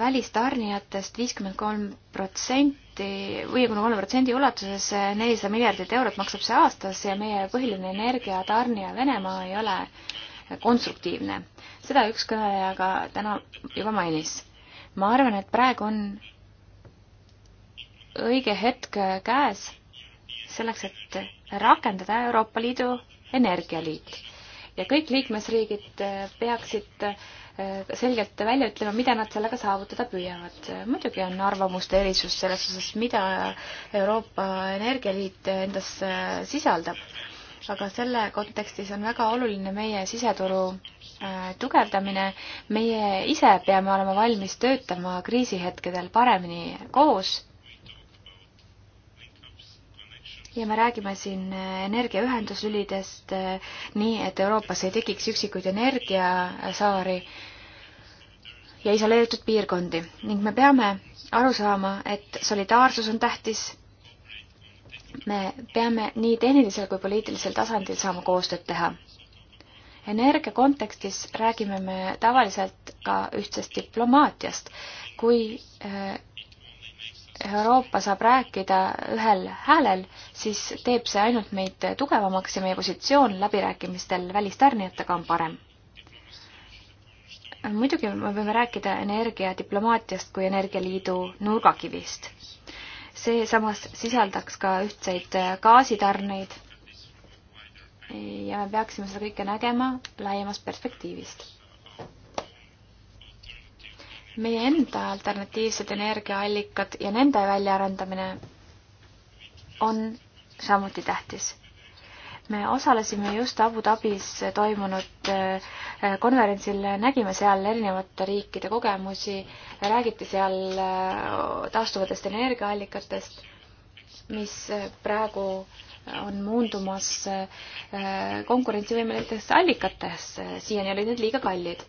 välistarnijatest viiskümmend kolm protsenti, viiekümne kolme protsendi ulatuses nelisada miljardit eurot maksab see aastas ja meie põhiline energiatarnija Venemaa ei ole äh, konstruktiivne. seda üks kõneleja ka täna juba mainis. ma arvan, et praegu on õige hetk käes selleks, et rakendada Euroopa Liidu energialiit. ja kõik liikmesriigid peaksid äh, selgelt välja ütlema, mida nad sellega saavutada püüavad. muidugi on arvamuste erisus selles osas, mida Euroopa Energialiit endas äh, sisaldab, aga selle kontekstis on väga oluline meie siseturu äh, tugevdamine. meie ise peame olema valmis töötama kriisihetkedel paremini koos. ja me räägime siin äh, energiaühenduslülidest äh, nii, et Euroopas ei tekiks üksikuid energiasaari ja isoleeritud piirkondi ning me peame aru saama, et solidaarsus on tähtis me peame nii tehnilisel kui poliitilisel tasandil saama koostööd teha. energia kontekstis räägime me tavaliselt ka ühtsest diplomaatiast. kui eh, Euroopa saab rääkida ühel häälel, siis teeb see ainult meid tugevamaks ja meie positsioon läbirääkimistel välistarnijatega on parem. muidugi me võime rääkida energiadiplomaatiast kui energialiidu nurgakivist see samas sisaldaks ka ühtseid äh, gaasitarneid. ja me peaksime seda kõike nägema laiemast perspektiivist. meie enda alternatiivsed energiaallikad ja nende väljaarendamine on samuti tähtis me osalesime just Abu Dhabis toimunud äh, konverentsil, nägime seal erinevate riikide kogemusi, räägiti seal äh, taastuvatest energiaallikatest, mis äh, praegu on muundumas konkurentsivõimelistesse allikatesse, siiani olid need liiga kallid.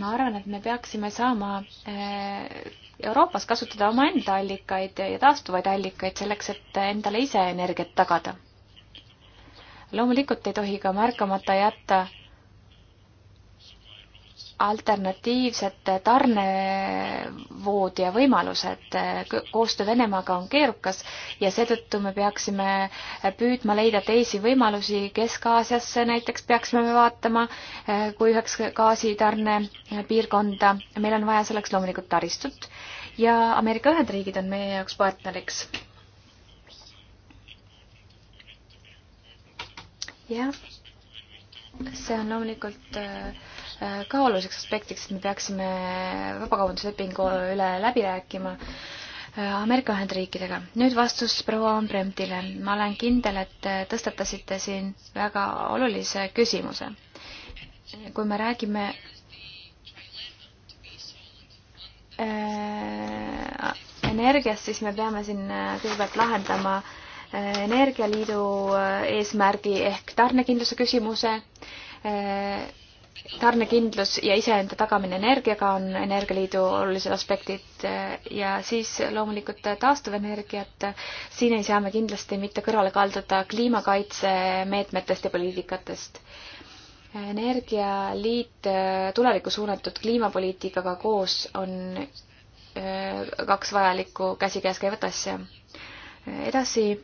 ma arvan, et me peaksime saama Euroopas kasutada omaenda allikaid ja taastuvaid allikaid selleks, et endale ise energiat tagada loomulikult ei tohi ka märkamata jätta alternatiivsete tarnevood ja võimalused. koostöö Venemaaga on keerukas ja seetõttu me peaksime püüdma leida teisi võimalusi Kesk-Aasiasse, näiteks peaksime me vaatama eh, kui üheks gaasitarnepiirkonda. meil on vaja selleks loomulikult taristut ja Ameerika Ühendriigid on meie jaoks partneriks jah, see on loomulikult äh, äh, ka oluliseks aspektiks, et me peaksime vabakaubanduslepingu üle läbi rääkima äh, Ameerika Ühendriikidega. nüüd vastus proua Ombremtile. ma olen kindel, et tõstatasite siin väga olulise küsimuse. kui me räägime energiast, siis me peame siin kõigepealt lahendama äh, energialiidu äh, eesmärgi ehk tarnekindluse küsimuse. Äh, tarnekindlus ja iseenda tagamine energiaga on energialiidu olulised aspektid äh, ja siis loomulikult taastuvenergiat. siin ei saa me kindlasti mitte kõrvale kalduda kliimakaitsemeetmetest ja poliitikatest energialiit tulevikku suunatud kliimapoliitikaga koos on kaks vajalikku käsikäes käivat asja. edasi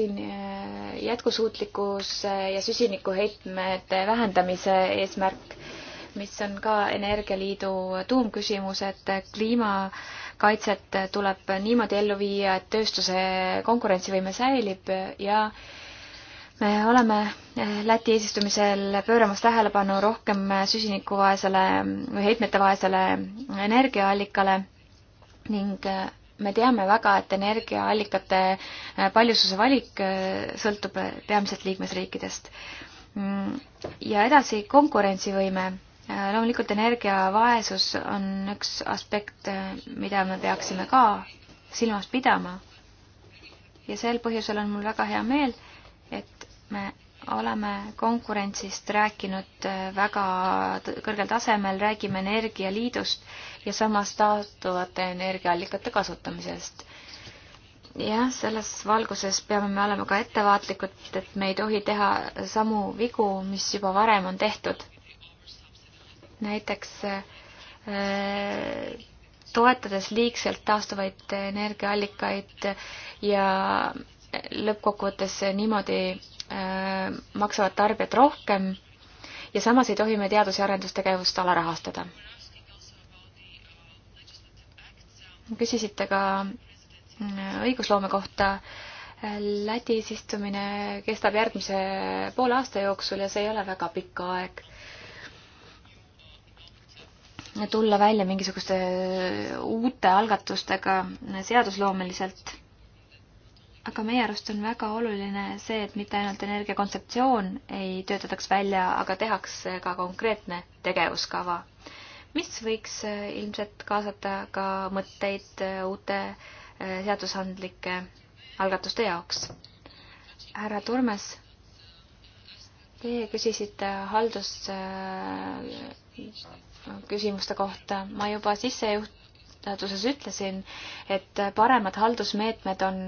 siin äh, jätkusuutlikkus äh, ja süsinikuheitmete vähendamise eesmärk, mis on ka Energialiidu tuumküsimus, et kliimakaitset tuleb niimoodi ellu viia, et tööstuse konkurentsivõime säilib ja me oleme äh, Läti eesistumisel pööramas tähelepanu rohkem süsinikuvaesele või heitmetevaesele energiaallikale ning me teame väga, et energiaallikate äh, paljususe valik äh, sõltub peamiselt liikmesriikidest. Mm, ja edasi konkurentsivõime. Äh, loomulikult energiavaesus on üks aspekt, mida me peaksime ka silmas pidama. ja sel põhjusel on mul väga hea meel, et me oleme konkurentsist rääkinud äh, väga kõrgel tasemel, räägime energialiidust ja samas taastuvate energiaallikate kasutamisest. jah, selles valguses peame me olema ka ettevaatlikud, et me ei tohi teha samu vigu, mis juba varem on tehtud. näiteks äh, toetades liigselt taastuvaid energiaallikaid ja lõppkokkuvõttes niimoodi Äh, maksavad tarbijad rohkem ja samas ei tohi me teadus- ja arendustegevust alarahastada. küsisite ka äh, õigusloome kohta. Läti eesistumine kestab järgmise poole aasta jooksul ja see ei ole väga pikk aeg tulla välja mingisuguste uute algatustega seadusloomeliselt aga meie arust on väga oluline see, et mitte ainult energiakontseptsioon ei töötataks välja, aga tehakse ka konkreetne tegevuskava, mis võiks äh, ilmselt kaasata ka mõtteid äh, uute äh, seadusandlike algatuste jaoks. härra Turmes, teie küsisite haldusküsimuste kohta, ma juba sissejuht-, seaduses ütlesin, et paremad haldusmeetmed on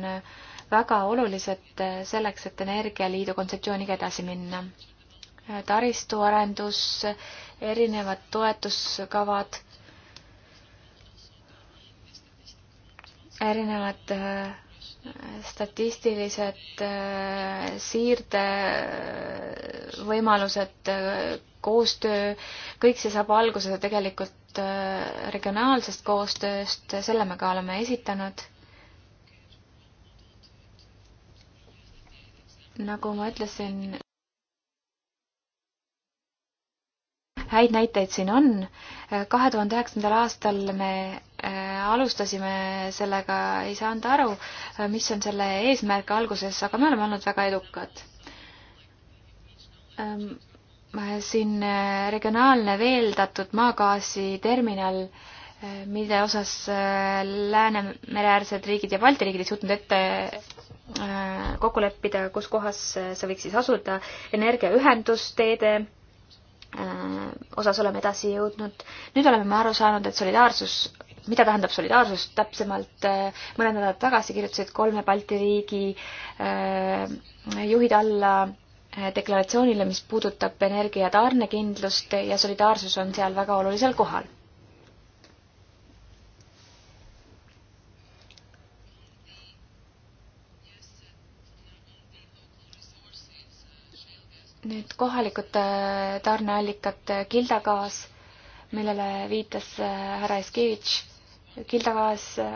väga olulised eh, selleks, et Energialiidu kontseptsiooniga edasi minna. Eh, taristuarendus, erinevad toetuskavad, erinevad eh, statistilised siirdevõimalused, koostöö, kõik see saab alguse tegelikult regionaalsest koostööst, selle me ka oleme esitanud nagu ma ütlesin, häid näiteid siin on. kahe tuhande üheksandal aastal me äh, alustasime sellega, ei saa anda aru, äh, mis on selle eesmärk alguses, aga me oleme olnud väga edukad. Ähm, siin äh, regionaalne veeldatud maagaasi terminal, mille osas Läänemere äärsed riigid ja Balti riigid ei suutnud ette Äh, kokku leppida, kus kohas see võiks siis asuda. energiaühendusteede äh, osas oleme edasi jõudnud. nüüd oleme me aru saanud, et solidaarsus, mida tähendab solidaarsus täpsemalt, äh, mõned nädalad tagasi kirjutasid kolme Balti riigi juhid alla deklaratsioonile, mis puudutab energia tarnekindlust ja solidaarsus on seal väga olulisel kohal nüüd kohalikud tarneallikad, kildagaas, millele viitas äh, härra Eskevitš. kildagaas äh,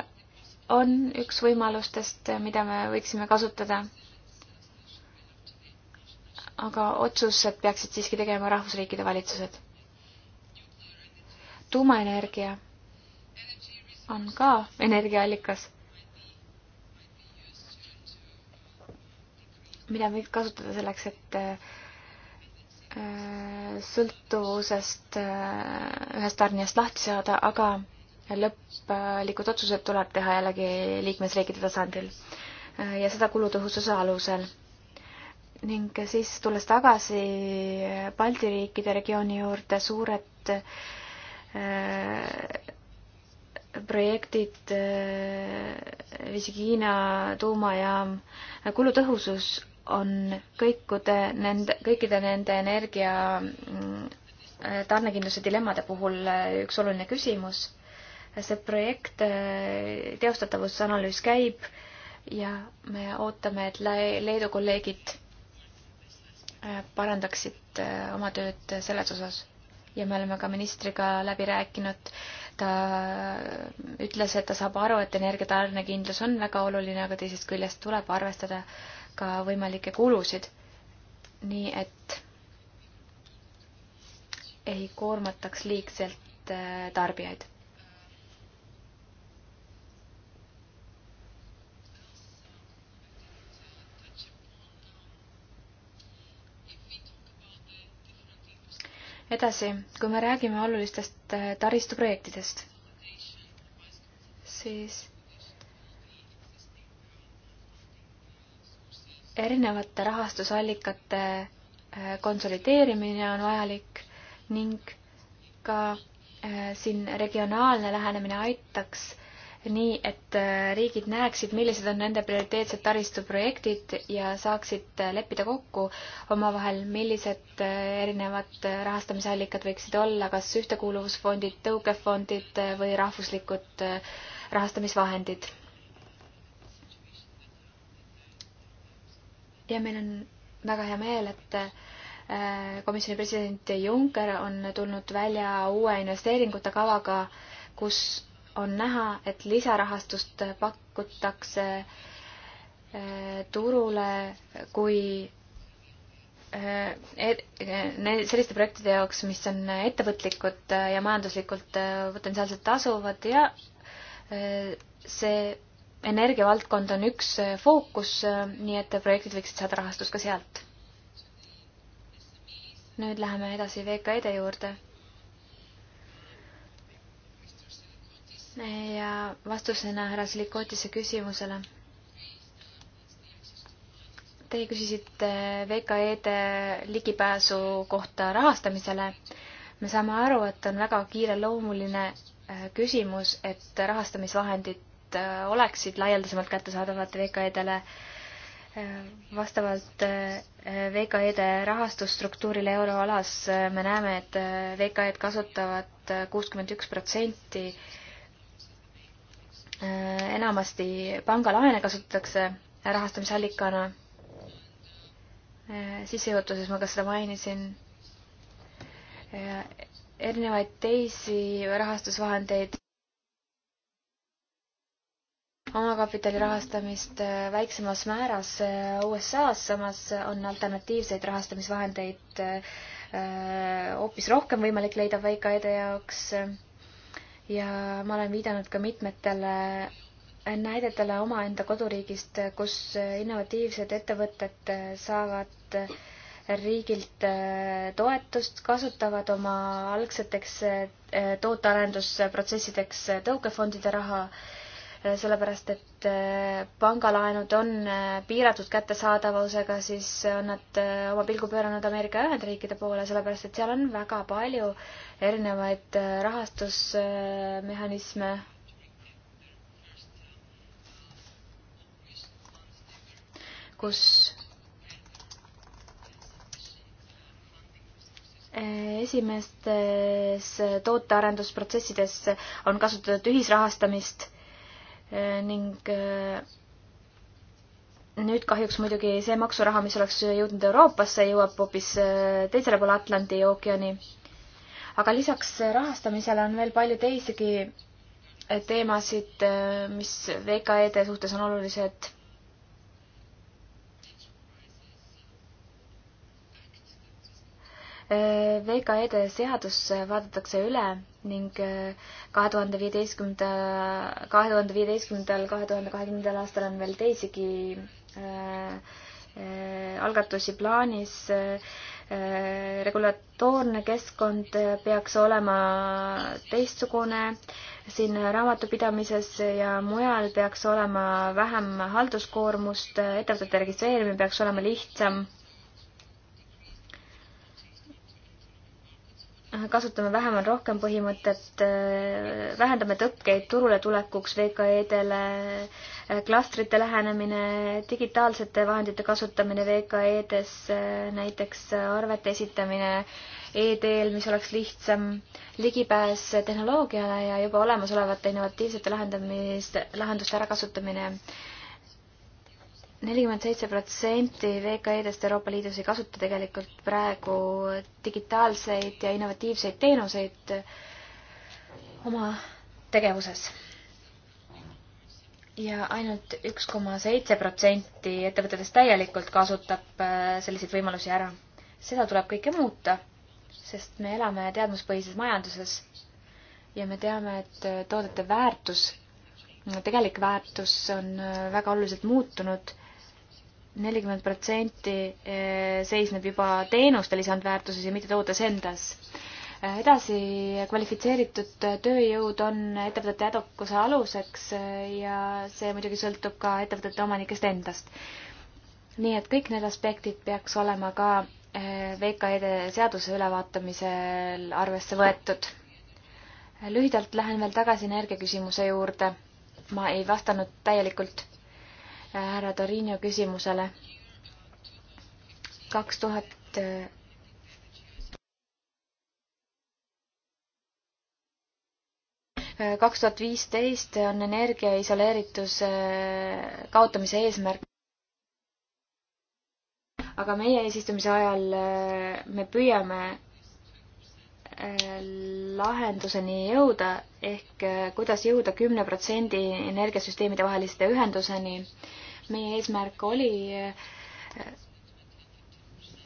on üks võimalustest, äh, mida me võiksime kasutada. aga otsused peaksid siiski tegema rahvusriikide valitsused. tuumaenergia on ka energiaallikas, mida võib kasutada selleks, et Äh, sõltuvusest äh, ühest tarnijast lahti saada, aga lõplikud otsused tuleb teha jällegi liikmesriikide tasandil äh, ja seda kulutõhususe alusel. ning siis tulles tagasi Balti riikide regiooni juurde, suured projektid, Visigina tuumajaam, kulutõhusus on kõikude nende, kõikide nende energia mm, tarnekindluse dilemmade puhul äh, üks oluline küsimus. see projekt, äh, teostatavusanalüüs käib ja me ootame, et Leedu kolleegid äh, parandaksid oma tööd selles osas ja me oleme ka ministriga läbi rääkinud. ta ütles, et ta saab aru, et energiatarnekindlus on väga oluline, aga teisest küljest tuleb arvestada ka võimalikke kulusid, nii et ei koormataks liigselt äh, tarbijaid. edasi, kui me räägime olulistest äh, taristuprojektidest, siis erinevate rahastusallikate äh, konsolideerimine on vajalik ning ka äh, siin regionaalne lähenemine aitaks nii, et äh, riigid näeksid, millised on nende prioriteetsed taristuprojektid ja saaksid leppida kokku omavahel, millised erinevad rahastamisallikad võiksid olla, kas ühtekuuluvusfondid, tõukefondid või rahvuslikud rahastamisvahendid ja meil on väga hea meel, et äh, komisjoni president Juncker on tulnud välja uue investeeringute kavaga, kus on näha, et lisarahastust pakutakse äh, turule kui äh, e-, e-, selliste projektide jaoks, mis on ettevõtlikud ja majanduslikult potentsiaalselt tasuvad ja see energiavaldkond on üks äh, fookus, äh, nii et projektid võiksid saada rahastust ka sealt. nüüd läheme edasi VKE-de juurde. ja vastusena härra Silikotise küsimusele. Teie küsisite VKE-de ligipääsu kohta rahastamisele. me saame aru, et on väga kiireloomuline äh, küsimus, et rahastamisvahendid Äh, oleksid laialdasemalt kättesaadavad VKE-dele äh, vastavalt äh, VKE-de rahastusstruktuurile euroalas me näeme, et VKE-d kasutavad kuuskümmend üks protsenti enamasti pangalaene kasutatakse rahastamisallikana. sissejuhatuses ma ka seda mainisin. erinevaid teisi rahastusvahendeid omakapitali rahastamist äh, väiksemas määras äh, USA-s, samas on alternatiivseid rahastamisvahendeid äh, hoopis rohkem võimalik leida väikeaeda jaoks. ja ma olen viidanud ka mitmetele näidetele omaenda koduriigist, kus innovatiivsed ettevõtted saavad riigilt toetust, kasutavad oma algseteks tootearendusprotsessideks tõukefondide raha sellepärast et äh, pangalaenud on äh, piiratud kättesaadavusega, siis on nad äh, oma pilgu pööranud Ameerika Ühendriikide poole, sellepärast et seal on väga palju erinevaid rahastusmehhanisme. kus esimestes tootearendusprotsessides on kasutatud ühisrahastamist Eh, ning eh, nüüd kahjuks muidugi see maksuraha, mis oleks jõudnud Euroopasse, jõuab hoopis eh, teisele poole Atlandi ookeani. aga lisaks rahastamisele on veel palju teisigi teemasid, mis VKE-de suhtes on olulised. VKE-de seadus vaadatakse üle ning eh, kahe tuhande viieteistkümnenda, kahe tuhande viieteistkümnendal, kahe tuhande kahekümnendal aastal on veel teisigi eh, eh, algatusi plaanis. regulatoorne keskkond peaks olema teistsugune siin raamatupidamises ja mujal peaks olema vähem halduskoormust, ettevõtete registreerimine peaks olema lihtsam kasutame vähem on rohkem põhimõtet, äh, vähendame tõkkeid turule tulekuks VKE-dele, äh, klastrite lähenemine, digitaalsete vahendite kasutamine VKE-des, äh, näiteks arvete esitamine e-teel, mis oleks lihtsam, ligipääs tehnoloogiale ja juba olemasolevate innovatiivsete lahendamist, lahenduste ärakasutamine nelikümmend seitse protsenti VKE-dest Euroopa Liidus ei kasuta tegelikult praegu digitaalseid ja innovatiivseid teenuseid oma tegevuses. ja ainult üks koma seitse protsenti ettevõtetest täielikult kasutab äh, selliseid võimalusi ära. seda tuleb kõike muuta, sest me elame teadmuspõhises majanduses ja me teame, et äh, toodete väärtus, tegelik väärtus on äh, väga oluliselt muutunud nelikümmend protsenti eh, seisneb juba teenuste lisandväärtuses ja mitte tootes endas. Eh, edasi, kvalifitseeritud tööjõud on ettevõtete edukuse aluseks eh, ja see muidugi sõltub ka ettevõtete omanikest endast. nii et kõik need aspektid peaks olema ka VKE-de seaduse ülevaatamisel arvesse võetud. lühidalt lähen veel tagasi energiaküsimuse juurde. ma ei vastanud täielikult härra Torino küsimusele. kaks tuhat kaks tuhat viisteist on energia isoleerituse kaotamise eesmärk. aga meie eesistumise ajal äh, me püüame äh, lahenduseni jõuda ehk äh, kuidas jõuda kümne protsendi energiasüsteemide vaheliste ühenduseni meie eesmärk oli eh,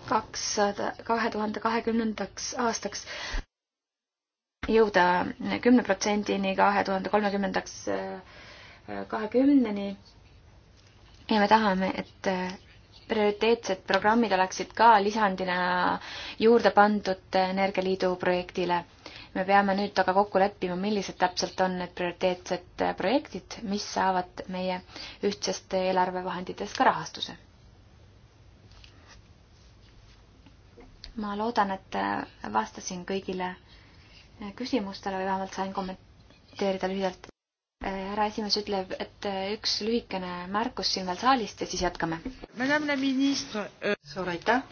kakssada, kahe tuhande kahekümnendaks aastaks jõuda kümne protsendini kahe tuhande kolmekümnendaks eh, kahekümneni. ja me tahame, et eh, prioriteetsed programmid oleksid ka lisandina juurde pandud Energialiidu projektile me peame nüüd aga kokku leppima, millised täpselt on need prioriteetsed projektid, mis saavad meie ühtsest eelarvevahenditest ka rahastuse. ma loodan, et vastasin kõigile küsimustele või vähemalt sain kommenteerida lühidalt. härra esimees ütleb, et üks lühikene märkus siin veel saalist ja siis jätkame. Euh- suur aitäh!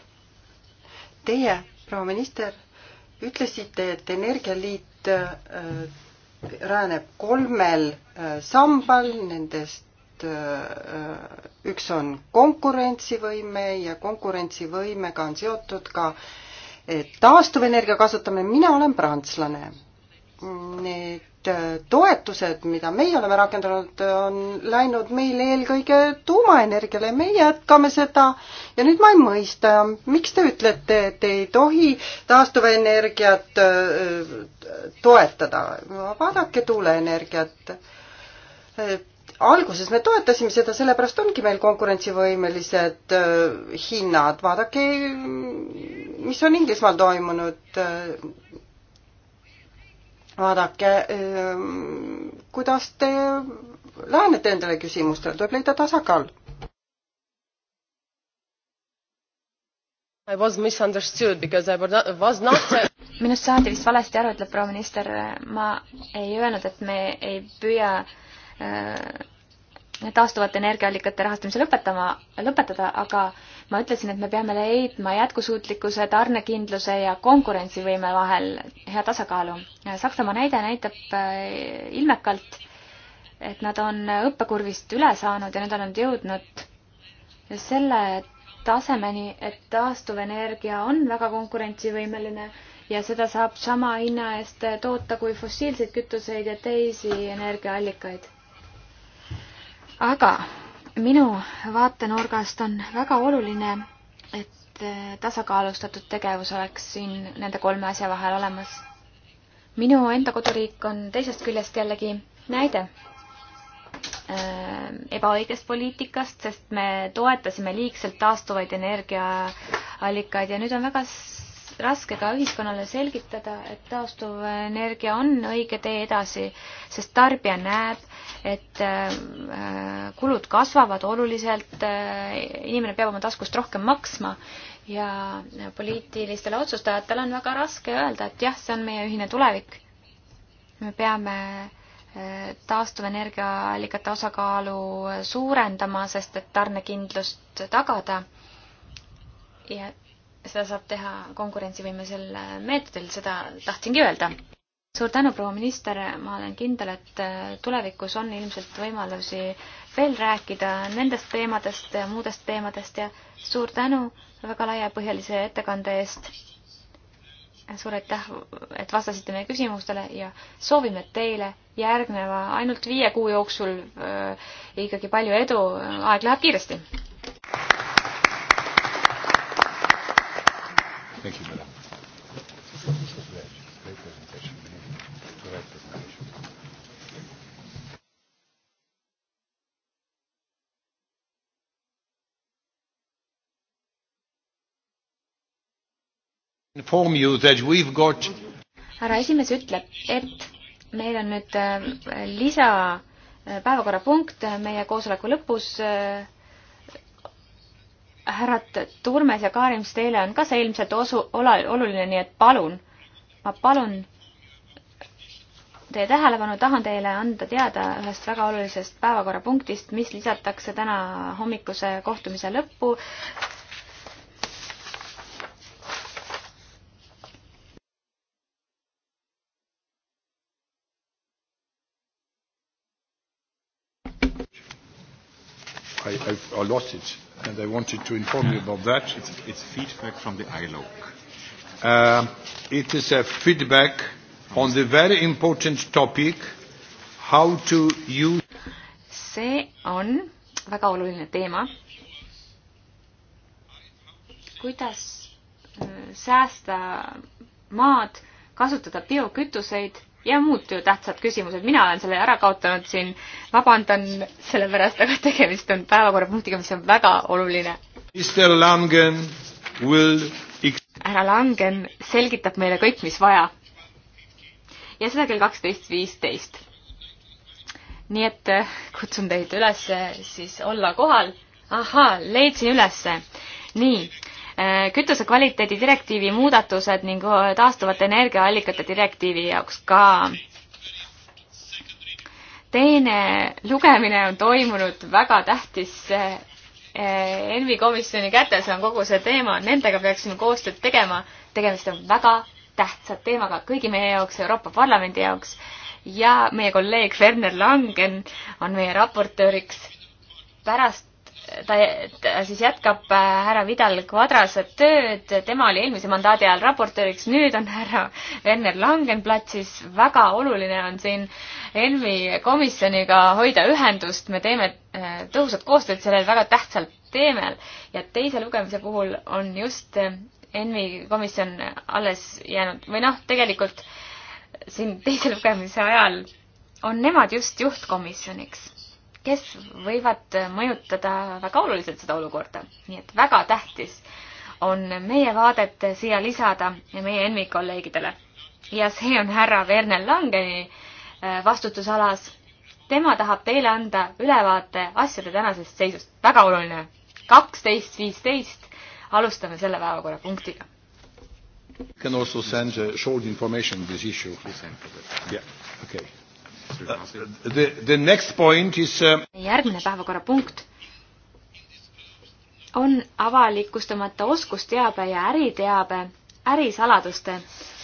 Teie, proua minister ütlesite, et Energialiit äh, rajaneb kolmel äh, sambal, nendest äh, üks on konkurentsivõime ja konkurentsivõimega on seotud ka taastuvenergia kasutamine. mina olen prantslane. Need toetused, mida meie oleme rakendanud, on läinud meil eelkõige tuumaenergiale, meie jätkame seda ja nüüd ma ei mõista, miks te ütlete, et ei tohi taastuvenergiat äh, toetada, vaadake tuuleenergiat. alguses me toetasime seda, sellepärast ongi meil konkurentsivõimelised äh, hinnad, vaadake, mis on Inglismaal toimunud vaadake, ehm, kuidas te lähenete nendele küsimustele, tuleb leida tasakaal. I was misunderstood because I was not *coughs* minust saadi vist valesti aru, ütleb proua minister, ma ei öelnud, et me ei püüa äh, taastuvate energiaallikate rahastamise lõpetama, lõpetada, aga ma ütlesin, et me peame leidma jätkusuutlikkuse, tarnekindluse ja konkurentsivõime vahel hea tasakaalu. Saksamaa näide näitab äh, ilmekalt, et nad on õppekurvist üle saanud ja nüüd on nad jõudnud selle tasemeni, et taastuvenergia on väga konkurentsivõimeline ja seda saab sama hinna eest toota kui fossiilseid kütuseid ja teisi energiaallikaid aga minu vaatenurgast on väga oluline, et eh, tasakaalustatud tegevus oleks siin nende kolme asja vahel olemas. minu enda koduriik on teisest küljest jällegi näide eh, ebaõigest poliitikast, sest me toetasime liigselt taastuvaid energiaallikaid ja nüüd on väga raske ka ühiskonnale selgitada, et taastuvenergia on õige tee edasi, sest tarbija näeb, et äh, kulud kasvavad oluliselt, äh, inimene peab oma taskust rohkem maksma ja poliitilistel otsustajatel on väga raske öelda, et jah, see on meie ühine tulevik. me peame äh, taastuvenergiaallikate osakaalu suurendama, sest et tarnekindlust tagada ja seda saab teha konkurentsivõimelisel meetodil, seda tahtsingi öelda. suur tänu, proua minister, ma olen kindel, et tulevikus on ilmselt võimalusi veel rääkida nendest teemadest ja muudest teemadest ja suur tänu väga laiapõhjalise ettekande eest. suur aitäh, et vastasite meie küsimustele ja soovime teile järgneva ainult viie kuu jooksul äh, ikkagi palju edu, aeg läheb kiiresti! Thank you, madam. Great presentation. Great presentation. inform you that we've got härra esimees ütleb, et meil on nüüd äh, lisa äh, päevakorrapunkt äh, meie koosoleku lõpus härrad Turmes ja Kaarims, teile on ka see ilmselt osu, ola-, oluline, nii et palun, ma palun teie tähelepanu, tahan teile anda teada ühest väga olulisest päevakorrapunktist, mis lisatakse täna hommikuse kohtumise lõppu. got it, and I wanted to inform you about that. It's, it's feedback from the ILO. Uh, it is a feedback on the very important topic how to use see on väga oluline teema. kuidas äh, säästa maad, kasutada biokütuseid ja muud tähtsad küsimused, mina olen selle ära kaotanud siin, vabandan selle pärast, aga tegemist on päevakorrapunktiga, mis on väga oluline. härra Langen selgitab meile kõik, mis vaja. ja seda kell kaksteist viisteist. nii et eh, kutsun teid üles eh, siis olla kohal. ahaa, leidsin ülesse. nii Äh, kütuse kvaliteedi direktiivi muudatused ning äh, taastuvate energiaallikate direktiivi jaoks ka. teine lugemine on toimunud väga tähtis äh, ENVI komisjoni kätes on kogu see teema, nendega peaksime koostööd tegema. tegemist on väga tähtsa teemaga kõigi meie jaoks, Euroopa Parlamendi jaoks ja meie kolleeg Werner Langen on meie raportööriks. pärast ta, ta siis jätkab äh, härra Vidal Quadrase tööd, tema oli eelmise mandaadi ajal raportööriks, nüüd on härra Werner Langenplatsis, väga oluline on siin ENMi komisjoniga hoida ühendust, me teeme äh, tõhusat koostööd sellel väga tähtsal teemal ja teise lugemise puhul on just äh, ENMi komisjon alles jäänud või noh, tegelikult siin teise lugemise ajal on nemad just juhtkomisjoniks kes võivad mõjutada väga oluliselt seda olukorda. nii et väga tähtis on meie vaadet siia lisada ja meie ENMi kolleegidele. ja see on härra Werner Langeni äh, vastutusalas. tema tahab teile anda ülevaate asjade tänasest seisust. väga oluline. kaksteist viisteist alustame selle päevakorrapunktiga. Can also send uh, short information on this issue. Yeah, okay. The, the next point is uh... järgmine päevakorrapunkt on avalikustamata oskusteabe ja äriteabe, ärisaladuste,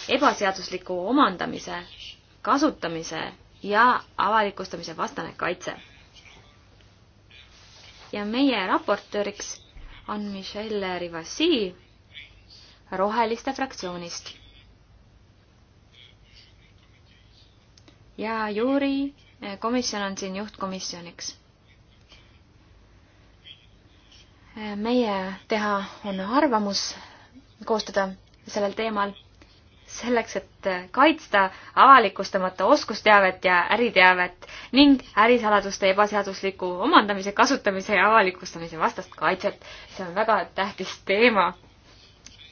ebaseadusliku omandamise, kasutamise ja avalikustamise vastane kaitse. ja meie raportööriks on Michelle Rivasi Roheliste fraktsioonist ja juuri eh, komisjon on siin juhtkomisjoniks. Eh, meie teha on arvamus koostada sellel teemal selleks, et eh, kaitsta avalikustamata oskusteavet ja äriteavet ning ärisaladuste ebaseadusliku omandamise, kasutamise ja avalikustamise vastast kaitset. see on väga tähtis teema.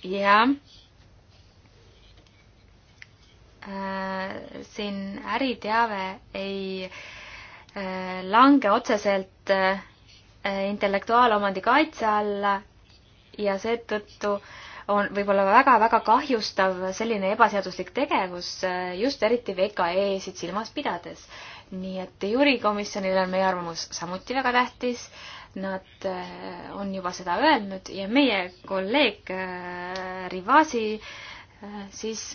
ja Äh, siin äriteave ei äh, lange otseselt äh, intellektuaalomandi kaitse alla ja seetõttu on võib-olla väga-väga kahjustav selline ebaseaduslik tegevus just eriti VKE-sid silmas pidades. nii et juurikomisjonile on meie arvamus samuti väga tähtis. Nad on juba seda öelnud ja meie kolleeg Rivasi siis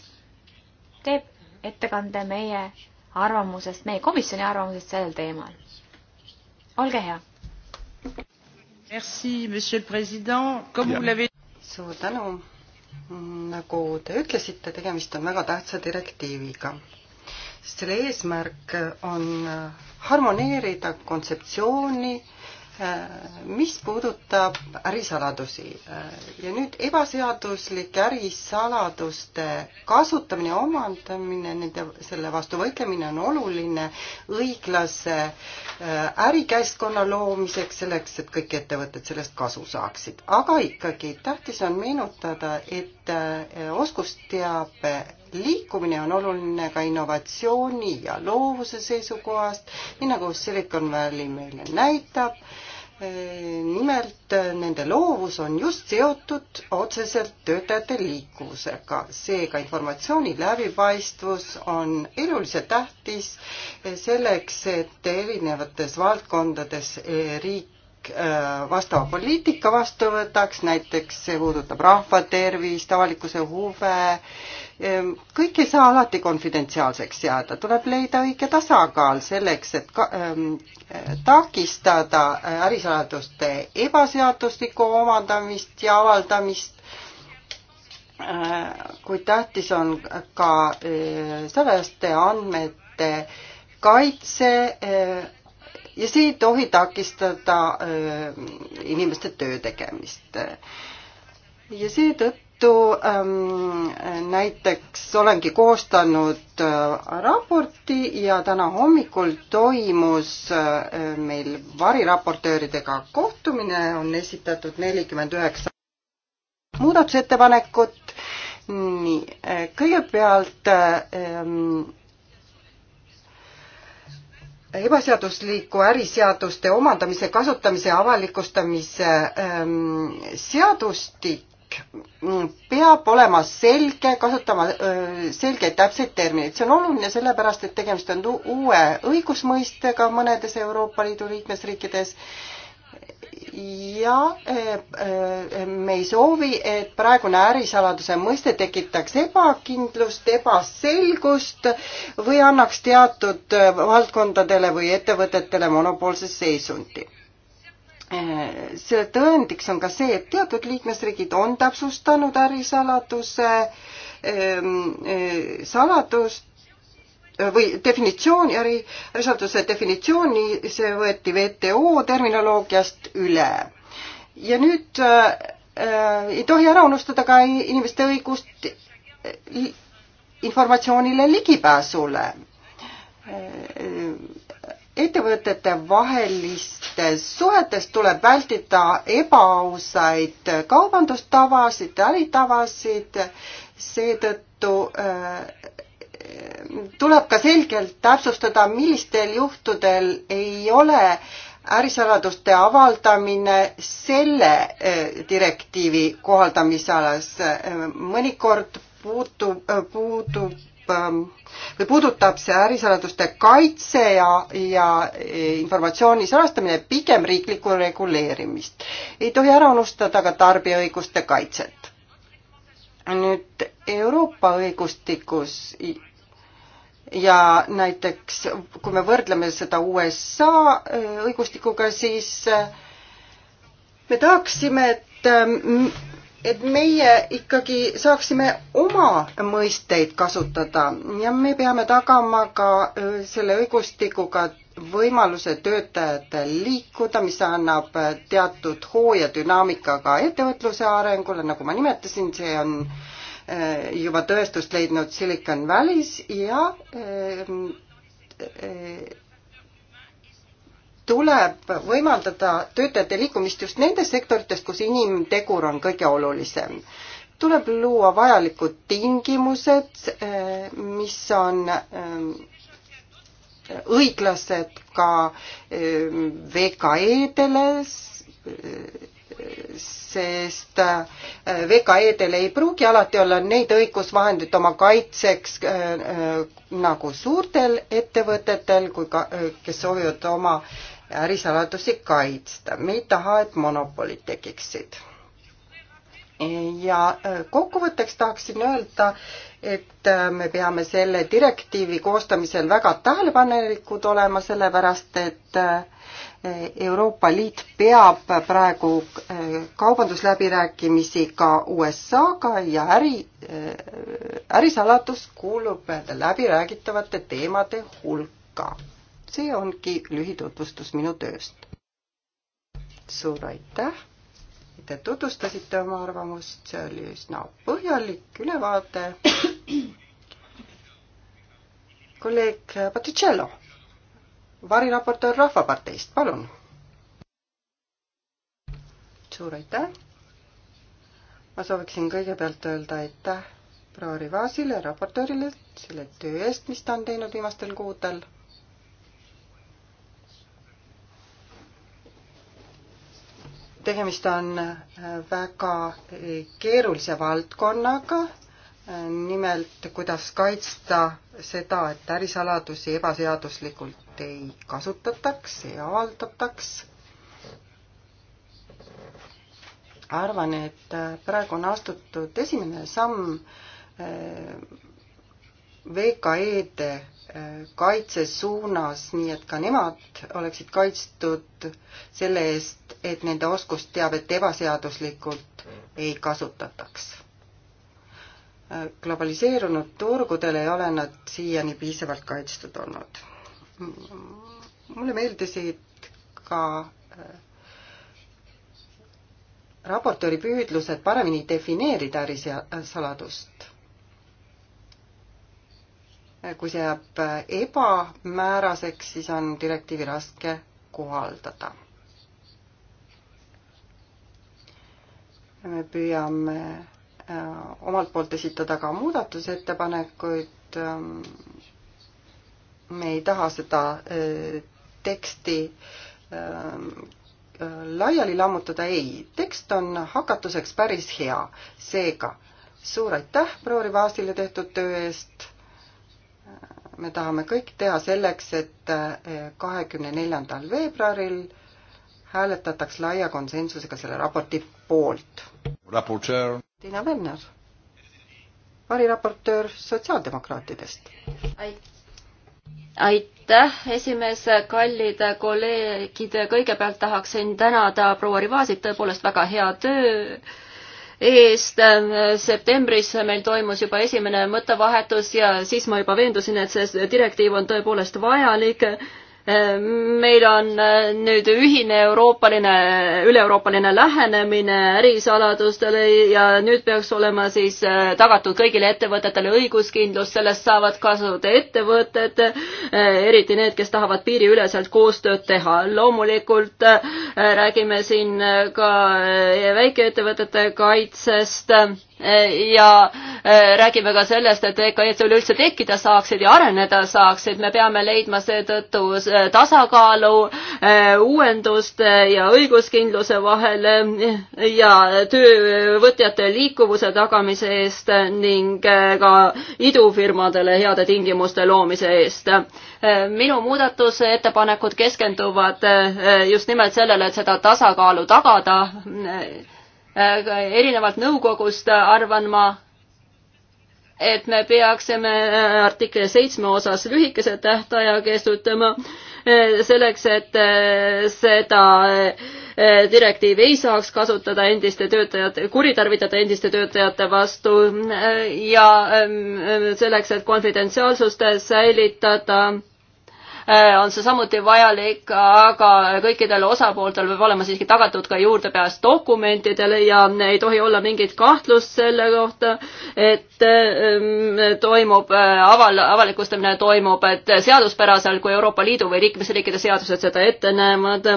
teeb ettekande meie arvamusest, meie komisjoni arvamusest sellel teemal. olge hea. suur tänu. nagu te ütlesite, tegemist on väga tähtsa direktiiviga. selle eesmärk on harmoneerida kontseptsiooni Äh, mis puudutab ärisaladusi äh, ja nüüd ebaseaduslike ärisaladuste kasutamine, omandamine, nende, selle vastu võitlemine on oluline õiglase äh, ärikeskkonna loomiseks, selleks, et kõik ettevõtted sellest kasu saaksid. aga ikkagi tähtis on meenutada, et oskusteabe liikumine on oluline ka innovatsiooni ja loovuse seisukohast, nii nagu Silicon Valley meile näitab Äh, nimelt äh, nende loovus on just seotud otseselt töötajate liikuvusega, seega informatsiooni läbipaistvus on eluliselt tähtis äh, selleks, et erinevates valdkondades e, riik Äh, vastava poliitika vastu võtaks, näiteks see puudutab rahva tervist, avalikkuse huve, ähm, kõik ei saa alati konfidentsiaalseks jääda, tuleb leida õige tasakaal selleks, et ka, ähm, äh, takistada äh, ärisaladuste ebaseaduslikku omandamist ja avaldamist äh,, kuid tähtis on ka äh, salajaste andmete kaitse äh, ja see ei tohi takistada äh, inimeste töö tegemist. ja seetõttu ähm, näiteks olengi koostanud äh, raporti ja täna hommikul toimus äh, meil variraportööridega kohtumine, on esitatud nelikümmend üheksa muudatusettepanekut. nii, äh, kõigepealt ähm, ebaseadusliku äriseaduste omandamise, kasutamise ja avalikustamise ähm, seadustik peab olema selge, kasutama äh, selgeid täpseid termineid. see on oluline sellepärast, et tegemist on uue õigusmõistega mõnedes Euroopa Liidu liikmesriikides ja eh, eh, me ei soovi, et praegune ärisaladuse mõiste tekitaks ebakindlust, ebaselgust või annaks teatud eh, valdkondadele või ettevõtetele monopoolse seisundi. selle tõendiks on ka see, et teatud liikmesriigid on täpsustanud ärisaladuse saladust või definitsioon ja resorduse definitsiooni, see võeti WTO terminoloogiast üle. ja nüüd äh, ei tohi ära unustada ka inimeste õigust informatsioonile ligipääsule äh, ettevõtete vahelistes suhetes tuleb vältida ebaausaid kaubandustavasid, äritavasid, seetõttu äh, tuleb ka selgelt täpsustada, millistel juhtudel ei ole ärisaladuste avaldamine selle eh, direktiivi kohaldamisalas. mõnikord puutub, eh, puudub ähm, või puudutab see ärisaladuste kaitse ja, ja eh, informatsiooni salastamine pigem riiklikku reguleerimist. ei tohi ära unustada ka tarbijaõiguste kaitset. nüüd Euroopa õigustikus ja näiteks kui me võrdleme seda USA äh, õigustikuga, siis äh, me tahaksime, et, ähm, et meie ikkagi saaksime oma mõisteid kasutada ja me peame tagama ka äh, selle õigustikuga võimaluse töötajatel liikuda, mis annab teatud hoo ja dünaamika ka ettevõtluse arengule, nagu ma nimetasin, see on äh, Eh, juba tõestust leidnud Silicon Valley's ja eh, eh, tuleb võimaldada töötajate liikumist just nendes sektorites, kus inimtegur on kõige olulisem. tuleb luua vajalikud tingimused, mis on õiglased ka VKE-dele, sest äh, VKE-del ei pruugi alati olla neid õigusvahendeid oma kaitseks äh, äh, nagu suurtel ettevõtetel, kui ka, kes soovivad oma ärisaladusi kaitsta. me ei taha, et monopolid tekiksid. ja kokkuvõtteks tahaksin öelda, et me peame selle direktiivi koostamisel väga tähelepanelikud olema, sellepärast et äh, Euroopa Liit peab praegu eh, kaubandusläbirääkimisi ka USA-ga ja äri, eh, ärisaladus kuulub läbiräägitavate teemade hulka. see ongi lühitutvustus minu tööst. suur aitäh, et te tutvustasite oma arvamust, see oli üsna põhjalik ülevaade. *coughs* kolleeg Patricello variraportöör Rahvaparteist, palun. suur aitäh. ma sooviksin kõigepealt öelda aitäh proua Rivasile, raportöörile selle töö eest, mis ta on teinud viimastel kuudel. tegemist on äh, väga äh, keerulise valdkonnaga nimelt, kuidas kaitsta seda, et ärisaladusi ebaseaduslikult ei kasutataks, ei avaldataks. arvan, et praegu on astutud esimene samm eh, VKE-de eh, kaitse suunas, nii et ka nemad oleksid kaitstud selle eest, et nende oskusteavet ebaseaduslikult ei kasutataks globaliseerunud turgudel ei ole nad siiani piisavalt kaitstud olnud. mulle meeldisid ka äh, raportööri püüdlused paremini defineerida ärisaladust. kui see jääb äh, ebamääraseks, siis on direktiivi raske kohaldada. me püüame Äh, omalt poolt esitada ka muudatusettepanekuid. Ähm, me ei taha seda äh, teksti ähm, laiali lammutada, ei, tekst on hakatuseks päris hea, seega suur aitäh proua Rivaasile tehtud töö eest. Äh, me tahame kõik teha selleks, et kahekümne neljandal veebruaril hääletataks laia konsensusega selle raporti poolt. raportöör. Tiina Venner, variraportöör sotsiaaldemokraatidest. aitäh, esimees, kallid kolleegid, kõigepealt tahaksin tänada proua Rivasit tõepoolest väga hea töö eest. septembris meil toimus juba esimene mõttevahetus ja siis ma juba veendusin, et see direktiiv on tõepoolest vajalik meil on äh, nüüd ühine euroopaline, üle-euroopaline lähenemine ärisaladustele ja nüüd peaks olema siis äh, tagatud kõigile ettevõtetele õiguskindlus, sellest saavad kasutada ettevõtted, äh, eriti need, kes tahavad piiriüleselt koostööd teha. loomulikult räägime siin ka väikeettevõtete kaitsest ja e, räägime ka sellest, et EKA-d üleüldse tekkida saaksid ja areneda saaksid, me peame leidma seetõttu e, tasakaalu e, uuenduste ja õiguskindluse vahel ja töövõtjate liikuvuse tagamise eest ning ka idufirmadele heade tingimuste loomise eest. minu muudatusettepanekud keskenduvad just nimelt sellele, et seda tasakaalu tagada Äh, erinevalt nõukogust äh, arvan ma, et me peaksime äh, artikli seitsme osas lühikese tähtaja kestutama selleks, et seda direktiivi ei saaks kasutada endiste töötajate, kuritarvitada endiste töötajate vastu ja ähm, selleks, et konfidentsiaalsust säilitada Äh, on see samuti vajalik, aga kõikidel osapooltel peab olema siiski tagatud ka juurdepääs dokumentidele ja ei tohi olla mingit kahtlust selle kohta, et ähm, toimub äh, aval, avalikustamine toimub, et seaduspäraselt, kui Euroopa Liidu või liikmesriikide seadused seda ette näevad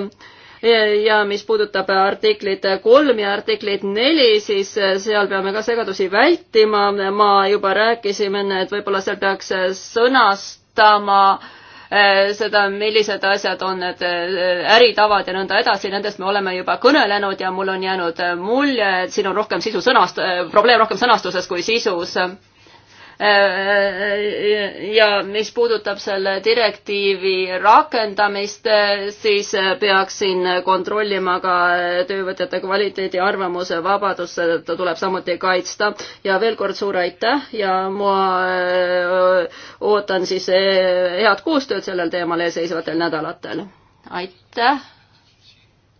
ja mis puudutab artiklit kolm ja artiklit neli, siis seal peame ka segadusi vältima. ma juba rääkisin enne, et võib-olla seal peaks sõnastama äh, Äh, seda, millised asjad on need äh, äritavad ja nõnda edasi, nendest me oleme juba kõnelenud ja mul on jäänud äh, mulje, et siin on rohkem sisu sõnast-, probleem rohkem sõnastuses kui sisus ja mis puudutab selle direktiivi rakendamist, siis peaksin kontrollima ka töövõtjate kvaliteedi arvamuse vabadust, seda tuleb samuti kaitsta ja veel kord suur aitäh ja ma äh, ootan siis äh, head koostööd sellel teemal eelseisvatel nädalatel. aitäh!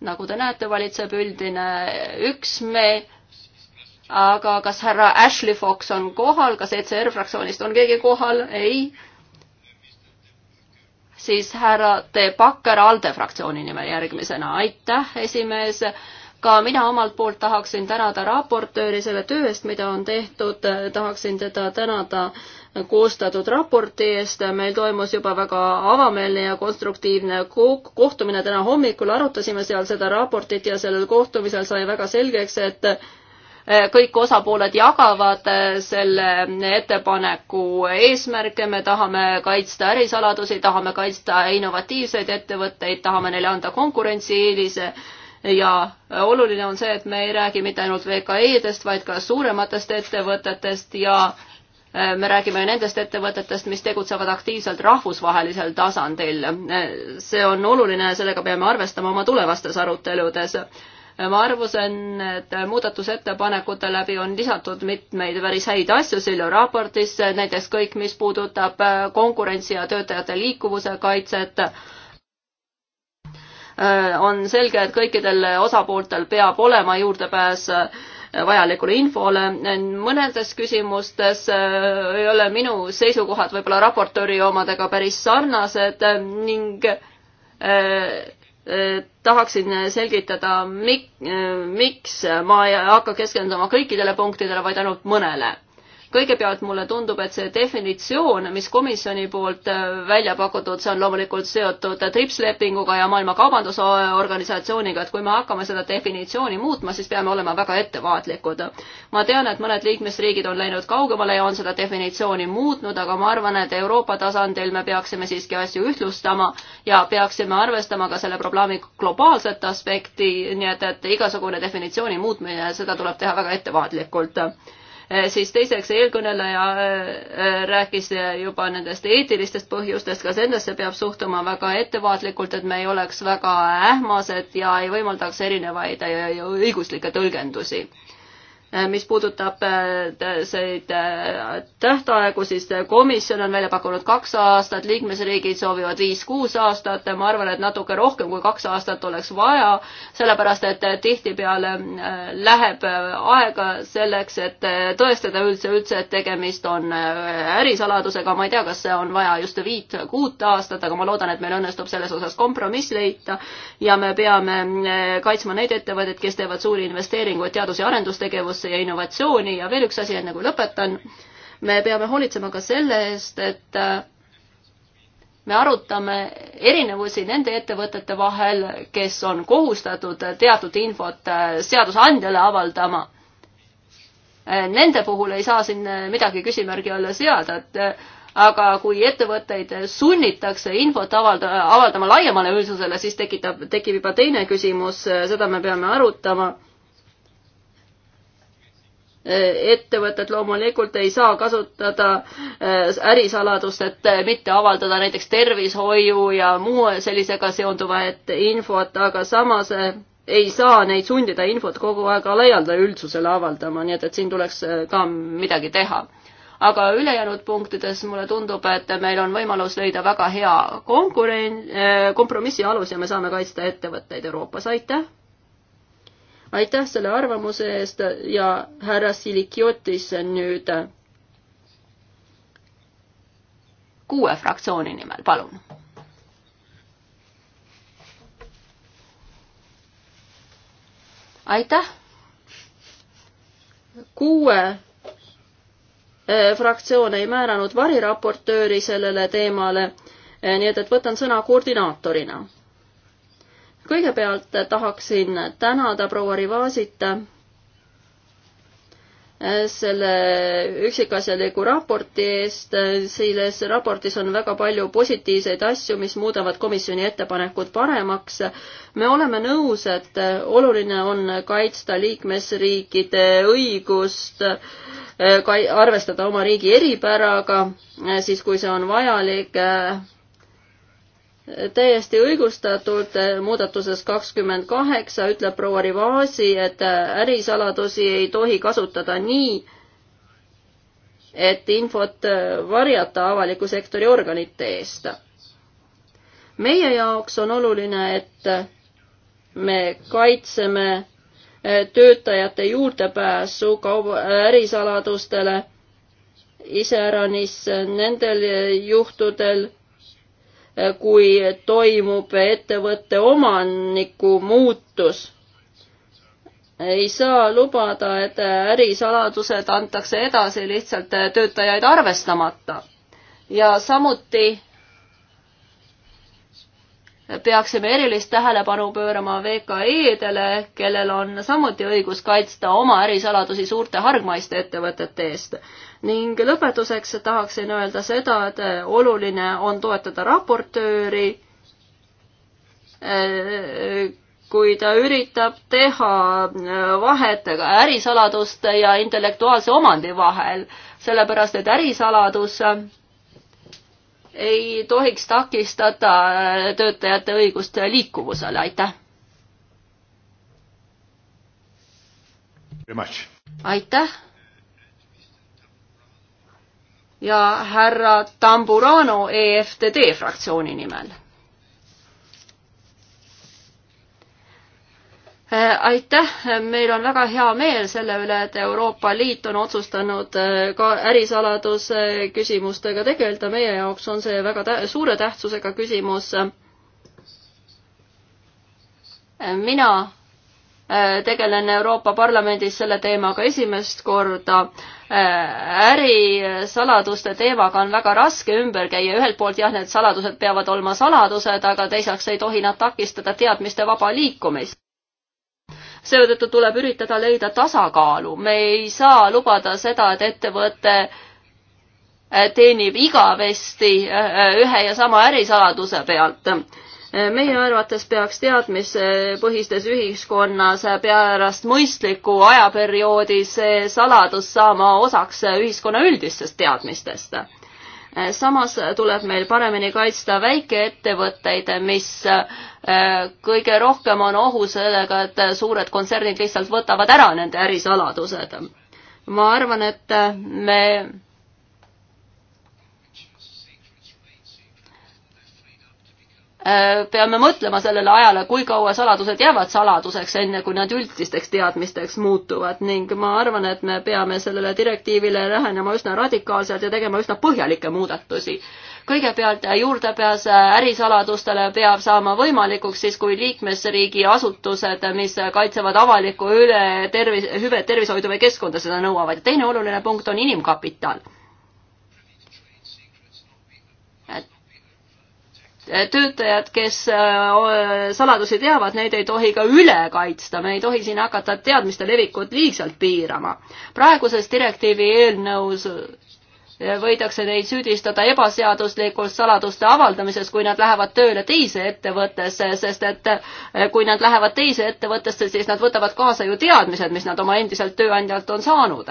nagu te näete, valitseb üldine üksmeel aga kas härra Ashley Fox on kohal, kas ECR fraktsioonist on keegi kohal? ei. siis härra De Backer ALDE fraktsiooni nimel järgmisena, aitäh, esimees. ka mina omalt poolt tahaksin tänada raportööri selle töö eest, mida on tehtud, tahaksin teda tänada koostatud raporti eest. meil toimus juba väga avameelne ja konstruktiivne kohtumine täna hommikul, arutasime seal seda raportit ja sellel kohtumisel sai väga selgeks, et kõik osapooled jagavad äh, selle ettepaneku eesmärke, me tahame kaitsta ärisaladusi, tahame kaitsta innovatiivseid ettevõtteid, tahame neile anda konkurentsieelise ja oluline on see, et me ei räägi mitte ainult VKE-dest, vaid ka suurematest ettevõtetest ja äh, me räägime nendest ettevõtetest, mis tegutsevad aktiivselt rahvusvahelisel tasandil. Äh, see on oluline, sellega peame arvestama oma tulevastes aruteludes ma arvasin, et muudatusettepanekute läbi on lisatud mitmeid päris häid asju Silju raportisse, näiteks kõik, mis puudutab äh, konkurentsi ja töötajate liikuvuse kaitset. Äh, on selge, et kõikidel osapooltel peab olema juurdepääs äh, vajalikule infole. mõnedes küsimustes ei ole minu seisukohad võib-olla raportööri omadega päris sarnased ning Äh, tahaksin selgitada, mik-, äh, miks ma ei hakka keskenduma kõikidele punktidele, vaid ainult mõnele kõigepealt mulle tundub, et see definitsioon, mis komisjoni poolt äh, välja pakutud, see on loomulikult seotud TRIPS lepinguga ja Maailma Kaubandusorganisatsiooniga, et kui me hakkame seda definitsiooni muutma, siis peame olema väga ettevaatlikud. ma tean, et mõned liikmesriigid on läinud kaugemale ja on seda definitsiooni muutnud, aga ma arvan, et Euroopa tasandil me peaksime siiski asju ühtlustama ja peaksime arvestama ka selle probleemi globaalset aspekti, nii et, et igasugune definitsiooni muutmine, seda tuleb teha väga ettevaatlikult Eh, siis teiseks eelkõneleja eh, rääkis juba nendest eetilistest põhjustest, ka sellesse peab suhtuma väga ettevaatlikult, et me ei oleks väga ähmased ja ei võimaldaks erinevaid eh, õiguslikke tõlgendusi Äh, mis puudutab neid äh, äh, tähtaegu, siis komisjon on välja pakkunud kaks aastat, liikmesriigid soovivad viis-kuus aastat, ma arvan, et natuke rohkem kui kaks aastat oleks vaja, sellepärast et tihtipeale läheb aega selleks, et tõestada üldse, üldse, et tegemist on ärisaladusega, ma ei tea, kas see on vaja just viit-kuut aastat, aga ma loodan, et meil õnnestub selles osas kompromiss leida ja me peame kaitsma neid ettevõtteid, kes teevad suuri investeeringuid teadus- ja arendustegevusse, teadusesse ja innovatsiooni ja veel üks asi, enne kui lõpetan, me peame hoolitsema ka selle eest, et äh, me arutame erinevusi nende ettevõtete vahel, kes on kohustatud teatud infot äh, seadusandjale avaldama. Äh, nende puhul ei saa siin midagi küsimärgi alla seada, et aga kui ettevõtteid sunnitakse infot avalda, avaldama laiemale üldsusele, siis tekitab, tekib juba teine küsimus, seda me peame arutama ettevõtted loomulikult ei saa kasutada äh, ärisaladust, et äh, mitte avaldada näiteks tervishoiu ja muu sellisega seonduvat infot, aga samas äh, ei saa neid sundida infot kogu aeg laialdale üldsusele avaldama, nii et, et siin tuleks ka midagi teha. aga ülejäänud punktides mulle tundub, et meil on võimalus leida väga hea konkurent, kompromissi alus ja me saame kaitsta ettevõtteid Euroopas, aitäh! aitäh selle arvamuse eest ja härra Silikiotis nüüd kuue fraktsiooni nimel, palun. aitäh. kuue eh, fraktsioon ei määranud variraportööri sellele teemale, eh, nii et, et võtan sõna koordinaatorina kõigepealt tahaksin tänada proua Rivasit äh, selle üksikasjaliku raporti eest. selles raportis on väga palju positiivseid asju, mis muudavad komisjoni ettepanekud paremaks. me oleme nõus, et oluline on kaitsta liikmesriikide õigust äh, arvestada oma riigi eripäraga, äh, siis kui see on vajalik täiesti õigustatult eh, muudatuses kakskümmend kaheksa ütleb proua Rivasi, et eh, ärisaladusi ei tohi kasutada nii, et infot eh, varjata avaliku sektori organite eest. meie jaoks on oluline, et me kaitseme töötajate juurdepääsu kauba, ärisaladustele, iseäranis nendel juhtudel kui toimub ettevõtte omaniku muutus. ei saa lubada, et ärisaladused antakse edasi lihtsalt töötajaid arvestamata. ja samuti peaksime erilist tähelepanu pöörama VKE-dele, kellel on samuti õigus kaitsta oma ärisaladusi suurte hargmaiste ettevõtete eest ning lõpetuseks tahaksin öelda seda, et eh, oluline on toetada raportööri, eh, kui ta üritab teha eh, vahet ärisaladuste ja intellektuaalse omandi vahel, sellepärast et ärisaladus ei tohiks takistada töötajate õigust liikuvusele, aitäh. aitäh ja härra Tamburano EFTD fraktsiooni nimel. Äh, aitäh, meil on väga hea meel selle üle, et Euroopa Liit on otsustanud äh, ka ärisaladuse äh, küsimustega tegeleda, meie jaoks on see väga tä suure tähtsusega küsimus. mina Äh, tegelen Euroopa Parlamendis selle teemaga esimest korda. Äh, ärisaladuste teemaga on väga raske ümber käia, ühelt poolt jah, need saladused peavad olema saladused, aga teisaks ei tohi nad takistada teadmiste vaba liikumist seetõttu tuleb üritada leida tasakaalu, me ei saa lubada seda, et ettevõte äh, teenib igavesti ühe ja sama ärisaladuse pealt Eh, meie arvates peaks teadmispõhistes ühiskonnas pärast mõistliku ajaperioodi see saladus saama osaks ühiskonna üldistest teadmistest. Eh, samas tuleb meil paremini kaitsta väikeettevõtteid, mis eh, kõige rohkem on ohu sellega, et suured kontsernid lihtsalt võtavad ära nende ärisaladused. ma arvan, et me Äh, peame mõtlema sellele ajale, kui kaua saladused jäävad saladuseks, enne kui nad üldisteks teadmisteks muutuvad ning ma arvan, et me peame sellele direktiivile lähenema üsna radikaalselt ja tegema üsna põhjalikke muudatusi. kõigepealt juurdepääs ärisaladustele peab saama võimalikuks siis, kui liikmesriigi asutused, mis kaitsevad avalikku üle tervis, hüved tervishoidu või keskkonda, seda nõuavad. teine oluline punkt on inimkapital töötajad, kes äh, saladusi teavad, neid ei tohi ka üle kaitsta, me ei tohi siin hakata teadmiste levikut liigselt piirama. praeguses direktiivi eelnõus võidakse neid süüdistada ebaseaduslikus saladuste avaldamises, kui nad lähevad tööle teise ettevõttesse, sest et äh, kui nad lähevad teise ettevõttesse, siis nad võtavad kaasa ju teadmised, mis nad oma endiselt tööandjalt on saanud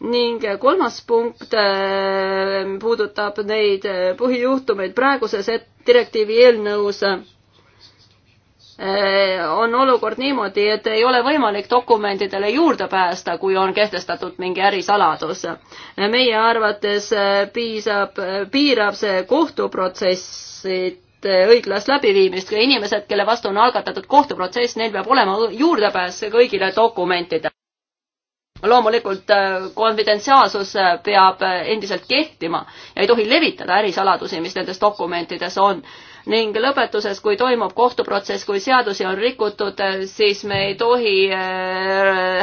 ning kolmas punkt äh, puudutab neid äh, põhijuhtumeid praeguses direktiivi eelnõus äh, on olukord niimoodi, et ei ole võimalik dokumentidele juurde päästa, kui on kehtestatud mingi ärisaladus. meie arvates piisab, piirab see kohtuprotsessid õiglast läbiviimist, kui inimesed, kelle vastu on algatatud kohtuprotsess, neil peab olema juurdepääs kõigile dokumentidele loomulikult äh, konfidentsiaalsus äh, peab äh, endiselt kehtima ja ei tohi levitada ärisaladusi, mis nendes dokumentides on. ning lõpetuses, kui toimub kohtuprotsess, kui seadusi on rikutud, siis me ei tohi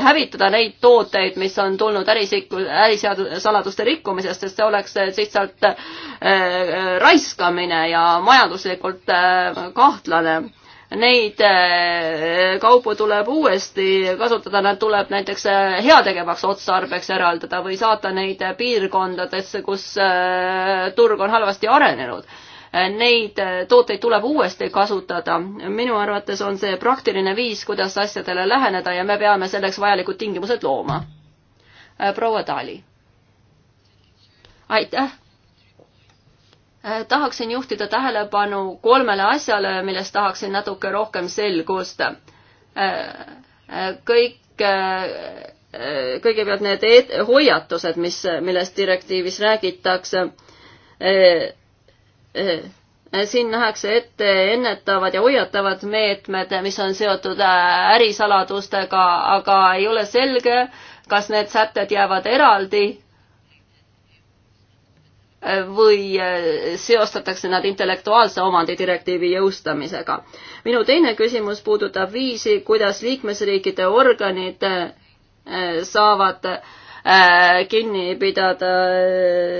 hävitada neid tooteid, mis on tulnud ärisiku, ärisaladuste rikkumisest, sest see oleks lihtsalt raiskamine ja majanduslikult kahtlane neid äh, kaupu tuleb uuesti kasutada, nad tuleb näiteks äh, heategevaks otstarbeks eraldada või saata neid piirkondadesse, kus äh, turg on halvasti arenenud. Neid tooteid tuleb uuesti kasutada. minu arvates on see praktiline viis, kuidas asjadele läheneda ja me peame selleks vajalikud tingimused looma. proua Tali. aitäh Äh, tahaksin juhtida tähelepanu kolmele asjale, millest tahaksin natuke rohkem selgust. Äh, äh, kõik, kõigepealt need hoiatused, mis, millest direktiivis räägitakse. siin nähakse ette ennetavad ja hoiatavad meetmed, mis on seotud ärisaladustega, aga ei ole selge, kas need sätted jäävad eraldi või äh, seostatakse nad intellektuaalse omandi direktiivi jõustamisega. minu teine küsimus puudutab viisi, kuidas liikmesriikide organid äh, saavad äh, kinni pidada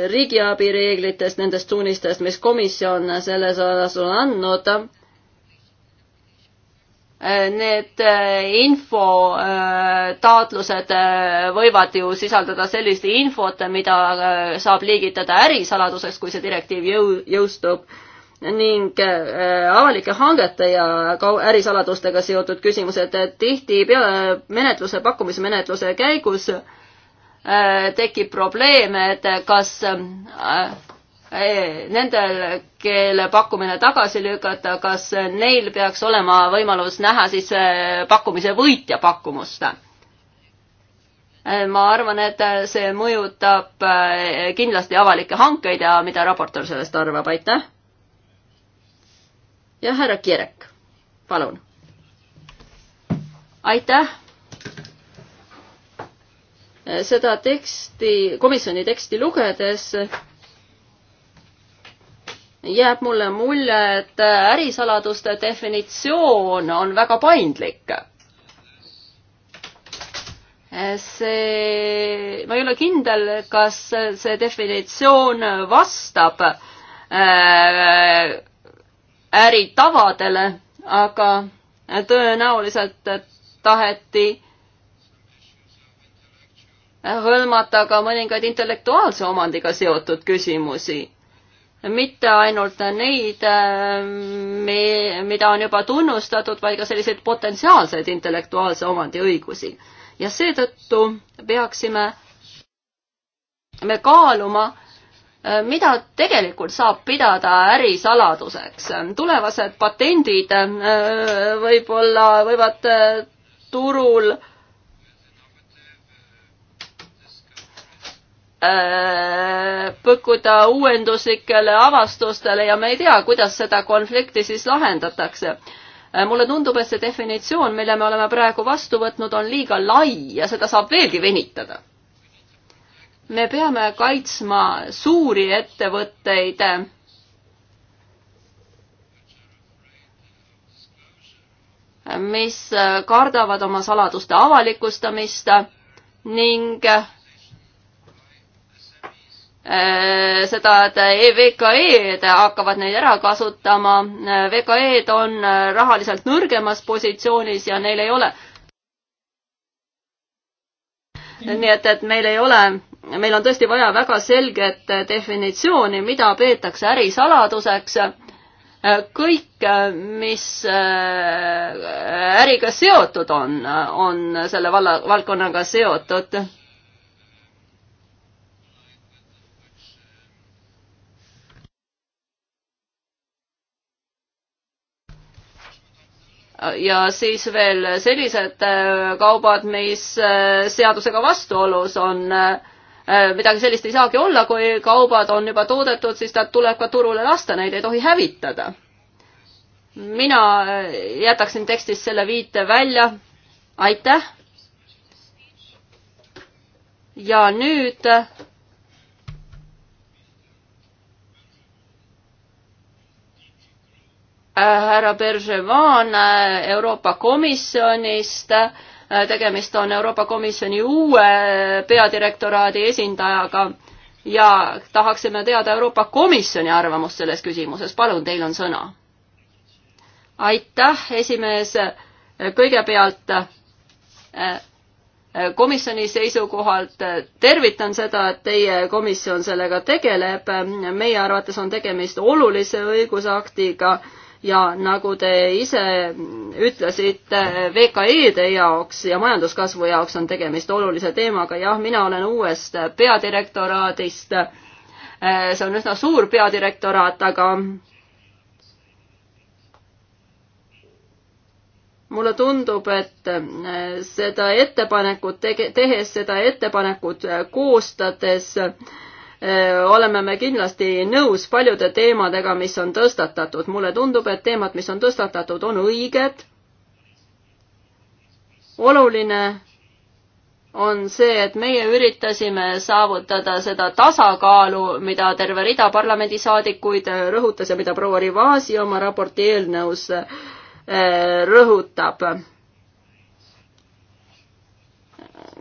riigiabi reeglitest, nendest suunistest, mis komisjon selles osas on andnud Äh, need äh, infotaotlused äh, võivad ju sisaldada sellist infot, mida saab liigitada ärisaladuseks, kui see direktiiv jõu-, jõustub ning avalike hangete ja ärisaladustega seotud küsimused tihti menetluse, pakkumismenetluse käigus tekib probleem, et kas nendel, kelle pakkumine tagasi lükata, kas neil peaks olema võimalus näha siis eh, pakkumise võitja pakkumust? ma arvan, et see mõjutab eh, kindlasti avalikke hankeid ja mida raportöör sellest arvab, aitäh. ja härra Kirek, palun. aitäh. seda teksti, komisjoni teksti lugedes jääb mulle mulje, et ärisaladuste definitsioon on väga paindlik. see, ma ei ole kindel, kas see definitsioon vastab äh, äritavadele, aga tõenäoliselt taheti hõlmata ka mõningaid intellektuaalse omandiga seotud küsimusi mitte ainult neid, äh, mida on juba tunnustatud, vaid ka selliseid potentsiaalseid intellektuaalse omandiõigusi. ja seetõttu peaksime me kaaluma, äh, mida tegelikult saab pidada ärisaladuseks. tulevased patendid äh, võib-olla võivad turul äh, Äh, põkkuda uuenduslikele avastustele ja me ei tea, kuidas seda konflikti siis lahendatakse. Äh, mulle tundub, et see definitsioon, mille me oleme praegu vastu võtnud, on liiga lai ja seda saab veelgi venitada. me peame kaitsma suuri ettevõtteid mis kardavad oma saladuste avalikustamist ning Äh, seda, et äh, VKE-d hakkavad neid ära kasutama. Äh, VKE-d on rahaliselt nõrgemas positsioonis ja neil ei ole. nii et, et meil ei ole, meil on tõesti vaja väga selget definitsiooni, mida peetakse ärisaladuseks kõik, mis äriga seotud on, on selle valla, valdkonnaga seotud ja siis veel sellised äh, kaubad, mis äh, seadusega vastuolus on. Äh, midagi sellist ei saagi olla, kui kaubad on juba toodetud, siis nad tuleb ka turule lasta, neid ei tohi hävitada. mina jätaksin tekstist selle viite välja. aitäh. ja nüüd Äh, härra Bergevan äh, Euroopa Komisjonist. Äh, tegemist on Euroopa Komisjoni uue peadirektoraadi esindajaga ja tahaksime teada Euroopa Komisjoni arvamust selles küsimuses. palun, teil on sõna. aitäh, esimees. kõigepealt komisjoni seisukohalt tervitan seda, et teie komisjon sellega tegeleb. meie arvates on tegemist olulise õigusaktiga ja nagu te ise ütlesite, VKE-de jaoks ja majanduskasvu jaoks on tegemist olulise teemaga, jah, mina olen uuest peadirektoraadist, see on üsna suur peadirektoraat, aga mulle tundub, et seda ettepanekut tege-, tehes, seda ettepanekut koostades äh, oleme me kindlasti nõus paljude teemadega, mis on tõstatatud. mulle tundub, et teemad, mis on tõstatatud, on õiged. oluline on see, et meie üritasime saavutada seda tasakaalu, mida terve rida parlamendisaadikuid rõhutas ja mida proua Rivasi oma raporti eelnõus rõhutab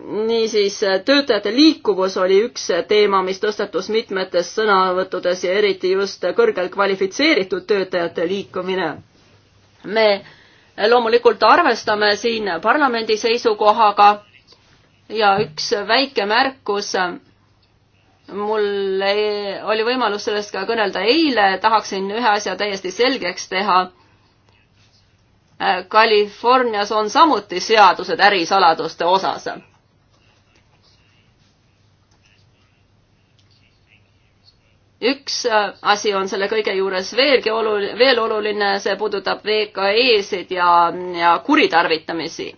niisiis, töötajate liikuvus oli üks teema, mis tõstatus mitmetes sõnavõttudes ja eriti just kõrgelt kvalifitseeritud töötajate liikumine. me loomulikult arvestame siin parlamendi seisukohaga ja üks väike märkus, mul ei, oli võimalus sellest ka kõnelda eile, tahaksin ühe asja täiesti selgeks teha Californias on samuti seadused ärisaladuste osas. üks äh, asi on selle kõige juures veelgi oluline, veel oluline, see puudutab VKE-sid ja, ja kuritarvitamisi.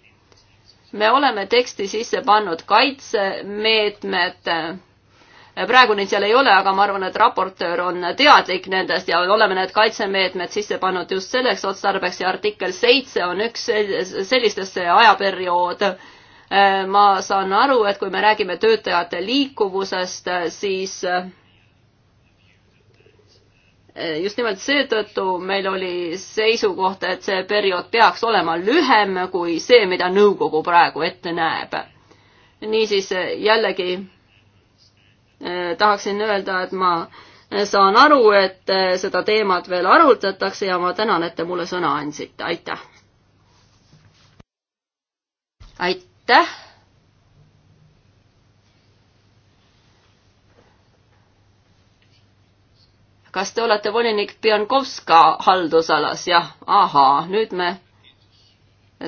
me oleme teksti sisse pannud kaitsemeetmed. praegu neid seal ei ole, aga ma arvan, et raportöör on teadlik nendest ja oleme need kaitsemeetmed sisse pannud just selleks otstarbeks ja artikkel seitse on üks sellistesse ajaperiood äh, ma saan aru, et kui me räägime töötajate liikuvusest, siis äh, just nimelt seetõttu meil oli seisukoht, et see periood peaks olema lühem kui see, mida nõukogu praegu ette näeb. niisiis jällegi eh, tahaksin öelda, et ma saan aru, et eh, seda teemat veel arutatakse ja ma tänan, et te mulle sõna andsite, aitäh! aitäh! kas te olete volinik Pjankovska haldusalas? jah, ahaa, nüüd me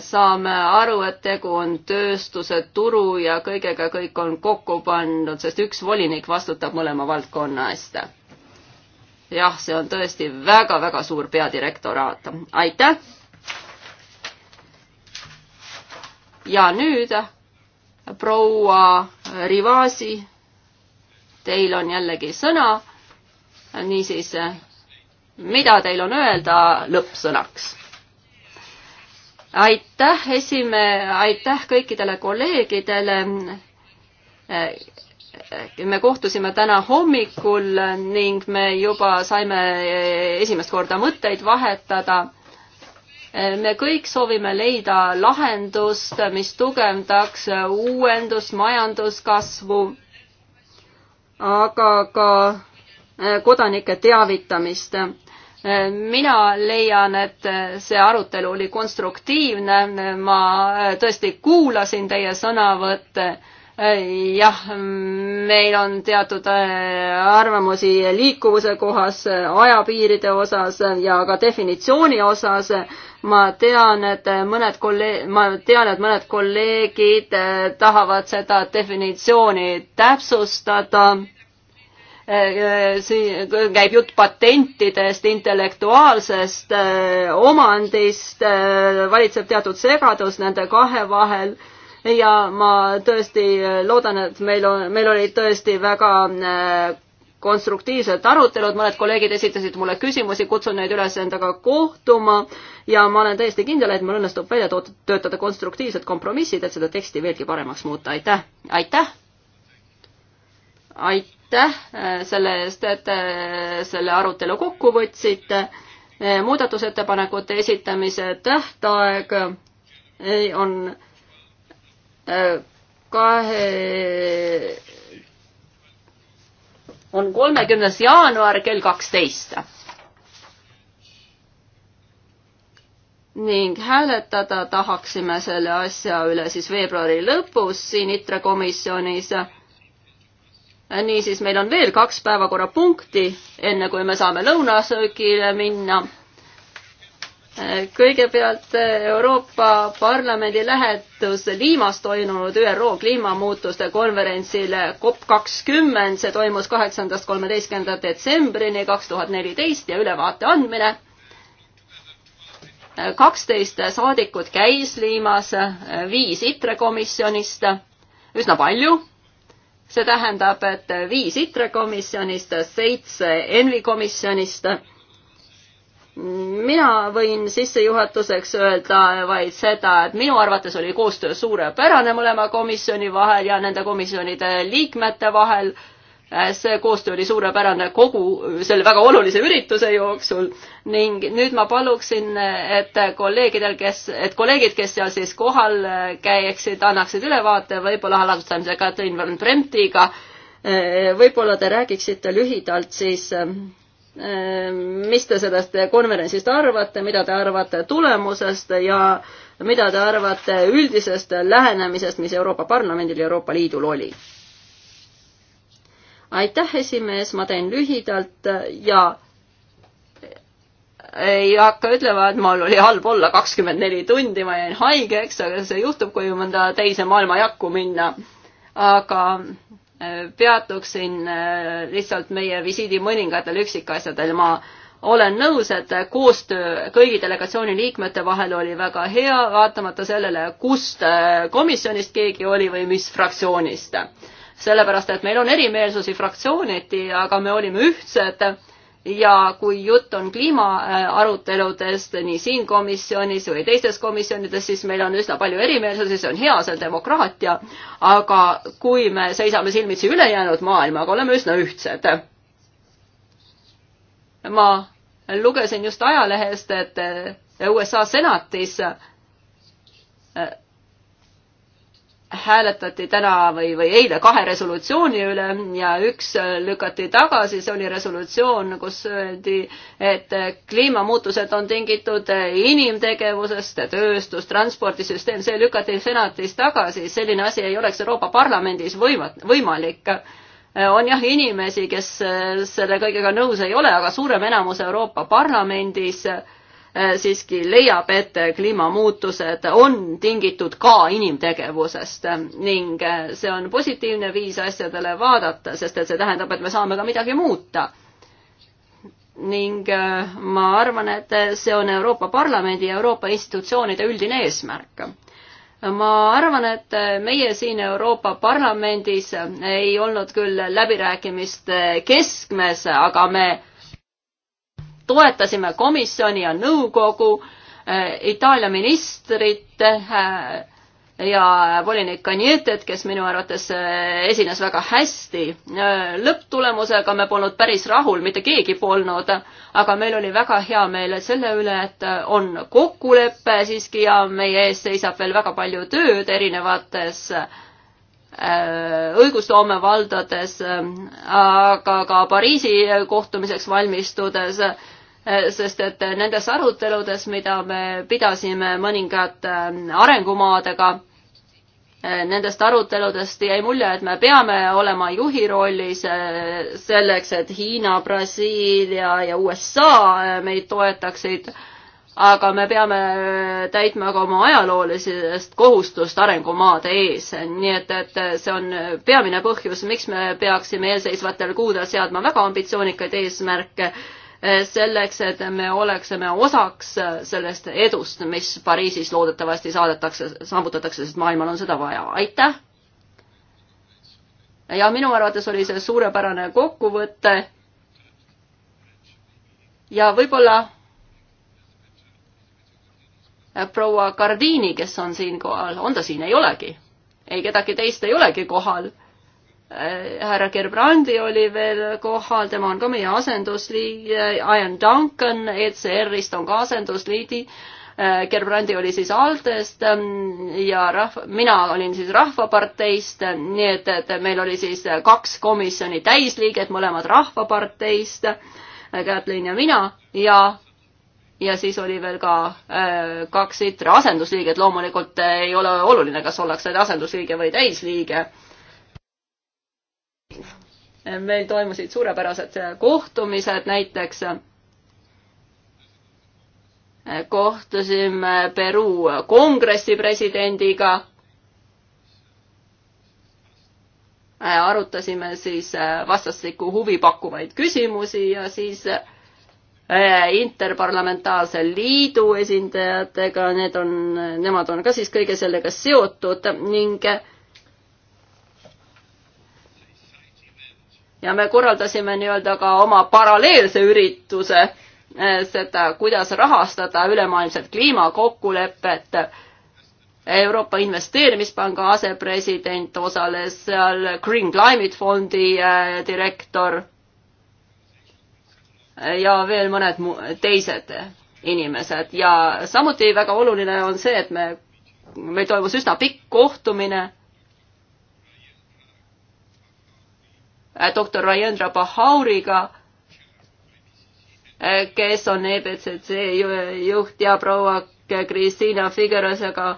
saame aru, et tegu on tööstuse, turu ja kõigega, kõik on kokku pandud, sest üks volinik vastutab mõlema valdkonna eest. jah, see on tõesti väga-väga suur peadirektoraat. aitäh! ja nüüd proua Rivasi, teil on jällegi sõna niisiis, mida teil on öelda lõppsõnaks? aitäh, esimehe, aitäh kõikidele kolleegidele me kohtusime täna hommikul ning me juba saime esimest korda mõtteid vahetada. me kõik soovime leida lahendust, mis tugevdaks uuendust, majanduskasvu, aga ka Äh, kodanike teavitamist. Äh, mina leian, et äh, see arutelu oli konstruktiivne, ma tõesti kuulasin teie sõnavõtte jah, meil on teatud arvamusi liikuvuse kohas, ajapiiride osas ja ka definitsiooni osas. ma tean, et mõned kolleeg-, ma tean, et mõned kolleegid tahavad seda definitsiooni täpsustada siin käib jutt patentidest, intellektuaalsest äh, omandist, äh, valitseb teatud segadus nende kahe vahel ja ma tõesti äh, loodan, et meil on, meil olid tõesti väga konstruktiivsed arutelud, mõned kolleegid esitasid mulle küsimusi, kutsun neid üles endaga kohtuma ja ma olen täiesti kindel, et mul õnnestub välja töötada konstruktiivsed kompromissid, et seda teksti veelgi paremaks muuta, aitäh, aitäh! aitäh! aitäh äh, selle eest, et äh, selle arutelu kokku võtsite. Äh, muudatusettepanekute esitamise tähtaeg on kahe, on kolmekümnes jaanuar kell kaksteist. ning hääletada tahaksime selle asja üle siis veebruari lõpus siin ITRE komisjonis niisiis, meil on veel kaks päevakorrapunkti, enne kui me saame lõunasöögile minna. kõigepealt Euroopa Parlamendi lähetus Liimas toimunud ÜRO kliimamuutuste konverentsile COP kakskümmend, see toimus kaheksandast kolmeteistkümnenda detsembrini kaks tuhat neliteist ja ülevaate andmine kaksteist saadikut käis Liimas, viis ITRE komisjonist, üsna palju see tähendab, et viis ITRE komisjonist, seitse ENVI komisjonist. mina võin sissejuhatuseks öelda vaid seda, et minu arvates oli koostöö suurepärane mõlema komisjoni vahel ja nende komisjonide liikmete vahel Äh, see koostöö oli suurepärane kogu selle väga olulise ürituse jooksul ning nüüd ma paluksin, et kolleegidel, kes, et kolleegid, kes seal siis kohal käiksid, annaksid ülevaate, võib-olla alustame Katrin von Bremtiga. Äh, võib-olla te räägiksite lühidalt siis, äh, mis te sellest konverentsist arvate, mida te arvate tulemusest ja mida te arvate üldisest lähenemisest, mis Euroopa Parlamendil ja Euroopa Liidul oli? aitäh, esimees, ma teen lühidalt ja ei hakka ütlema, et mul oli halb olla kakskümmend neli tundi, ma jäin haigeks, aga see juhtub, kui mõnda teise maailma jakku minna. aga äh, peatuksin äh, lihtsalt meie visiidi mõningatel üksikasjadel. ma olen nõus, et koostöö kõigi delegatsiooni liikmete vahel oli väga hea, vaatamata sellele, kust äh, komisjonist keegi oli või mis fraktsioonist sellepärast et meil on erimeelsusi fraktsiooniti, aga me olime ühtsed ja kui jutt on kliimaaruteludest nii siin komisjonis või teistes komisjonides, siis meil on üsna palju erimeelsusi, see on hea, see on demokraatia, aga kui me seisame silmitsi ülejäänud maailmaga, oleme üsna ühtsed. ma lugesin just ajalehest, et USA senatis hääletati täna või, või eile kahe resolutsiooni üle ja üks lükati tagasi, see oli resolutsioon, kus öeldi, et kliimamuutused on tingitud inimtegevusest, tööstus, transpordisüsteem, see lükati senatis tagasi, selline asi ei oleks Euroopa Parlamendis võima-, võimalik. on jah inimesi, kes selle kõigega nõus ei ole, aga suurem enamus Euroopa Parlamendis äh, Äh, siiski leiab, et kliimamuutused on tingitud ka inimtegevusest ning äh, see on positiivne viis asjadele vaadata, sest et see tähendab, et me saame ka midagi muuta. ning äh, ma arvan, et see on Euroopa Parlamendi ja Euroopa institutsioonide üldine eesmärk ma arvan, et meie siin Euroopa Parlamendis ei olnud küll läbirääkimiste keskmes, aga me toetasime komisjoni ja nõukogu, eh, Itaalia ministrit eh, ja volinik Kanietet, kes minu arvates eh, esines väga hästi. lõpptulemusega me polnud päris rahul, mitte keegi polnud, aga meil oli väga hea meel selle üle, et on kokkulepe siiski ja meie ees seisab veel väga palju tööd erinevates õigusloome valdades, aga ka Pariisi kohtumiseks valmistudes sest et nendes aruteludes, mida me pidasime mõningate äh, arengumaadega, äh, nendest aruteludest jäi mulje, et me peame olema juhi rollis äh, selleks, et Hiina, Brasiilia ja USA meid toetaksid, aga me peame täitma ka oma ajaloolisest kohustust arengumaade ees, nii et, et see on peamine põhjus, miks me peaksime eelseisvatel kuudel seadma väga ambitsioonikaid eesmärke Eh, selleks, et me oleksime osaks eh, sellest edust, mis Pariisis loodetavasti saadetakse, saavutatakse, sest maailmal on seda vaja. aitäh! ja minu arvates oli see suurepärane kokkuvõte. ja võib-olla eh, proua Gardiini, kes on siinkohal, on ta siin, ei olegi? ei, kedagi teist ei olegi kohal Äh, härra Gerbrandi oli veel kohal, tema on ka meie asendusliige, Ian Duncan ECR-ist on ka asendusliidi. Äh, Gerbrandi oli siis Altest ähm, ja rahva, mina olin siis Rahvaparteist, äh, nii et, et meil oli siis kaks komisjoni täisliiget, mõlemad Rahvaparteist, Kätlin ja mina ja ja siis oli veel ka äh, kaks ITRE asendusliiget, loomulikult ei ole oluline, kas ollakse asendusliige või täisliige äh, meil toimusid suurepärased kohtumised, näiteks eh, kohtusime Peru kongressi presidendiga. Eh, arutasime siis eh, vastastikku huvipakkuvaid küsimusi ja siis interparlamentaarse liidu esindajatega, need on, nemad on ka siis kõige sellega seotud ning ja me korraldasime nii-öelda ka oma paralleelse ürituse eh, seda, kuidas rahastada ülemaailmset kliimakokkulepet. Euroopa Investeerimispanga asepresident osales seal, Green Climate Fondi eh, direktor eh, ja veel mõned teised inimesed ja samuti väga oluline on see, et me, meil toimus üsna pikk kohtumine Äh, doktor Rajendra Bahauriga, äh, kes on EBCC juht ja proua Kristiina Figueresega,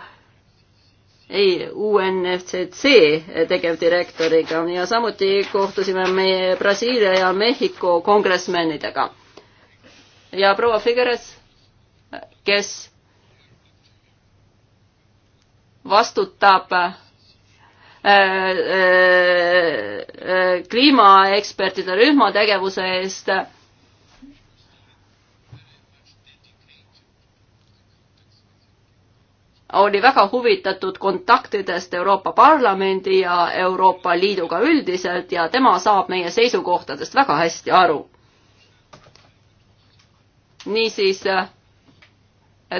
ei, UNFCC tegevdirektoriga ja samuti kohtusime meie Brasiilia ja Mehhiko kongresmenidega. ja proua Figueres, kes vastutab Äh, äh, äh, kliimaekspertide rühma tegevuse eest. oli väga huvitatud kontaktidest Euroopa Parlamendi ja Euroopa Liiduga üldiselt ja tema saab meie seisukohtadest väga hästi aru. niisiis,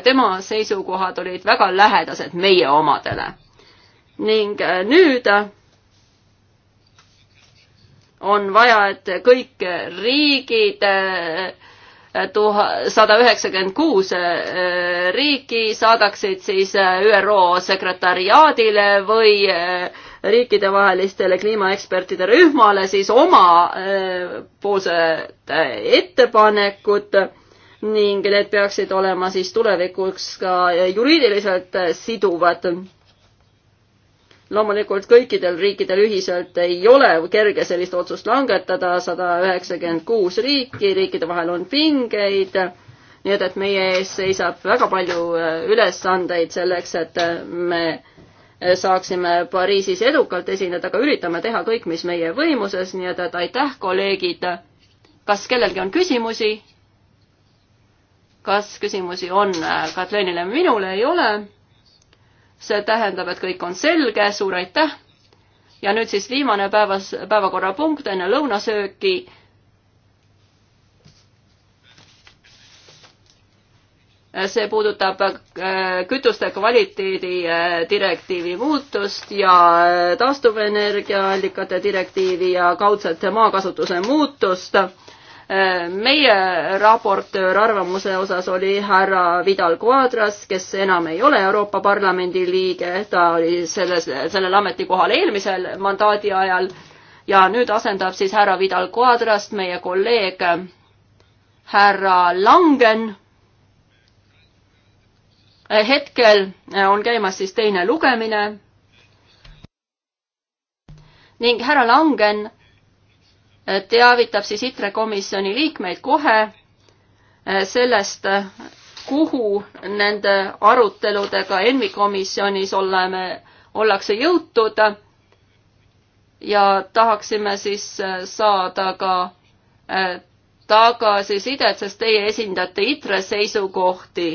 tema seisukohad olid väga lähedased meie omadele ning äh, nüüd on vaja, et kõik riigid äh, sada üheksakümmend kuus äh, riiki saadaksid siis ÜRO sekretariaadile või riikidevahelistele kliimaekspertide rühmale siis omapoolsed ettepanekud ning need peaksid olema siis tulevikuks ka juriidiliselt siduvad loomulikult kõikidel riikidel ühiselt ei ole kerge sellist otsust langetada, sada üheksakümmend kuus riiki, riikide vahel on pingeid, nii et, et meie ees seisab väga palju äh, ülesandeid selleks, et äh, me äh, saaksime Pariisis edukalt esineda, aga üritame teha kõik, mis meie võimuses, nii et, et aitäh, kolleegid. kas kellelgi on küsimusi? kas küsimusi on Katleenile? minul ei ole see tähendab, et kõik on selge, suur aitäh. ja nüüd siis viimane päevas, päevakorrapunkt enne lõunasööki. see puudutab äh, kütuste kvaliteedi äh, direktiivi muutust ja äh, taastuvenergiaallikate direktiivi ja kaudselt maakasutuse muutust meie raportöör arvamuse osas oli härra Vidal Quadras, kes enam ei ole Euroopa Parlamendi liige, ta oli selles, sellel ametikohal eelmisel mandaadi ajal ja nüüd asendab siis härra Vidal Quadrast meie kolleeg härra Langen. hetkel on käimas siis teine lugemine ning härra Langen teavitab siis ITRE komisjoni liikmeid kohe äh, sellest, äh, kuhu nende aruteludega ENMi komisjonis oleme, ollakse jõutud ja tahaksime siis äh, saada ka tagasisidet, sest teie esindate ITRE seisukohti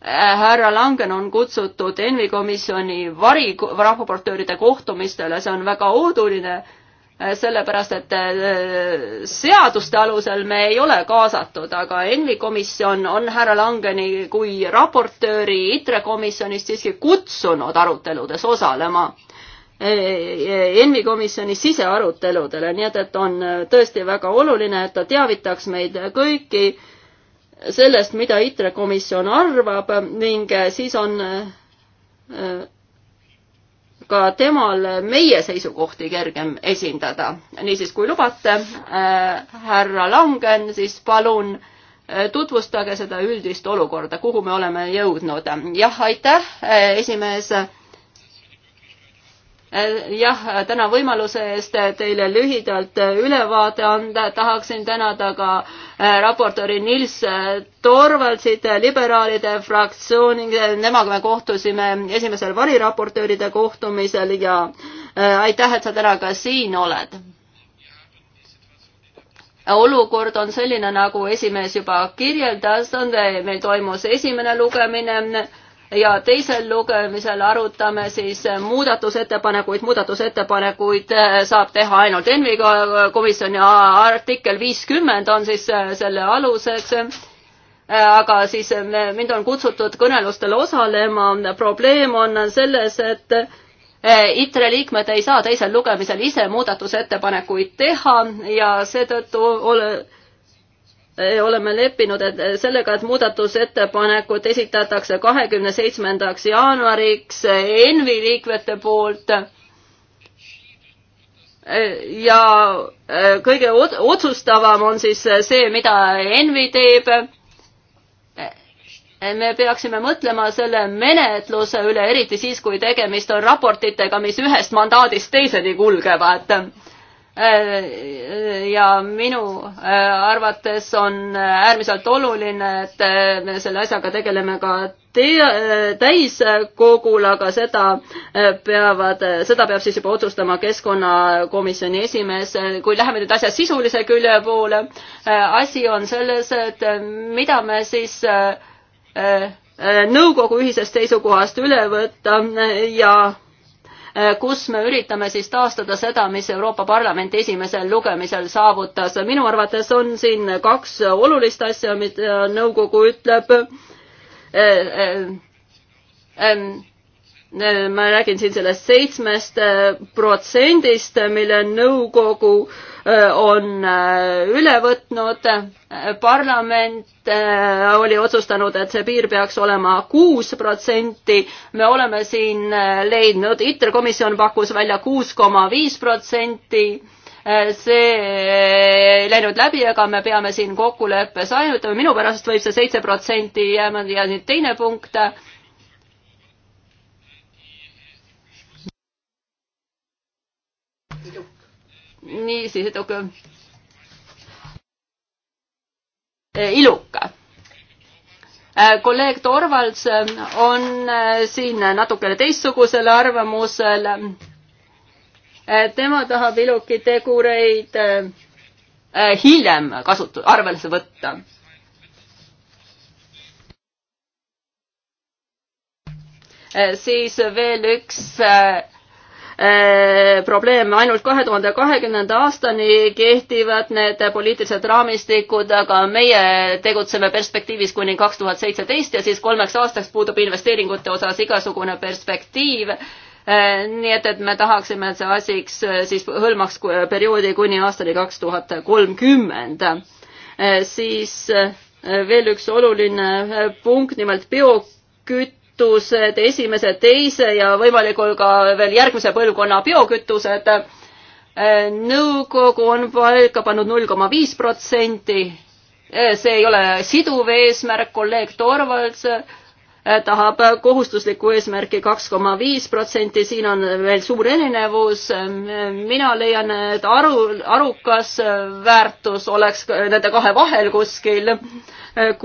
härra Langen on kutsutud ENVI komisjoni vari, raportööride kohtumistele, see on väga oluline, Äh, sellepärast et äh, seaduste alusel me ei ole kaasatud, aga ENVI komisjon on härra Langeni kui raportööri ITRE komisjonist siiski kutsunud aruteludes osalema. Äh, ENVI komisjoni sisearuteludele, nii et, et on tõesti väga oluline, et ta teavitaks meid kõiki sellest, mida ITRE komisjon arvab ning siis on ka temal meie seisukohti kergem esindada. niisiis, kui lubate äh,, härra Langen, siis palun äh, tutvustage seda üldist olukorda, kuhu me oleme jõudnud. jah, aitäh äh,, esimees äh, Äh, jah, tänan võimaluse eest teile lühidalt ülevaade anda, tahaksin tänada ka äh, raportööri Nils äh, Torvaldsit liberaalide fraktsiooni, temaga me kohtusime esimesel variraportööride kohtumisel ja aitäh, et sa täna ka siin oled. olukord on selline, nagu esimees juba kirjeldas, meil toimus esimene lugemine ja teisel lugemisel arutame siis muudatusettepanekuid, muudatusettepanekuid äh, saab teha ainult ENVI komisjoni artikkel viiskümmend on siis äh, selle aluseks äh, aga siis me, mind on kutsutud kõnelustel osalema, probleem on selles, et ITRE liikmed ei saa teisel lugemisel ise muudatusettepanekuid teha ja seetõttu ole, Eh, oleme leppinud et eh, sellega, et muudatusettepanekud esitatakse kahekümne seitsmendaks jaanuariks eh, ENVI liikmete poolt. ja kõige otsustavam on siis see, mida ENVI teeb. me peaksime mõtlema selle menetluse üle, eriti siis, kui tegemist on raportitega, mis ühest mandaadist teiseni kulgevad Äh, ja minu äh, arvates on äärmiselt oluline, et äh, me selle asjaga tegeleme ka te-, täiskogul, aga seda peavad, seda peab siis juba otsustama keskkonnakomisjoni esimees. kui läheme nüüd asja sisulise külje poole, asi on selles, et mida me siis nõukogu ühisest seisukohast üle võtta ja Äh, kus me üritame siis taastada seda, mis Euroopa Parlament esimesel lugemisel saavutas. minu arvates on siin kaks olulist asja, mida nõukogu ütleb. Äh, äh, ähm, ma räägin siin sellest seitsmest protsendist, mille nõukogu Äh, on äh, üle võtnud. parlament äh, oli otsustanud, et see piir peaks olema kuus protsenti. me oleme siin leidnud, ITRE komisjon pakkus välja kuus koma viis protsenti see läinud läbi, aga me peame siin kokkuleppes ainult, minu pärast võib see seitse protsenti jääma ja nüüd teine punkt niisiis eduka e, iluka. E, kolleeg Torvalds e, on siin natukene teistsugusel arvamusel. tema tahab ilukitegureid hiljem kasutu-, arvesse võtta. siis veel üks Äh, probleeme ainult kahe tuhande kahekümnenda aastani kehtivad need poliitilised raamistikud, aga meie tegutseme perspektiivis kuni kaks tuhat seitseteist ja siis kolmeks aastaks puudub investeeringute osas igasugune perspektiiv. Äh, nii et, et me tahaksime, et see asiks äh, siis hõlmaks perioodi kuni aastani kaks tuhat kolmkümmend, siis veel üks oluline punkt, nimelt biokütt kütused, esimese, teise ja võimalikul ka veel järgmise põlvkonna biokütused. nõukogu on paika pannud null koma viis protsenti. see ei ole siduv eesmärk, kolleeg Torvalds Äh, tahab kohustuslikku eesmärki kaks koma viis protsenti, siin on veel suur erinevus. mina leian, et aru, arukas väärtus oleks nende kahe vahel kuskil,